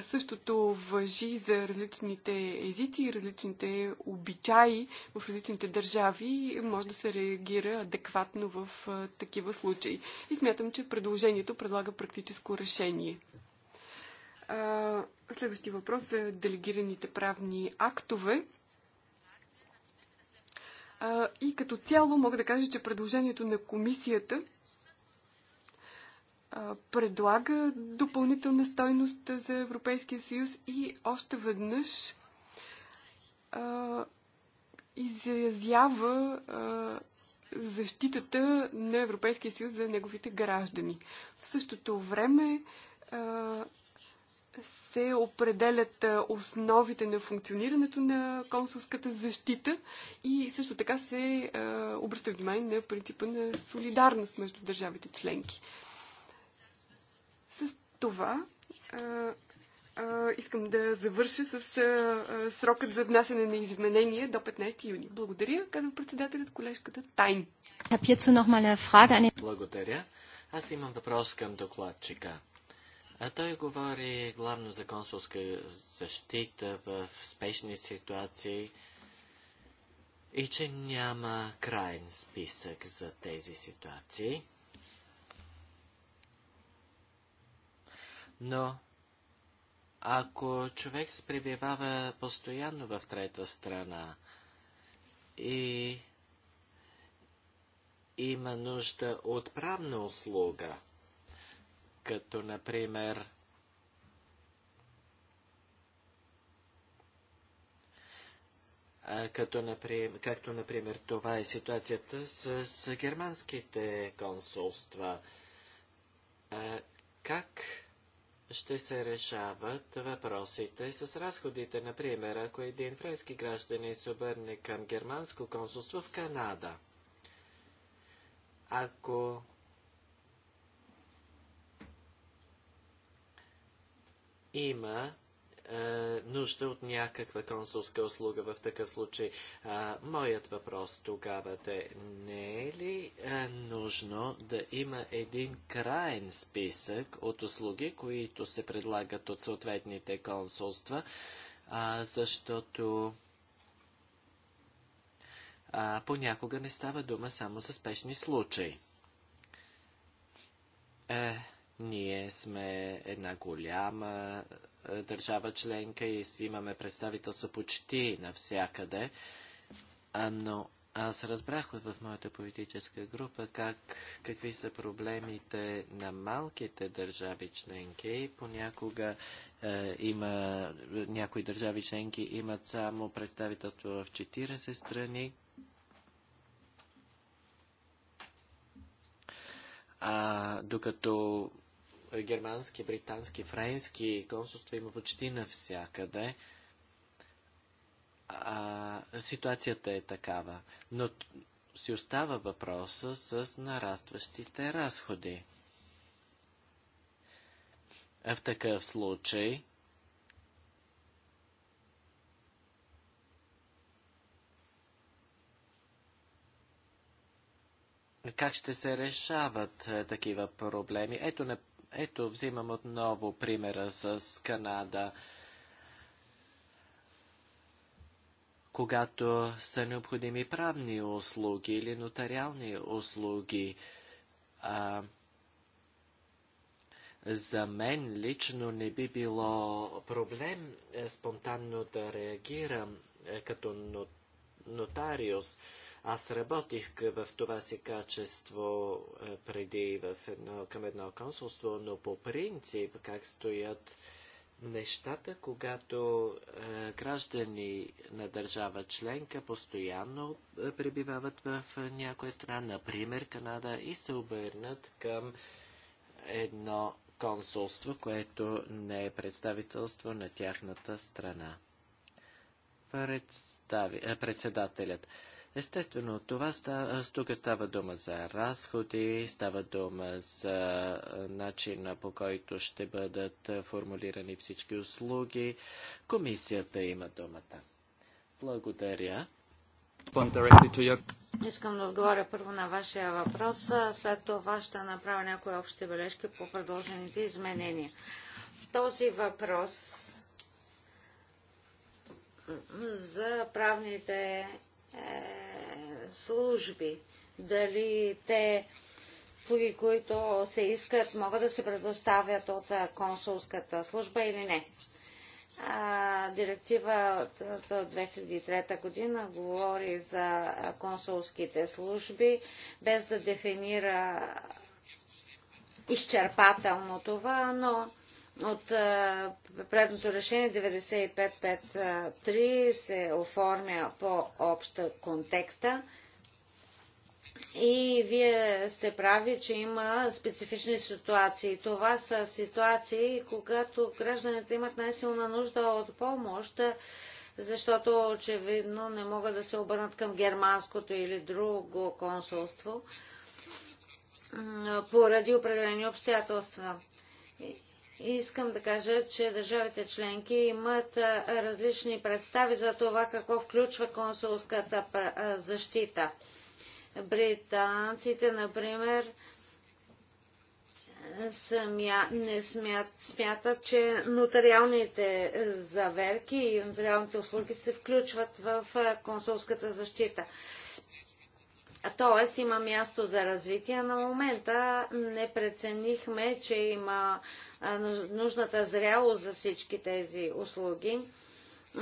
Същото въжи за различните езици и различните обичаи в различните държави. Може да се реагира адекватно в такива случаи. И смятам, че предложението предлага практическо решение. Следващия въпрос за делегираните правни актове. И като цяло мога да кажа, че предложението на комисията – предлага допълнителна стойност за Европейския съюз и още веднъж а, изразява а, защитата на Европейския съюз за неговите граждани. В същото време а, се определят основите на функционирането на консулската защита и също така се а, обръща внимание на принципа на солидарност между държавите членки това искам да завърша с срокът за внасяне на изменения до 15 юни. Благодаря, казва председателят колежката Тайн. Благодаря. Аз имам въпрос към докладчика. А той говори главно за консулска защита в спешни ситуации и че няма крайен списък за тези ситуации. Но ако човек се пребивава постоянно в трета страна и има нужда от правна услуга, като например като например, както например това е ситуацията с, с германските консулства. Как ще се решават въпросите с разходите. Например, ако един френски гражданин се обърне към германско консулство в Канада, ако има е, нужда от някаква консулска услуга в такъв случай. А, моят въпрос тогава е, не е ли е, нужно да има един крайен списък от услуги, които се предлагат от съответните консулства, а, защото а, понякога не става дума само за спешни случаи. Е, ние сме една голяма е, държава членка и си имаме представителство почти навсякъде. но аз разбрах в моята политическа група как, какви са проблемите на малките държави членки. Понякога е, има, някои държави членки имат само представителство в 40 страни. А, докато германски, британски, френски консулства има почти навсякъде. А, ситуацията е такава. Но си остава въпроса с нарастващите разходи. В такъв случай как ще се решават е, такива проблеми? Ето, ето, взимам отново примера с Канада. Когато са необходими правни услуги или нотариални услуги, а, за мен лично не би било проблем е, спонтанно да реагирам е, като нотариус. Аз работих в това си качество е, преди в едно, към едно консулство, но по принцип как стоят нещата, когато е, граждани на държава членка постоянно е, пребивават в е, някоя страна, например Канада, и се обърнат към едно консулство, което не е представителство на тяхната страна. Представи, е, председателят. Естествено, това става, тук става дума за разходи, става дума за начин по който ще бъдат формулирани всички услуги. Комисията има думата. Благодаря. Искам да отговоря първо на вашия въпрос, след това ще направя някои общи бележки по предложените изменения. Този въпрос за правните е, служби. Дали те услуги, които се искат, могат да се предоставят от е, консулската служба или не. директива от 2003 година говори за е, консулските служби, без да дефинира изчерпателно това, но от предното решение 9553 се оформя по-обща контекста. И вие сте прави, че има специфични ситуации. Това са ситуации, когато гражданите имат най-силна нужда от помощ, защото очевидно не могат да се обърнат към германското или друго консулство поради определени обстоятелства искам да кажа, че държавите членки имат различни представи за това какво включва консулската защита. Британците, например, Смя... не смят... смятат, че нотариалните заверки и нотариалните услуги се включват в консулската защита. Т.е. има място за развитие. На момента не преценихме, че има нужната зрялост за всички тези услуги.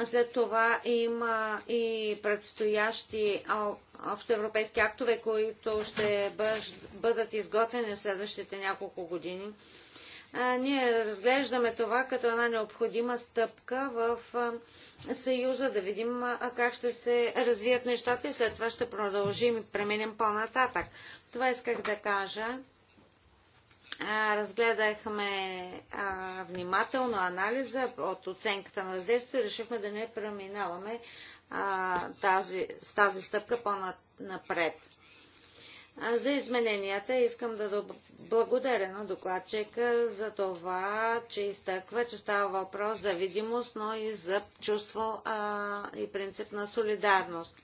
След това има и предстоящи общоевропейски актове, които ще бъдат изготвени в следващите няколко години ние разглеждаме това като една необходима стъпка в Съюза, да видим как ще се развият нещата и след това ще продължим и преминем по-нататък. Това исках да кажа. Разгледахме внимателно анализа от оценката на въздействие и решихме да не преминаваме тази, с тази стъпка по-напред за измененията. Искам да благодаря на докладчика за това, че изтъква, че става въпрос за видимост, но и за чувство а, и принцип на солидарност.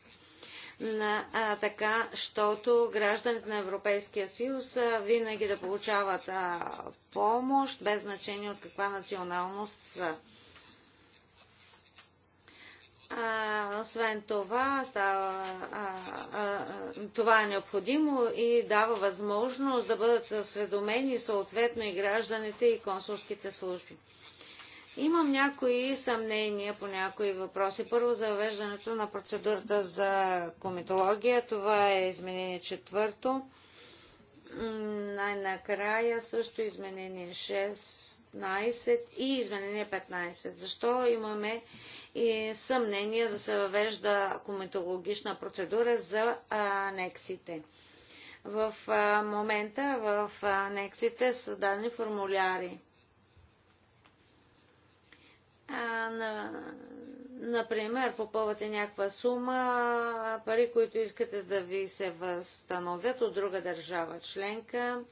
На, а, така, щото гражданите на Европейския съюз а, винаги да получават а, помощ, без значение от каква националност са. А, освен това, става, а, а, това е необходимо и дава възможност да бъдат осведомени съответно и гражданите и консулските служби. Имам някои съмнения по някои въпроси. Първо за въвеждането на процедурата за комитология. Това е изменение четвърто. Най-накрая също изменение 6 15 и изменение 15. Защо имаме и съмнение да се въвежда кометологична процедура за анексите? В момента в анексите са дадени формуляри. А, на, например, попълвате някаква сума, пари, които искате да ви се възстановят от друга държава членка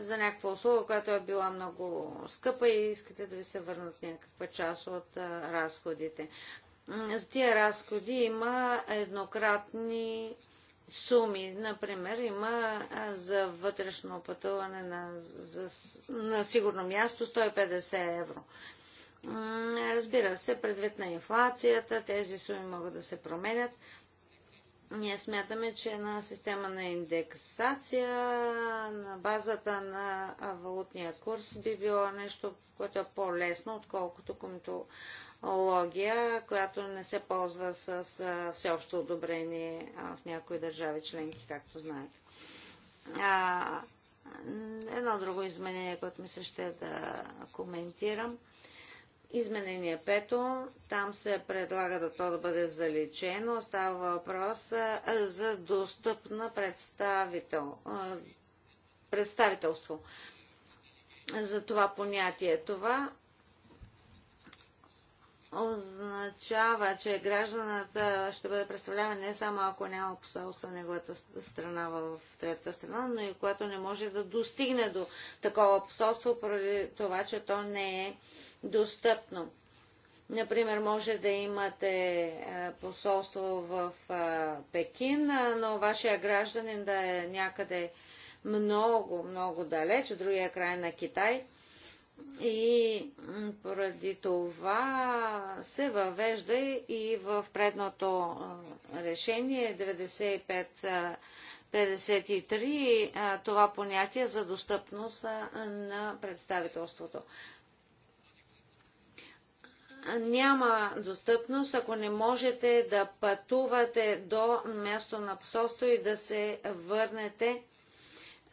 за някаква услуга, която е била много скъпа и искате да ви се върнат някаква част от а, разходите. За тия разходи има еднократни суми. Например, има за вътрешно пътуване на, за, на сигурно място 150 евро. Разбира се, предвид на инфлацията, тези суми могат да се променят. Ние смятаме, че една система на индексация на базата на валутния курс би било нещо, което е по-лесно, отколкото комитология, която не се ползва с всеобщо одобрение в някои държави членки, както знаете. едно друго изменение, което мисля ще е да коментирам – Изменение пето, там се предлага да то да бъде заличено. Става въпрос за достъпна представител, представителство за това понятие. Това означава, че гражданата ще бъде представляван не само ако няма посолство неговата страна в третата страна, но и когато не може да достигне до такова посолство, поради това, че то не е достъпно. Например, може да имате е, посолство в е, Пекин, но вашия гражданин да е някъде много, много далеч, другия край на Китай – и поради това се въвежда и в предното решение 95 53 това понятие за достъпност на представителството. Няма достъпност, ако не можете да пътувате до място на посолство и да се върнете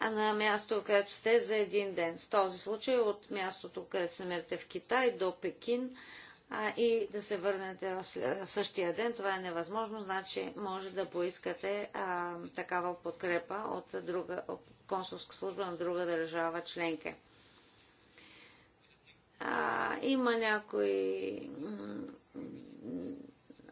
на място, където сте за един ден. В този случай от мястото, където се намирате в Китай до Пекин а, и да се върнете в същия ден, това е невъзможно, значи може да поискате а, такава подкрепа от, друга, от консулска служба на друга държава членка. А, има някои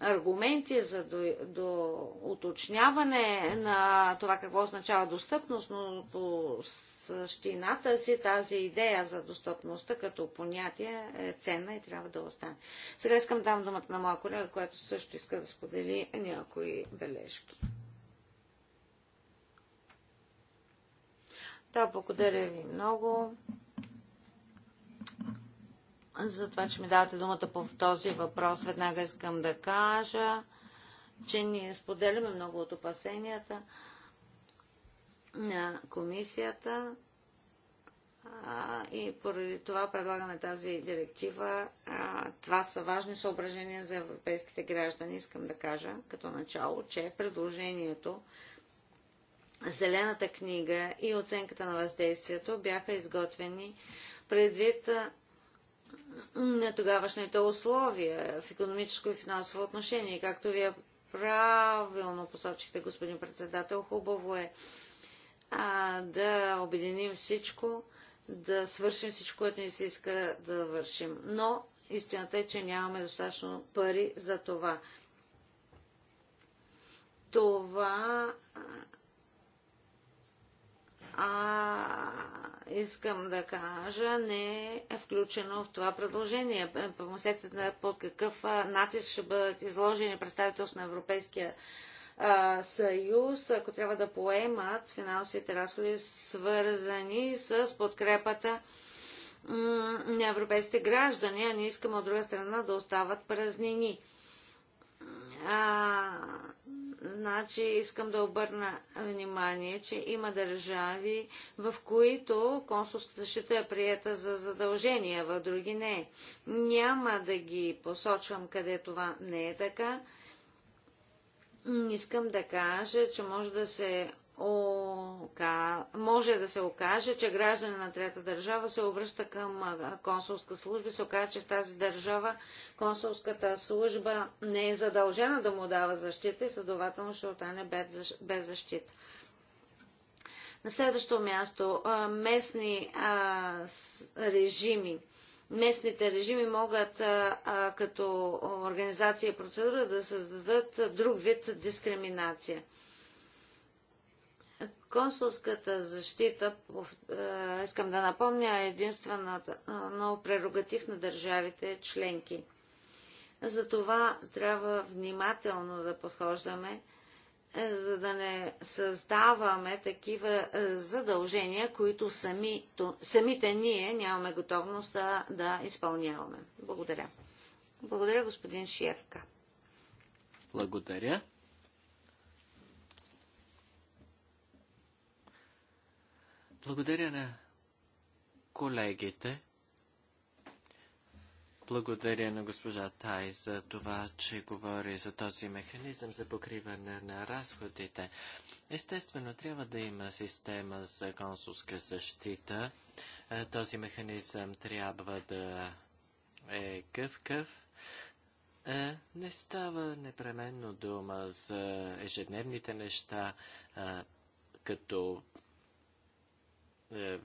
аргументи за до, до уточняване на това какво означава достъпност, но по същината си тази идея за достъпността като понятие е ценна и трябва да остане. Сега искам да дам думата на моя колега, който също иска да сподели някои бележки. Да, благодаря ви много за това, че ми давате думата по този въпрос. Веднага искам да кажа, че ние споделяме много от опасенията на комисията а, и поради това предлагаме тази директива. А, това са важни съображения за европейските граждани. Искам да кажа като начало, че предложението Зелената книга и оценката на въздействието бяха изготвени предвид на тогавашните условия в економическо и финансово отношение. Както вие правилно посочихте, господин председател, хубаво е а, да обединим всичко, да свършим всичко, което ни се иска да вършим. Но истината е, че нямаме достатъчно пари за това. Това а, искам да кажа, не е включено в това предложение. Е, помислете под какъв натиск ще бъдат изложени представителство на Европейския съюз, ако трябва да поемат финансовите разходи, свързани с подкрепата на европейските граждани, а не искаме от друга страна да остават празнини. А, Значи искам да обърна внимание, че има държави, в които консулската защита е приета за задължения, в други не. Няма да ги посочвам къде това не е така. Искам да кажа, че може да се може да се окаже, че граждане на трета държава се обръща към консулска служба и се окаже, че в тази държава консулската служба не е задължена да му дава защита и следователно ще остане без защита. На следващо място, местни режими. Местните режими могат като организация и процедура да създадат друг вид дискриминация. Консулската защита, е, искам да напомня, е единствената е, много прерогатив на държавите членки. Затова трябва внимателно да подхождаме, е, за да не създаваме такива задължения, които сами, самите ние нямаме готовност да, да изпълняваме. Благодаря. Благодаря, господин Шиевка. Благодаря. Благодаря на колегите. Благодаря на госпожа Тай за това, че говори за този механизъм за покриване на разходите. Естествено, трябва да има система за консулска защита. Е, този механизъм трябва да е гъвкав. Е, не става непременно дума за ежедневните неща, е, като е,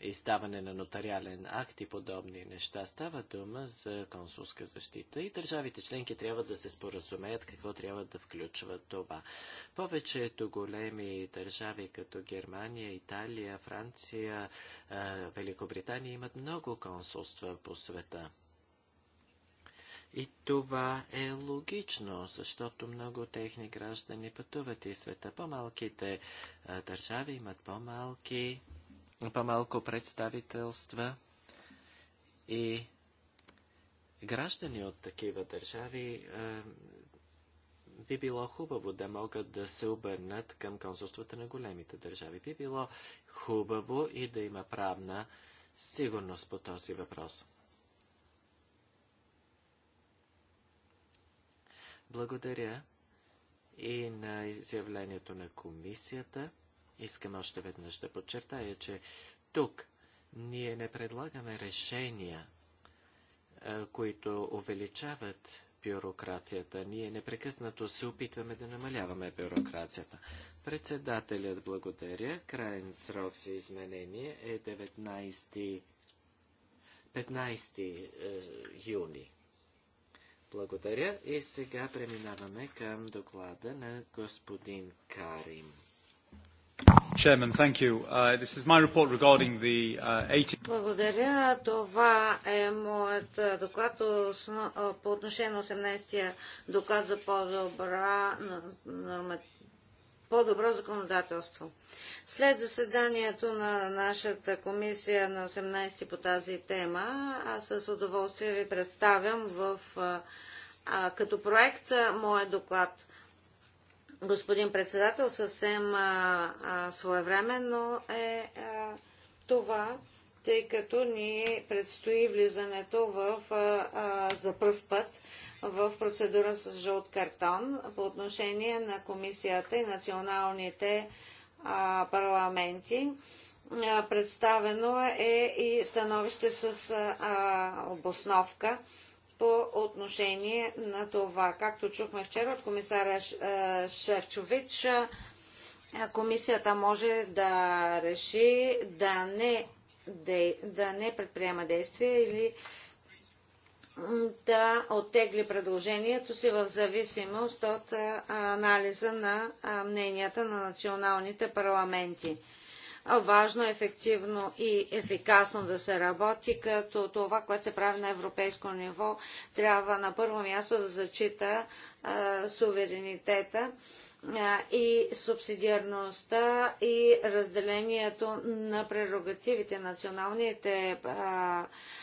издаване на нотариален акт и подобни неща. Става дума за консулска защита и държавите членки трябва да се споразумеят какво трябва да включва това. Повечето големи държави, като Германия, Италия, Франция, е, Великобритания, имат много консулства по света. И това е логично, защото много техни граждани пътуват и света. По-малките е, държави имат по-малки по-малко представителства и граждани от такива държави е, би било хубаво да могат да се обърнат към консулствата на големите държави. Би било хубаво и да има правна сигурност по този въпрос. Благодаря и на изявлението на комисията. Искам още веднъж да подчертая, че тук ние не предлагаме решения, е, които увеличават бюрокрацията. Ние непрекъснато се опитваме да намаляваме бюрокрацията. Председателят благодаря. Крайен срок за изменение е 19 15 е, юни. Благодаря и сега преминаваме към доклада на господин Карим. Благодаря. Това е моят доклад по отношение на 18-я доклад за по-добра по-добро законодателство. След заседанието на нашата комисия на 18 по тази тема, аз с удоволствие ви представям в, а, като проект моят доклад господин председател, съвсем а, а, своевременно е а, това, тъй като ни предстои влизането в, а, а, за пръв път в процедура с жълт картон по отношение на комисията и националните а, парламенти. А, представено е и становище с а, обосновка по отношение на това. Както чухме вчера от комисаря Шевчович, комисията може да реши да не, да не предприема действия или да оттегли предложението си в зависимост от анализа на мненията на националните парламенти важно, е ефективно и ефикасно да се работи, като това, което се прави на европейско ниво, трябва на първо място да зачита суверенитета и субсидиарността и разделението на прерогативите. Националните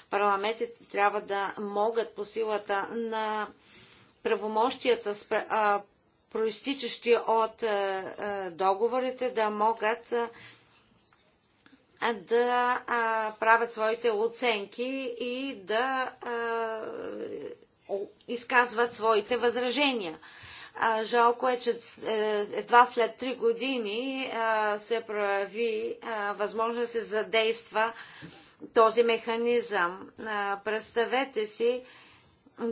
парламенти трябва да могат по силата на правомощията проистичащи от договорите да могат да а, правят своите оценки и да а, изказват своите възражения. А, жалко е, че е, едва след 3 години а, се прояви възможност да се задейства този механизъм. А, представете си,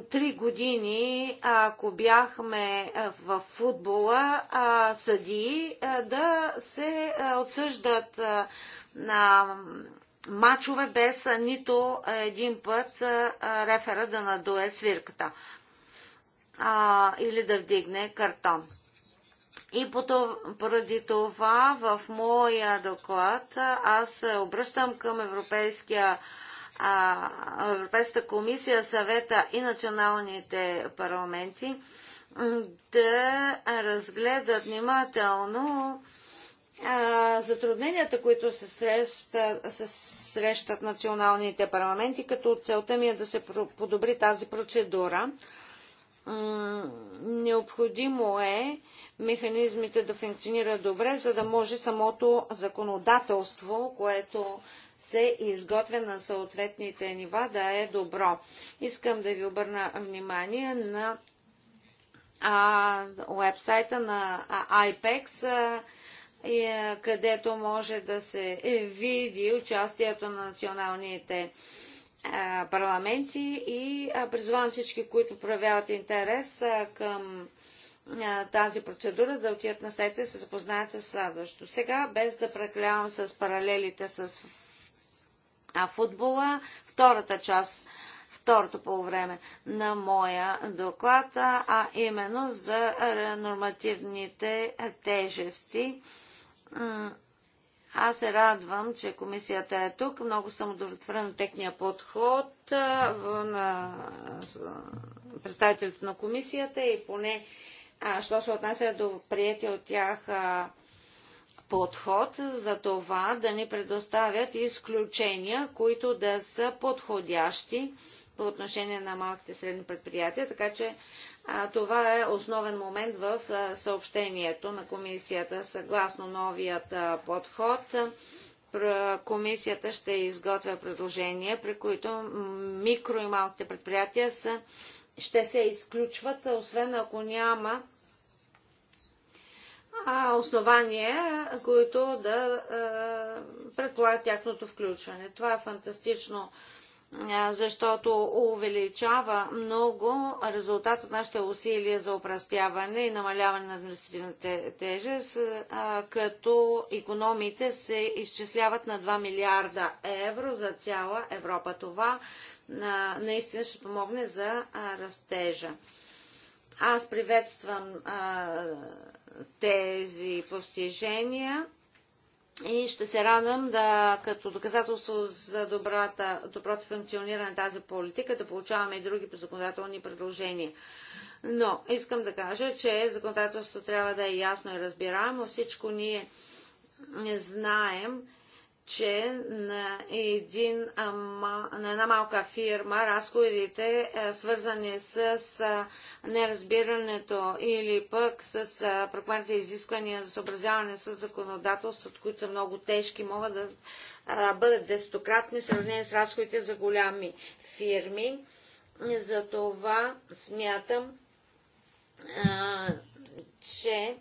три години, ако бяхме в футбола, съдии да се отсъждат на мачове, без нито един път рефера да надуе свирката а, или да вдигне картон. И поради това в моя доклад аз се обръщам към Европейския Европейската комисия, съвета и националните парламенти да разгледат внимателно затрудненията, които се срещат, се срещат националните парламенти, като целта ми е да се подобри тази процедура. Необходимо е механизмите да функционират добре, за да може самото законодателство, което се изготвя на съответните нива, да е добро. Искам да ви обърна внимание на а, уебсайта на IPEX. А, е, където може да се е, види участието на националните е, парламенти и призвам всички, които проявяват интерес към тази процедура, да отидат на сайта и се запознаят с следващото. Сега, без да преклявам с паралелите с футбола, втората част второто по време на моя доклад, а именно за нормативните тежести. Аз се радвам, че комисията е тук. Много съм удовлетворена от техния подход на представителите на комисията и поне, що се отнася до приятия от тях подход за това да ни предоставят изключения, които да са подходящи по отношение на малките и средни предприятия. Така че това е основен момент в съобщението на комисията. Съгласно новият подход, комисията ще изготвя предложения, при които микро и малките предприятия са, ще се изключват, освен ако няма основания, които да предполагат тяхното включване. Това е фантастично защото увеличава много резултат от нашите усилия за упростяване и намаляване на административната тежест, като економите се изчисляват на 2 милиарда евро за цяла Европа. Това наистина ще помогне за растежа. Аз приветствам тези постижения и ще се радвам да, като доказателство за добрата, доброто функциониране на тази политика, да получаваме и други законодателни предложения. Но искам да кажа, че законодателството трябва да е ясно и разбираемо. Всичко ние знаем, че на, един, на една малка фирма разходите, е, свързани с неразбирането или пък с прокварните изисквания за съобразяване с законодателството, които са много тежки, могат да бъдат десетократни, сравнени с разходите за голями фирми. Затова смятам, че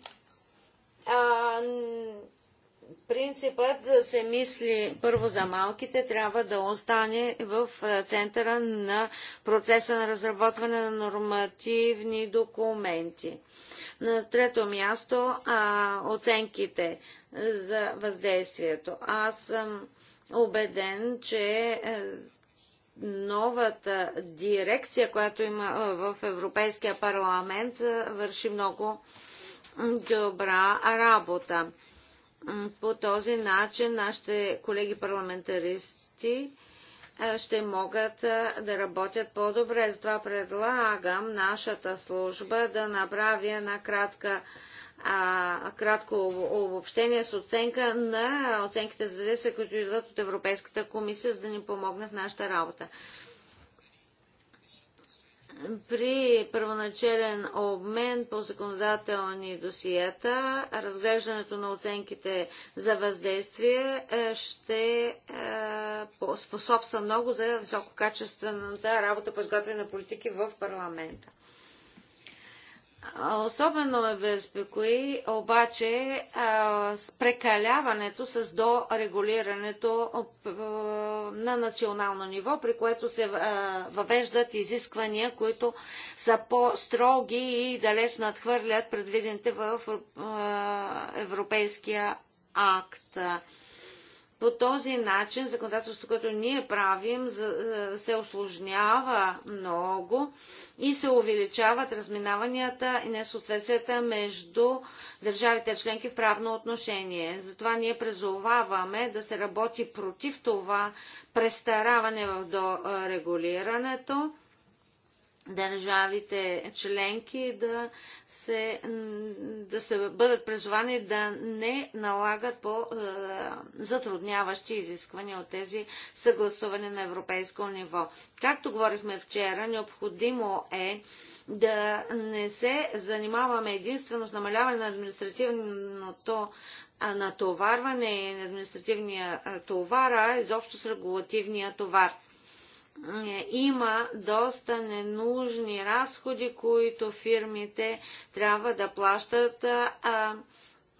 принципът да се мисли първо за малките трябва да остане в центъра на процеса на разработване на нормативни документи. На трето място а, оценките за въздействието. Аз съм убеден, че е, новата дирекция, която има в Европейския парламент, върши много добра работа. По този начин нашите колеги парламентаристи е, ще могат е, да работят по-добре. Затова предлагам нашата служба да направи една кратка а, кратко обобщение с оценка на оценките за които идват от Европейската комисия, за да ни помогне в нашата работа. При първоначален обмен по законодателни досиета, разглеждането на оценките за въздействие е, ще е, способства много за висококачествената работа по изготвяне на политики в парламента. Особено ме безпекои обаче с прекаляването с дорегулирането на национално ниво, при което се въвеждат изисквания, които са по-строги и далеч надхвърлят предвидените в Европейския акт. По този начин законодателството, което ние правим, е, се осложнява много и се увеличават разминаванията и несъответствията между държавите членки в правно отношение. Затова ние призоваваме да се работи против това престараване в дорегулирането е, държавите членки да, се, да се бъдат призвани да не налагат по е, затрудняващи изисквания от тези съгласуване на европейско ниво. Както говорихме вчера, необходимо е да не се занимаваме единствено с намаляване на административното натоварване и на административния товар, а изобщо с регулативния товар – е, има доста ненужни разходи, които фирмите трябва да плащат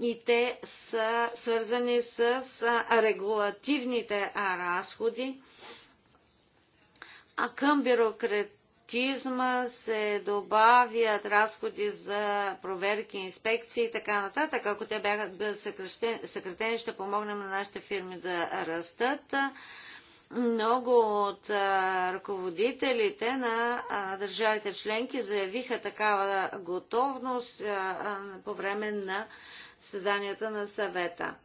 и те са свързани с регулативните разходи. А към бюрократизма се добавят разходи за проверки, инспекции и така нататък. Ако те бяха, съкратени, ще помогнем на нашите фирми да растат. Много от а, ръководителите на а, държавите членки заявиха такава готовност а, по време на съданията на съвета.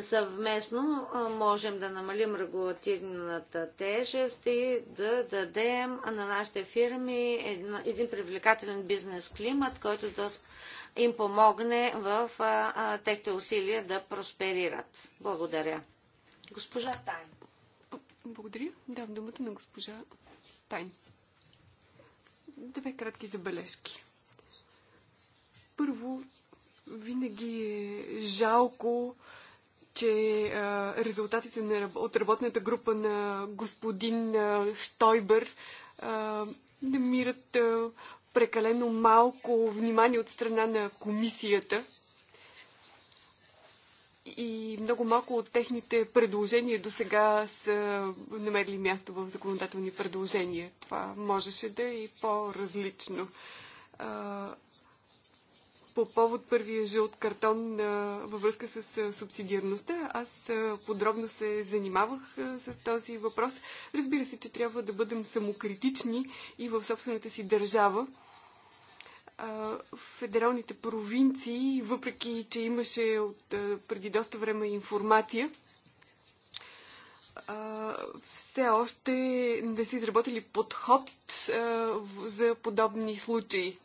Съвместно можем да намалим регулативната тежест и да дадем на нашите фирми един, един привлекателен бизнес климат, който да им помогне в техните усилия да просперират. Благодаря. Госпожа Тайн. Благодаря. Дам думата на госпожа Тайн. Две кратки забележки. Първо, винаги е жалко, че а, резултатите на, от работната група на господин а, Штойбер а, намират а, прекалено малко внимание от страна на комисията и много малко от техните предложения до сега са намерили място в законодателни предложения. Това можеше да е и по-различно. По повод първия жълт картон във връзка с субсидиарността, аз подробно се занимавах с този въпрос. Разбира се, че трябва да бъдем самокритични и в собствената си държава федералните провинции, въпреки че имаше от преди доста време информация, все още не са изработили подход за подобни случаи.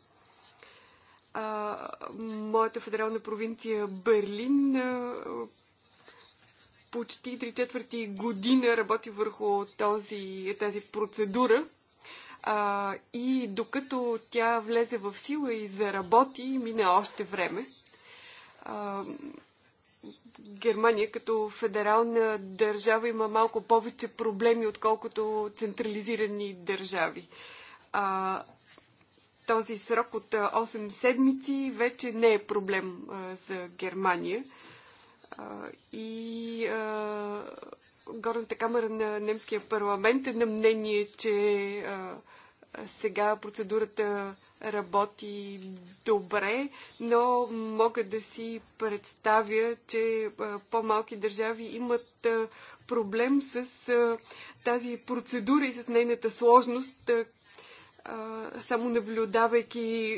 Моята федерална провинция Берлин почти три четвърти година работи върху този, тази процедура – а, и докато тя влезе в сила и заработи, мина още време. А, Германия като федерална държава има малко повече проблеми, отколкото централизирани държави. А, този срок от 8 седмици вече не е проблем а, за Германия. А, и а, Горната камера на немския парламент е на мнение, че а, сега процедурата работи добре, но мога да си представя, че по-малки държави имат проблем с тази процедура и с нейната сложност, само наблюдавайки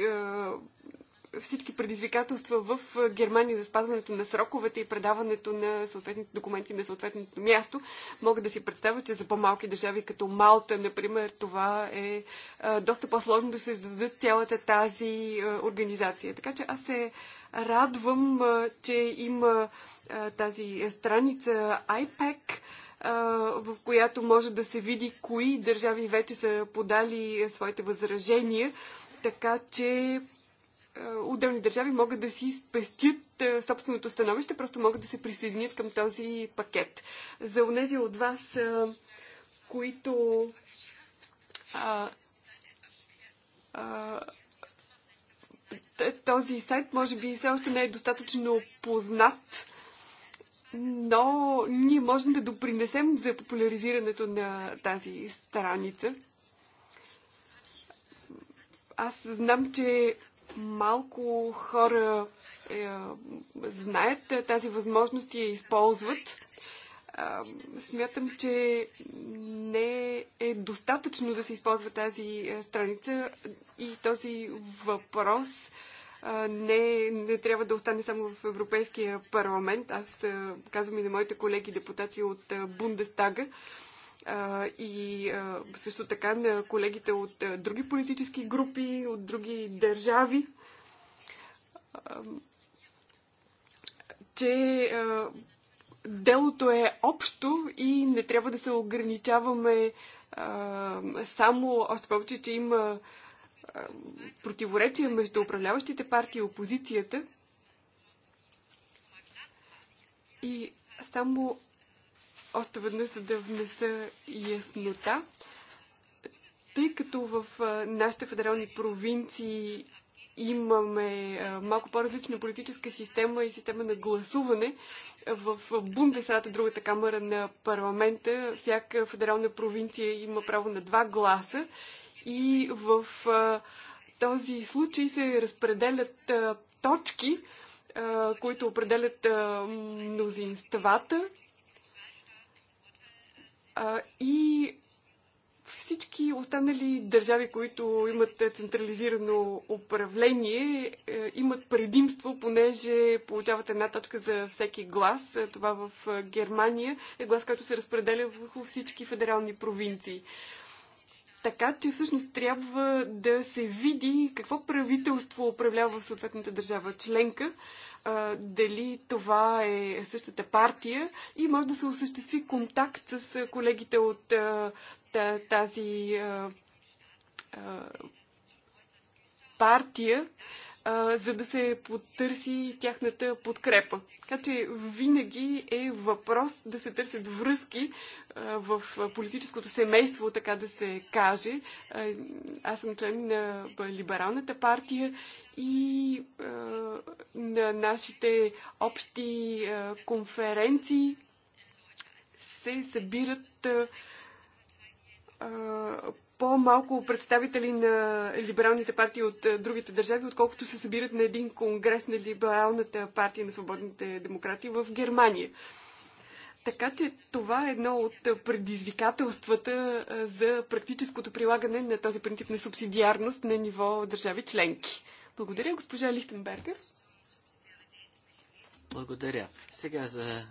всички предизвикателства в Германия за спазването на сроковете и предаването на съответните документи на съответното място. Мога да си представя, че за по-малки държави, като Малта, например, това е доста по-сложно да се създадат цялата тази организация. Така че аз се радвам, че има тази страница IPEC, в която може да се види кои държави вече са подали своите възражения, така че е, отделни държави могат да си спестят е, собственото становище, просто могат да се присъединят към този пакет. За унези от вас, е, които а, а, този сайт може би все още не е достатъчно познат, но ние можем да допринесем за популяризирането на тази страница. Аз знам, че Малко хора е, знаят е, тази възможност и я използват. Е, смятам, че не е достатъчно да се използва тази е, страница и този въпрос не, не трябва да остане само в Европейския парламент. Аз е, казвам и на моите колеги депутати от Бундестага и също така на колегите от други политически групи, от други държави, че делото е общо и не трябва да се ограничаваме само, още повече, че има противоречия между управляващите партии и опозицията. И само още веднъж, за да внеса яснота. Тъй като в нашите федерални провинции имаме малко по-различна политическа система и система на гласуване. В Бундесрата, другата камера на парламента, всяка федерална провинция има право на два гласа и в този случай се разпределят точки, които определят мнозинствата и всички останали държави, които имат е, централизирано управление, е, имат предимство, понеже получават една точка за всеки глас. Е, това в Германия е глас, който се разпределя върху всички федерални провинции. Така че всъщност трябва да се види какво правителство управлява в съответната държава членка, дали това е същата партия и може да се осъществи контакт с колегите от тази партия, а, за да се потърси тяхната подкрепа. Така че винаги е въпрос да се търсят връзки а, в политическото семейство, така да се каже. А, аз съм член на Либералната партия и а, на нашите общи а, конференции се събират а, по-малко представители на либералните партии от е, другите държави, отколкото се събират на един конгрес на либералната партия на свободните демократи в Германия. Така че това е едно от предизвикателствата е, за практическото прилагане на този принцип на субсидиарност на ниво държави членки. Благодаря, госпожа Лихтенбергер. Благодаря. Сега за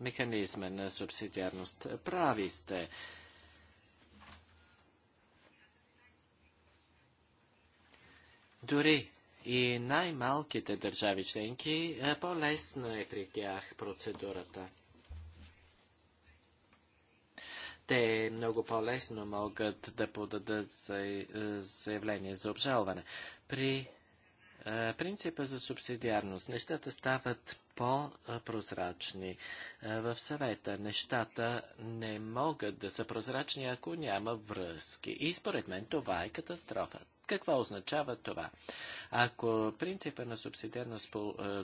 механизма на субсидиарност. Прави сте. Дори и най-малките държави членки, е, по-лесна е при тях процедурата. Те много по-лесно могат да подадат е, заявление за обжалване. При Принципа за субсидиарност. Нещата стават по-прозрачни. В съвета нещата не могат да са прозрачни, ако няма връзки. И според мен това е катастрофа. Какво означава това? Ако принципа на субсидиарност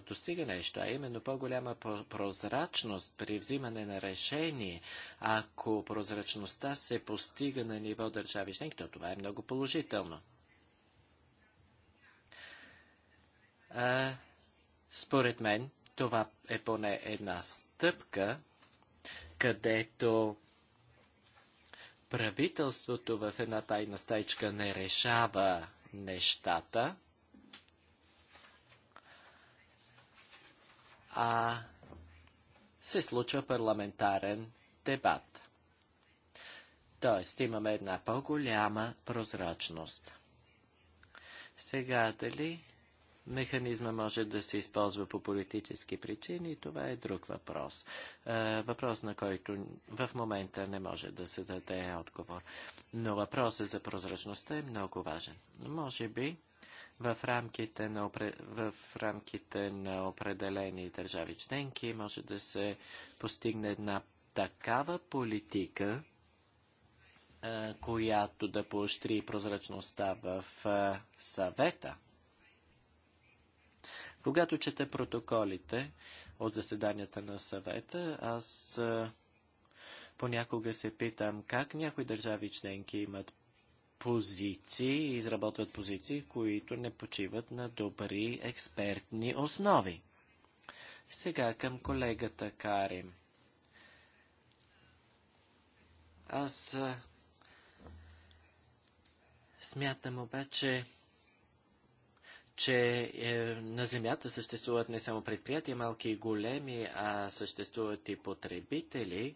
достига нещо, а именно по-голяма прозрачност при взимане на решение, ако прозрачността се постига на ниво държави то това е много положително. А, според мен, това е поне една стъпка, където правителството в една тайна стайчка не решава нещата, а се случва парламентарен дебат. Тоест имаме една по-голяма прозрачност. Сега дали Механизма може да се използва по политически причини това е друг въпрос. Е, въпрос, на който в момента не може да се даде отговор. Но въпросът за прозрачността е много важен. Може би в рамките на, в рамките на определени държави членки може да се постигне една такава политика, е, която да поощри прозрачността в е, съвета когато чете протоколите от заседанията на съвета, аз понякога се питам как някои държави членки имат позиции, изработват позиции, които не почиват на добри експертни основи. Сега към колегата Карим. Аз смятам обаче, че е, на Земята съществуват не само предприятия, малки и големи, а съществуват и потребители.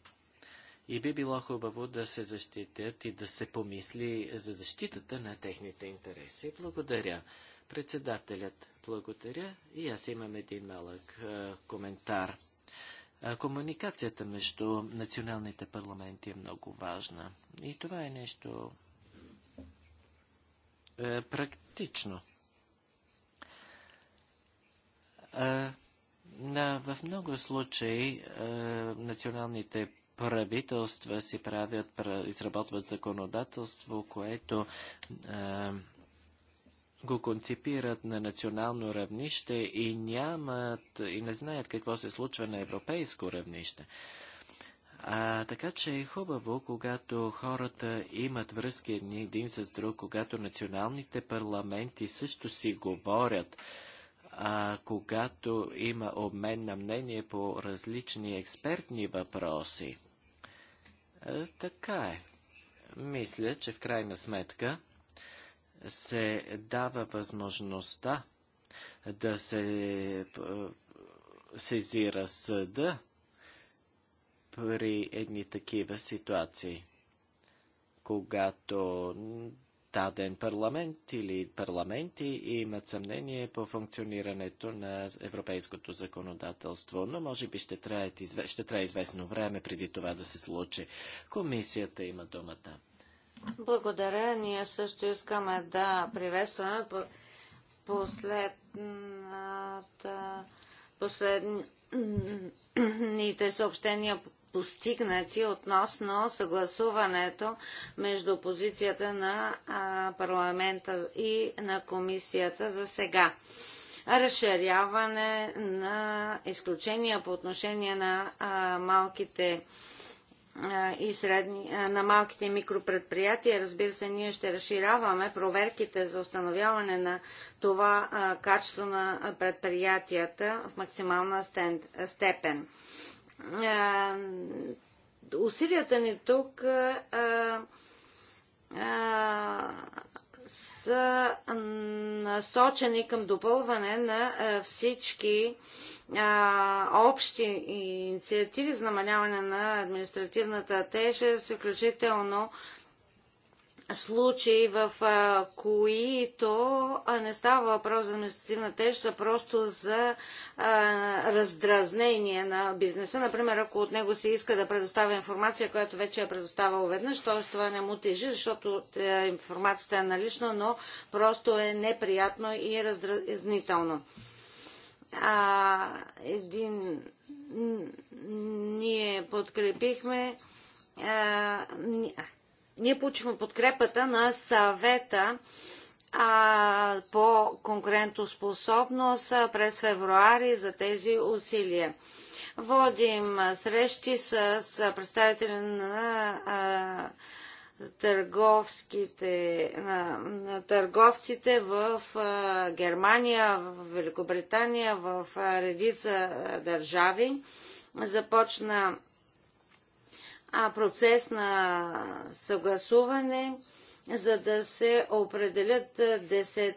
И би било хубаво да се защитят и да се помисли за защитата на техните интереси. Благодаря. Председателят, благодаря. И аз имам един малък е, коментар. Е, комуникацията между националните парламенти е много важна. И това е нещо е, практично. Да, в много случаи националните правителства си правят, изработват законодателство, което го концепират на национално равнище и нямат и не знаят какво се случва на европейско равнище. А, така че е хубаво, когато хората имат връзки един с друг, когато националните парламенти също си говорят а, когато има обмен на мнение по различни експертни въпроси. така е. Мисля, че в крайна сметка се дава възможността да се сезира съда при едни такива ситуации, когато даден парламент или парламенти и имат съмнение по функционирането на европейското законодателство, но може би ще трябва, ще трябва известно време преди това да се случи. Комисията има думата. Благодаря. Ние също искаме да приветстваме последната последните съобщения постигнати относно съгласуването между позицията на парламента и на комисията за сега. Разширяване на изключения по отношение на малките и средни, на малките микропредприятия. Разбира се, ние ще разширяваме проверките за установяване на това качество на предприятията в максимална степен усилията ни тук са насочени към допълване на всички а, общи инициативи за намаляване на административната тежест, включително случаи, в а, които а не става въпрос за административна тежест, а просто за а, раздразнение на бизнеса. Например, ако от него се иска да предоставя информация, която вече е предоставил веднъж, т.е. това не му тежи, защото е, информацията е налична, но просто е неприятно и раздразнително. А, един... Ние подкрепихме... А, ние получихме подкрепата на съвета а, по конкурентоспособност през февруари за тези усилия. Водим срещи с представители на а, търговските, на, на търговците в а, Германия, в Великобритания, в а, редица а, държави. Започна процес на съгласуване, за да се определят 10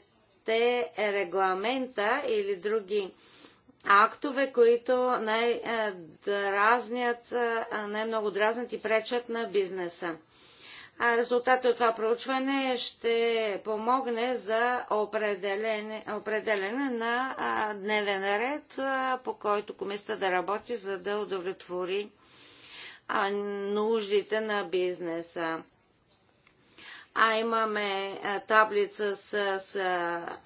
регламента или други актове, които най-дразнят, най-много дразнят и пречат на бизнеса. А резултатът от това проучване ще помогне за определене, определене на дневен ред, по който комисията да работи, за да удовлетвори а, нуждите на бизнеса. А имаме таблица с, с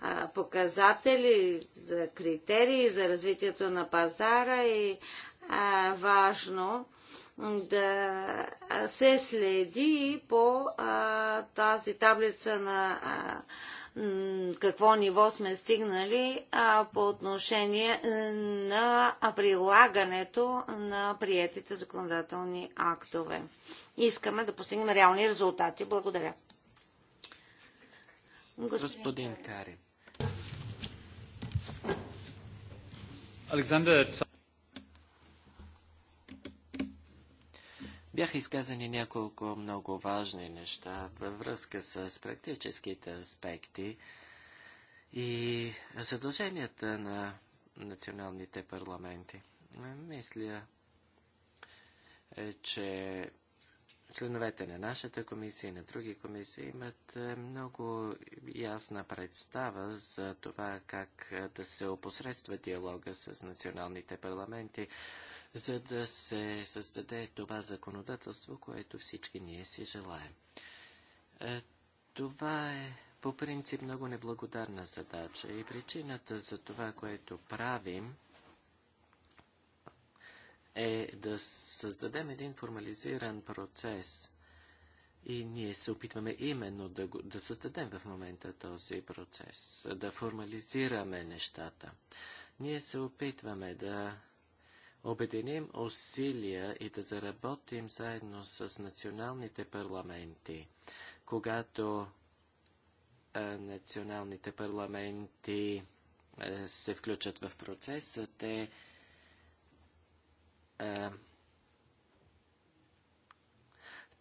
а, показатели за критерии за развитието на пазара и а, важно да се следи по а, тази таблица на а, какво ниво сме стигнали а, по отношение е, на прилагането на приятите законодателни актове. Искаме да постигнем реални резултати. Благодаря. Господин, Кари. Александър Бяха изказани няколко много важни неща във връзка с практическите аспекти и задълженията на националните парламенти. Мисля, е, че членовете на нашата комисия и на други комисии имат е, много ясна представа за това как е, да се опосредства диалога с националните парламенти за да се създаде това законодателство, което всички ние си желаем. Е, това е по принцип много неблагодарна задача и причината за това, което правим, е да създадем един формализиран процес. И ние се опитваме именно да, го, да създадем в момента този процес, да формализираме нещата. Ние се опитваме да обединим усилия и да заработим заедно с националните парламенти, когато националните парламенти се включат в процеса, те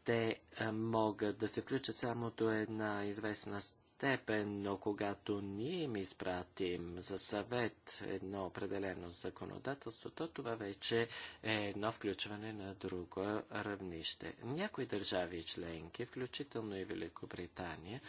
те могат да се включат само до една известна степен степен, но когато ние им изпратим за съвет едно определено законодателство, то това вече е едно включване на друго равнище. Някои държави членки, включително и Великобритания,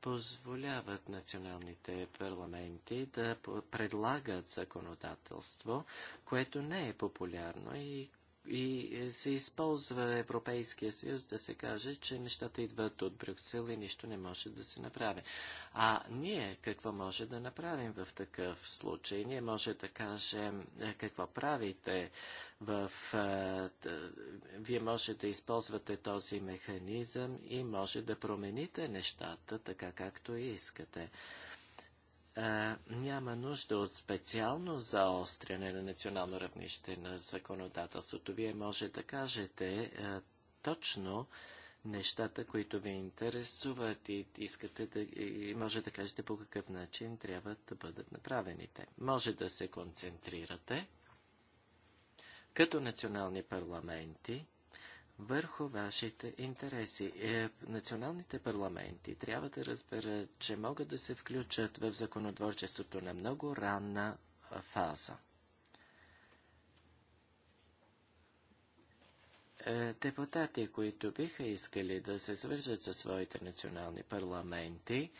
позволяват националните парламенти да предлагат законодателство, което не е популярно и и е, се използва Европейския съюз да се каже, че нещата идват от Брюксел и нищо не може да се направи. А ние какво може да направим в такъв случай? Ние може да кажем е, какво правите в... Е, вие може да използвате този механизъм и може да промените нещата така както искате а, няма нужда от специално заостряне на национално равнище на законодателството. Вие може да кажете а, точно нещата, които ви интересуват и искате да, и може да кажете по какъв начин трябва да бъдат направените. Може да се концентрирате като национални парламенти върху вашите интереси. Е, националните парламенти трябва да разберат, че могат да се включат в законотворчеството на много ранна фаза. Е, депутати, които биха искали да се свържат със своите национални парламенти,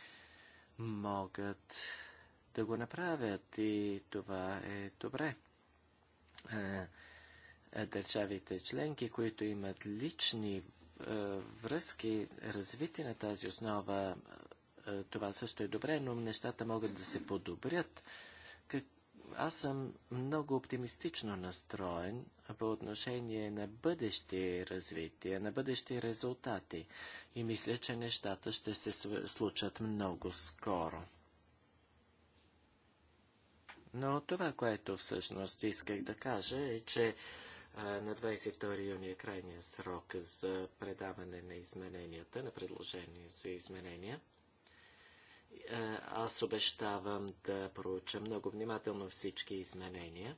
могат да го направят и това е добре. Е, е, държавите членки, които имат лични е, връзки, развити на тази основа, е, това също е добре, но нещата могат да се подобрят. Аз съм много оптимистично настроен по отношение на бъдещи развития, на бъдещи резултати и мисля, че нещата ще се случат много скоро. Но това, което всъщност исках да кажа е, че на 22 юни е крайния срок за предаване на измененията, на предложения за изменения. Аз обещавам да проуча много внимателно всички изменения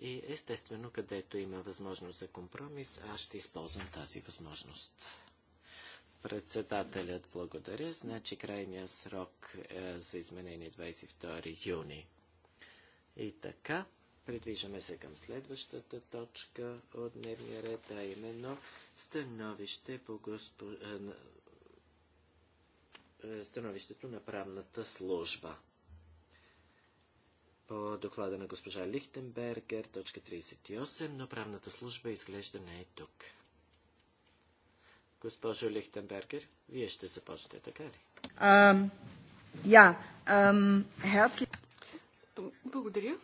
и естествено, където има възможност за компромис, аз ще използвам тази възможност. Председателят благодаря, значи крайния срок е, за изменение 22 е юни. И така. Предвиждаме се към следващата точка от дневния ред, а именно становище по госпо... Е, е, становището на правната служба. По доклада на госпожа Лихтенбергер, точка 38, но правната служба изглежда не е тук. Госпожо Лихтенбергер, вие ще започнете, така ли? Um, yeah, um, Благодаря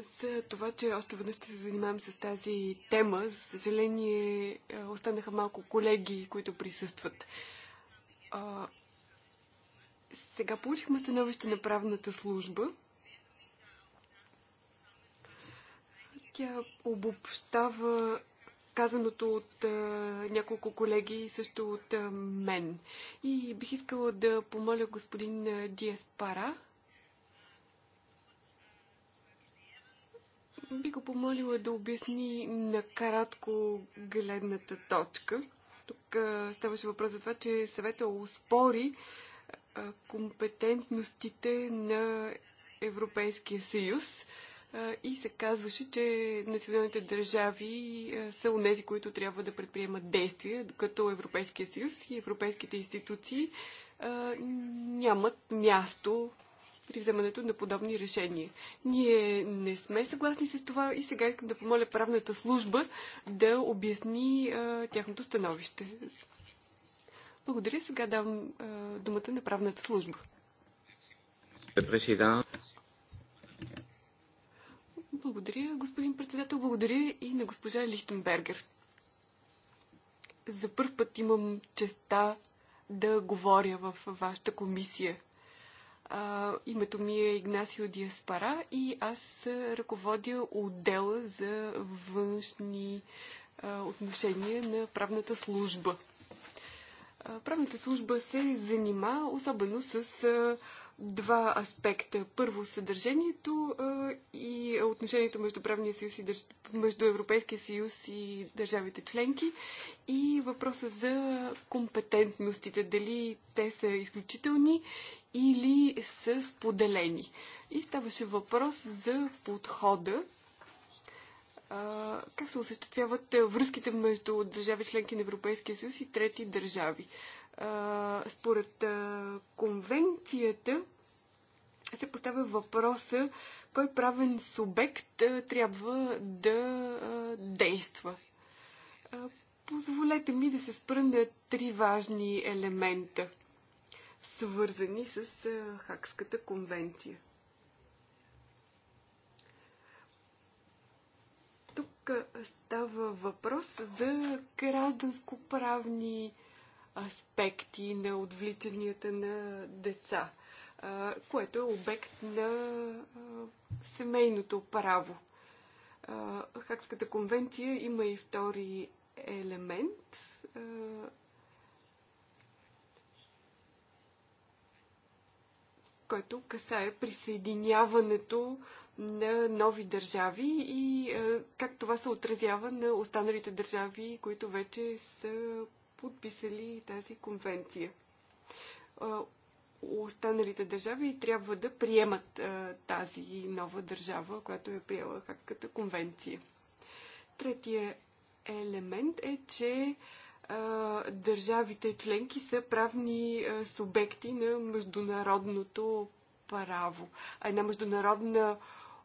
за това, че още веднъж ще се занимавам с тази тема. За съжаление, е, останаха малко колеги, които присъстват. А, сега получихме становище на правната служба. Тя обобщава казаното от а, няколко колеги и също от а, мен. И бих искала да помоля господин Диас Пара би го помолила да обясни накратко гледната точка. Тук ставаше въпрос за това, че съвета успори компетентностите на Европейския съюз и се казваше, че националните държави са унези, които трябва да предприемат действия, докато Европейския съюз и европейските институции нямат място при вземането на подобни решения. Ние не сме съгласни с това и сега искам да помоля правната служба да обясни а, тяхното становище. Благодаря. Сега давам а, думата на правната служба. Благодаря, господин председател. Благодаря и на госпожа Лихтенбергер. За първ път имам честа да говоря в вашата комисия. А, името ми е Игнасио Диаспара и аз ръководя отдела за външни а, отношения на правната служба. А, правната служба се занимава особено с а, два аспекта. Първо, съдържанието и отношението между правния съюз и държ... между Европейския съюз и държавите членки и въпроса за компетентностите. Дали те са изключителни или са споделени. И ставаше въпрос за подхода как се осъществяват връзките между държави членки на Европейския съюз и трети държави. Според конвенцията се поставя въпроса кой правен субект трябва да действа. Позволете ми да се спра на три важни елемента, свързани с Хакската конвенция. Тук става въпрос за гражданско-правни аспекти на отвличанията на деца, което е обект на семейното право. Хакската конвенция има и втори елемент. който касае присъединяването на нови държави и как това се отразява на останалите държави, които вече са подписали тази конвенция. Останалите държави трябва да приемат тази нова държава, която е приела Хакката конвенция. Третия елемент е, че държавите членки са правни субекти на международното право. А една международна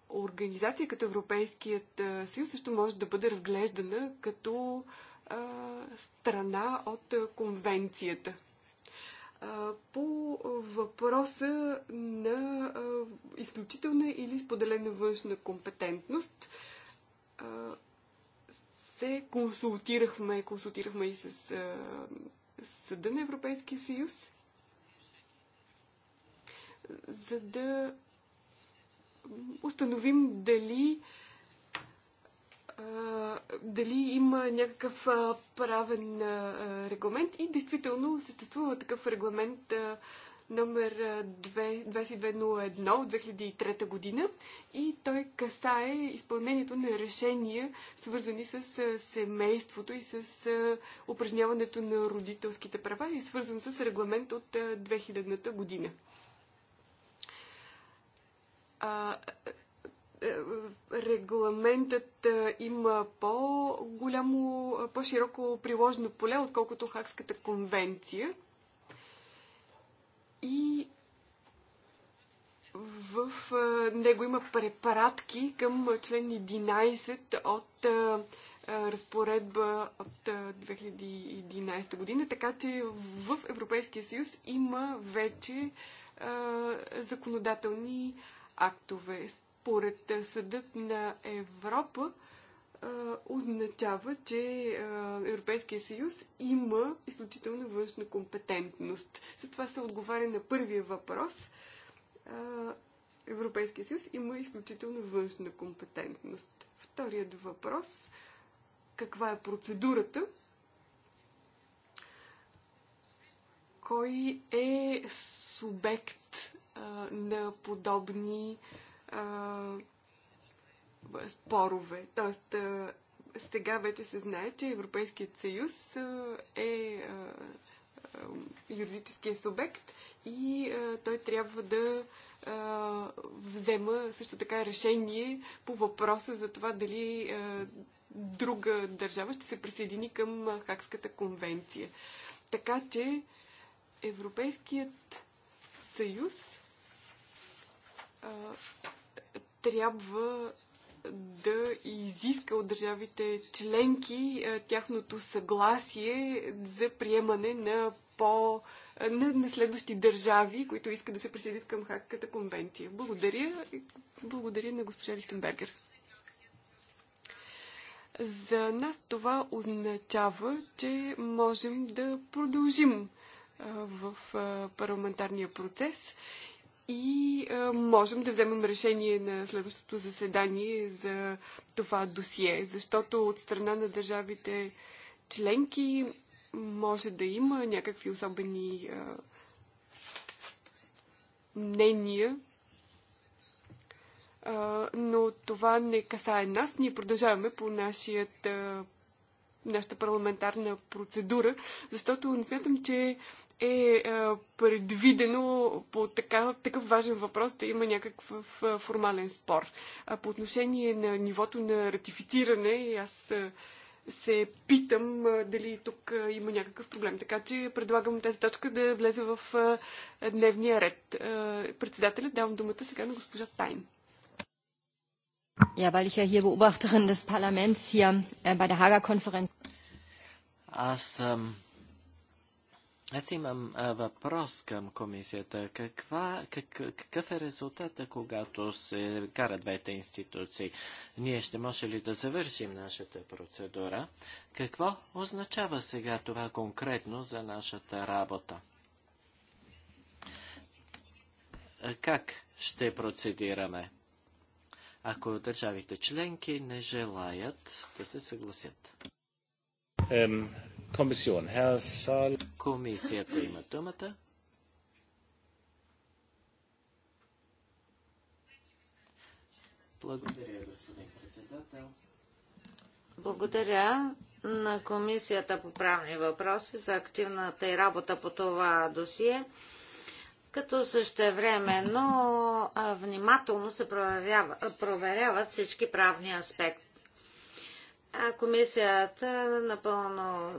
организация като Европейският съюз също може да бъде разглеждана като страна от конвенцията. По въпроса на изключителна или споделена външна компетентност се консултирахме, консултирахме и с Съда на Европейския съюз, за да установим дали а, дали има някакъв правен регламент и действително съществува такъв регламент номер 2201 от 2003 година и той касае изпълнението на решения, свързани с семейството и с упражняването на родителските права и свързан с регламент от 2000 година. Е, регламентът е, има по-голямо, е, по-широко приложено поле, отколкото Хакската конвенция. И в него има препаратки към член 11 от разпоредба от 2011 година, така че в Европейския съюз има вече законодателни актове според е, Съдът на Европа е, означава, че е, Европейския съюз има изключително външна компетентност. С това се отговаря на първия въпрос. Европейския съюз има изключително външна компетентност. Вторият въпрос каква е процедурата? Кой е субект на подобни а, спорове. Тоест, сега вече се знае, че Европейският съюз е юридическия субект и той трябва да взема също така решение по въпроса за това дали друга държава ще се присъедини към Хакската конвенция. Така че Европейският съюз трябва да изиска от държавите членки тяхното съгласие за приемане на по на, на следващи държави, които искат да се присъединят към Хакката конвенция. Благодаря. Благодаря на госпожа Лихтенбергер. За нас това означава, че можем да продължим в парламентарния процес и а, можем да вземем решение на следващото заседание за това досие, защото от страна на държавите членки може да има някакви особени а, мнения, а, но това не касае нас. Ние продължаваме по нашият, нашата парламентарна процедура, защото не смятам, че е, е предвидено по така, такъв важен въпрос да има някакъв е, формален спор. по отношение на нивото на ратифициране, аз е, се питам дали тук има някакъв проблем. Така че предлагам тази точка да влезе в дневния ред. Председателят давам думата сега на госпожа Тайн. Ja, weil ich ja hier Beobachterin des Parlaments hier äh, bei der Hager-Konferenz. Ähm, аз имам а, въпрос към комисията. Каква, как, какъв е резултата, когато се карат двете институции? Ние ще може ли да завършим нашата процедура? Какво означава сега това конкретно за нашата работа? Как ще процедираме, ако държавите членки не желаят да се съгласят? Комисията има думата. Благодаря, господин председател. Благодаря на Комисията по правни въпроси за активната и работа по това досие, като същевременно внимателно се проверяват всички правни аспекти. Комисията напълно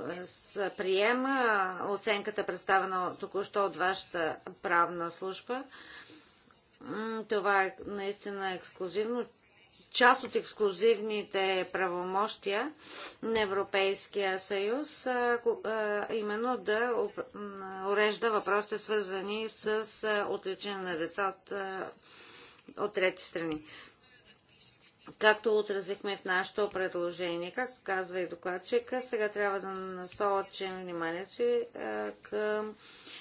приема оценката, представена току-що от вашата правна служба. Това е наистина ексклюзивно. Част от ексклюзивните правомощия на Европейския съюз, именно да урежда въпросите свързани с отличане на деца от, от трети страни както отразихме в нашето предложение. Както казва и докладчика, сега трябва да насочим вниманието си е, към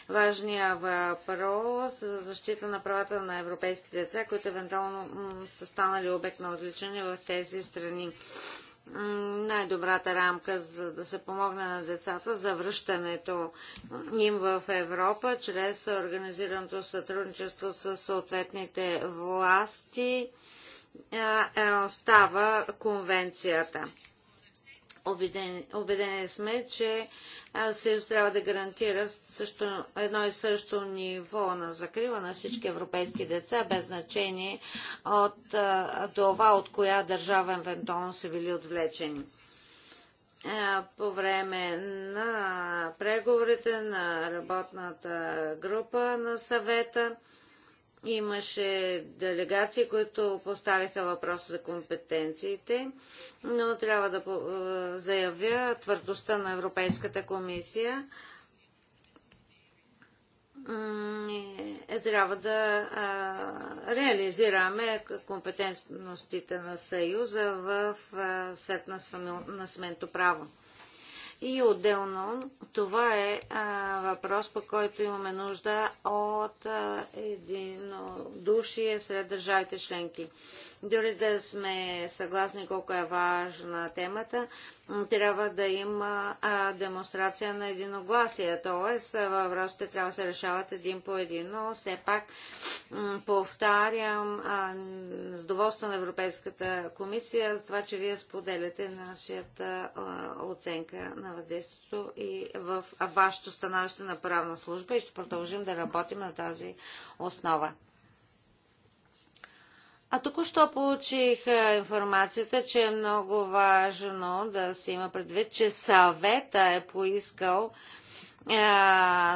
важния въпрос за защита на правата на европейските деца, които евентуално са станали обект на отличане в тези страни. Най-добрата рамка за да се помогне на децата за връщането им в Европа чрез организираното сътрудничество с съответните власти е, е, остава конвенцията. Обедени, сме, че е, Съюз трябва да гарантира също, едно и също ниво на закрива на всички европейски деца, без значение от това, от коя държава евентуално са били отвлечени. по време на преговорите на работната група на съвета, Имаше делегации, които поставиха въпроса за компетенциите, но трябва да е, заявя твърдостта на Европейската комисия. Е, трябва да реализираме компетентностите на Съюза в а, свет на, на сменто право. И отделно това е въпрос, по който имаме нужда от единодушие сред държавите членки. Дори да сме съгласни колко е важна темата, трябва да има а, демонстрация на единогласие, т.е. въпросите трябва да се решават един по един, но все пак повтарям с доволство на Европейската комисия за това, че вие споделяте нашата а, оценка на въздействието и в вашето становище на правна служба и ще продължим да работим на тази основа. А току-що получих е, информацията, че е много важно да се има предвид, че съвета е поискал е,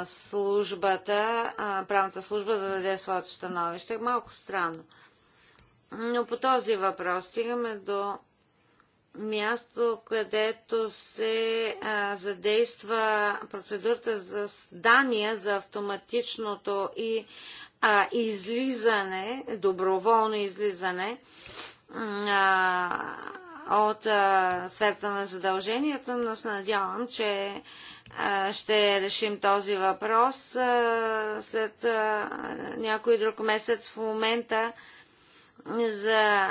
службата, е, правната служба да даде своето становище. Малко странно. Но по този въпрос стигаме до място, където се задейства процедурата за здания за автоматичното и а, излизане, доброволно излизане а, от а, сферата на задължението, но се надявам, че а, ще решим този въпрос а, след а, някой друг месец. В момента за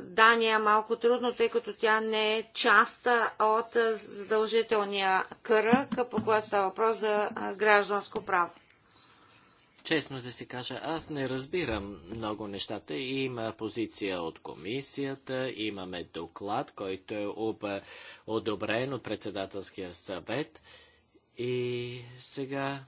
Дания е малко трудно, тъй като тя не е част от задължителния кръг, по който става въпрос за гражданско право. Честно да си кажа, аз не разбирам много нещата. Има позиция от комисията, имаме доклад, който е об... одобрен от председателския съвет. И сега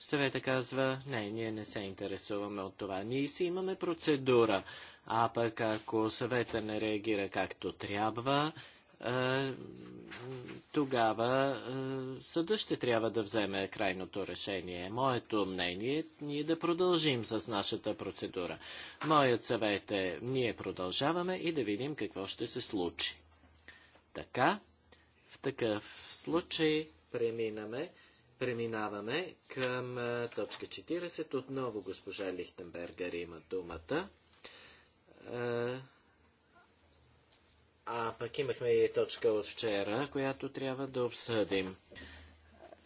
съвета казва, не, ние не се интересуваме от това. Ние си имаме процедура. А пък ако съвета не реагира както трябва, е, тогава е, съда ще трябва да вземе крайното решение. Моето мнение е ние да продължим с нашата процедура. Моят съвет е ние продължаваме и да видим какво ще се случи. Така, в такъв случай преминаме, преминаваме към е, точка 40. Отново госпожа Лихтенбергер има думата. А пък имахме и точка от вчера, която трябва да обсъдим.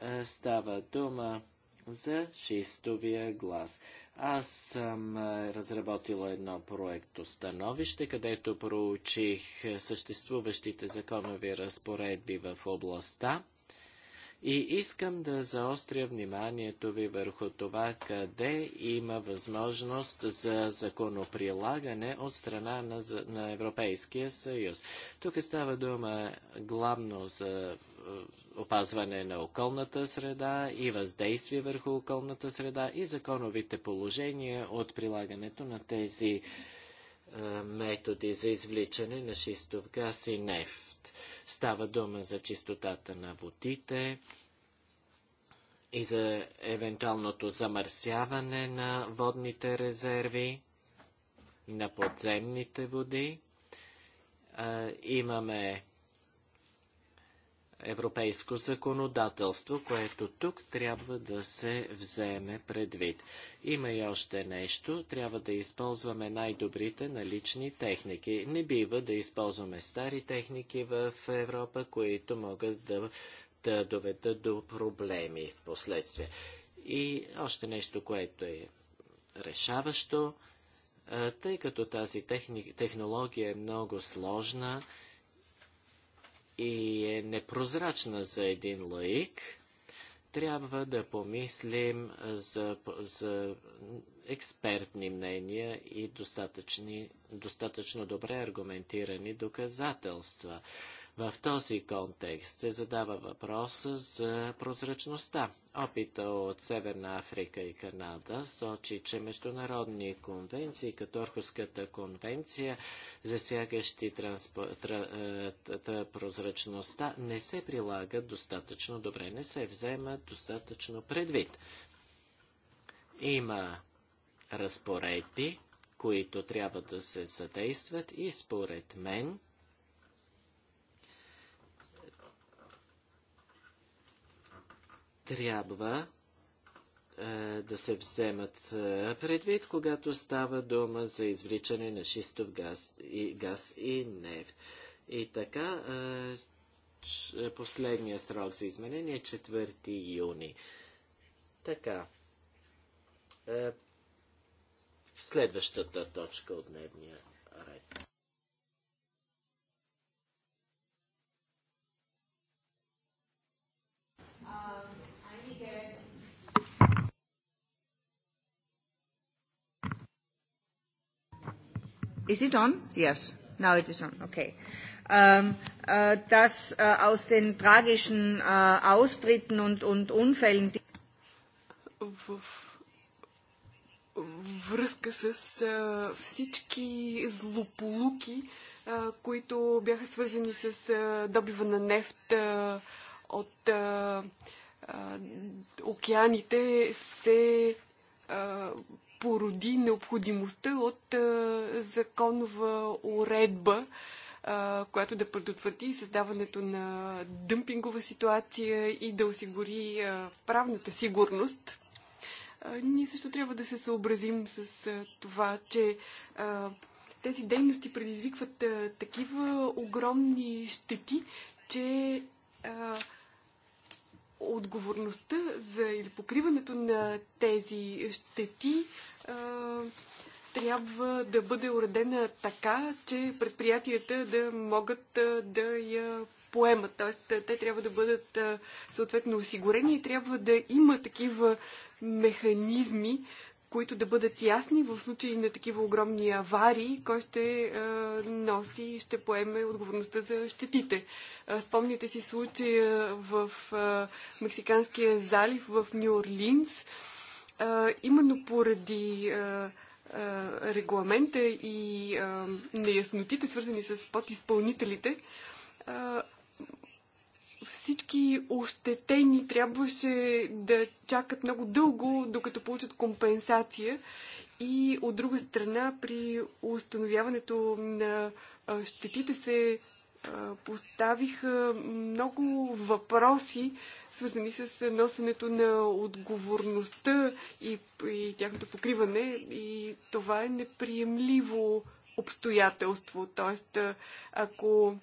Е, става дума за шестовия глас. Аз съм е, разработила едно проекто становище, където проучих е, съществуващите законови разпоредби в областта и искам да заостря вниманието ви върху това, къде има възможност за законоприлагане от страна на, на Европейския съюз. Тук става дума главно за е, опазване на околната среда и въздействие върху околната среда и законовите положения от прилагането на тези е, методи за извличане на шистов газ и нефт. Става дума за чистотата на водите и за евентуалното замърсяване на водните резерви, на подземните води. имаме европейско законодателство, което тук трябва да се вземе предвид. Има и още нещо. Трябва да използваме най-добрите налични техники. Не бива да използваме стари техники в Европа, които могат да, да доведат до проблеми в последствие. И още нещо, което е решаващо, тъй като тази техни... технология е много сложна, и е непрозрачна за един лаик, трябва да помислим за, за експертни мнения и достатъчно добре аргументирани доказателства. В този контекст се задава въпроса за прозрачността. Опита от Северна Африка и Канада сочи, че международни конвенции, като Орхуската конвенция, засягащи трансп... тра... Е, прозрачността, не се прилагат достатъчно добре, не се вземат достатъчно предвид. Има разпоредби, които трябва да се съдействат и според мен – трябва е, да се вземат е, предвид, когато става дума за извличане на шистов газ и, газ и нефт. И така, е, е последния срок за изменение е 4 юни. Така, е, следващата точка от дневния ред. Is it on? Yes. Now it is on. Okay. Ähm, äh, dass äh, aus den tragischen äh, Austritten und, und Unfällen, die връзка с а, всички злополуки, а, които бяха свързани с а, добива на нефт а, от а, а, океаните, се а, породи необходимостта от законова уредба, която да предотврати създаването на дъмпингова ситуация и да осигури правната сигурност. Ние също трябва да се съобразим с това, че тези дейности предизвикват такива огромни щети, че отговорността за или покриването на тези щети а, трябва да бъде уредена така, че предприятията да могат а, да я поемат. Т.е. те трябва да бъдат а, съответно осигурени и трябва да има такива механизми, които да бъдат ясни в случай на такива огромни аварии, кой ще е, носи, и ще поеме отговорността за щетите. Е, спомняте си случая в е, Мексиканския залив в Нью Орлинс. Именно поради регламента и неяснотите, свързани с подизпълнителите, всички ощетени трябваше да чакат много дълго, докато получат компенсация. И от друга страна, при установяването на щетите се поставиха много въпроси, свързани с носенето на отговорността и, и тяхното покриване. И това е неприемливо обстоятелство. Тоест, ако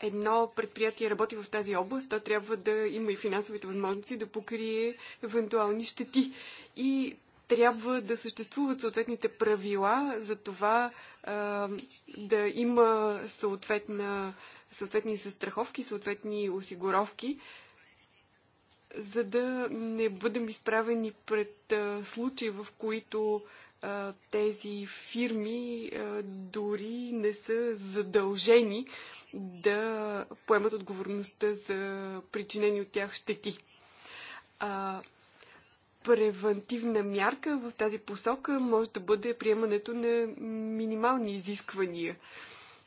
едно предприятие работи в тази област, то трябва да има и финансовите възможности да покрие евентуални щети. И трябва да съществуват съответните правила за това а, да има съответна, съответни застраховки, съответни осигуровки, за да не бъдем изправени пред а, случаи, в които тези фирми дори не са задължени да поемат отговорността за причинени от тях щети. Превентивна мярка в тази посока може да бъде приемането на минимални изисквания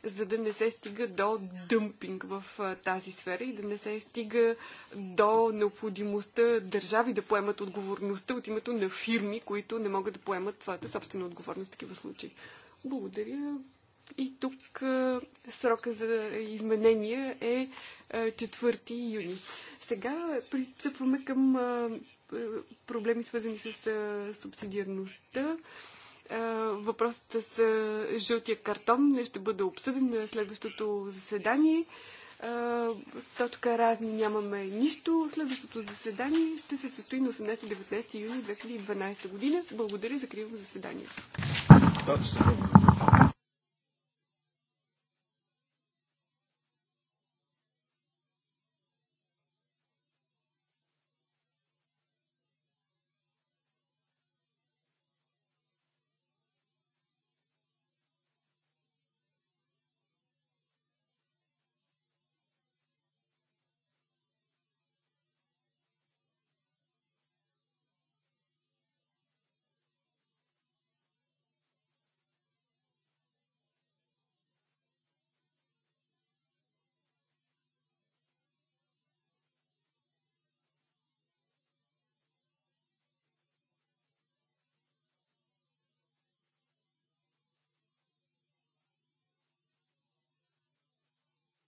за да не се стига до дъмпинг в тази сфера и да не се стига до необходимостта държави да поемат отговорността от името на фирми, които не могат да поемат твоята собствена отговорност в такива случаи. Благодаря. И тук срока за изменения е 4 юни. Сега пристъпваме към проблеми, свързани с субсидиарността. Въпросът с жълтия картон не ще бъде обсъден на следващото заседание. Точка разни нямаме нищо. Следващото заседание ще се състои на 18-19 юни 2012 година. Благодаря, закривам заседанието.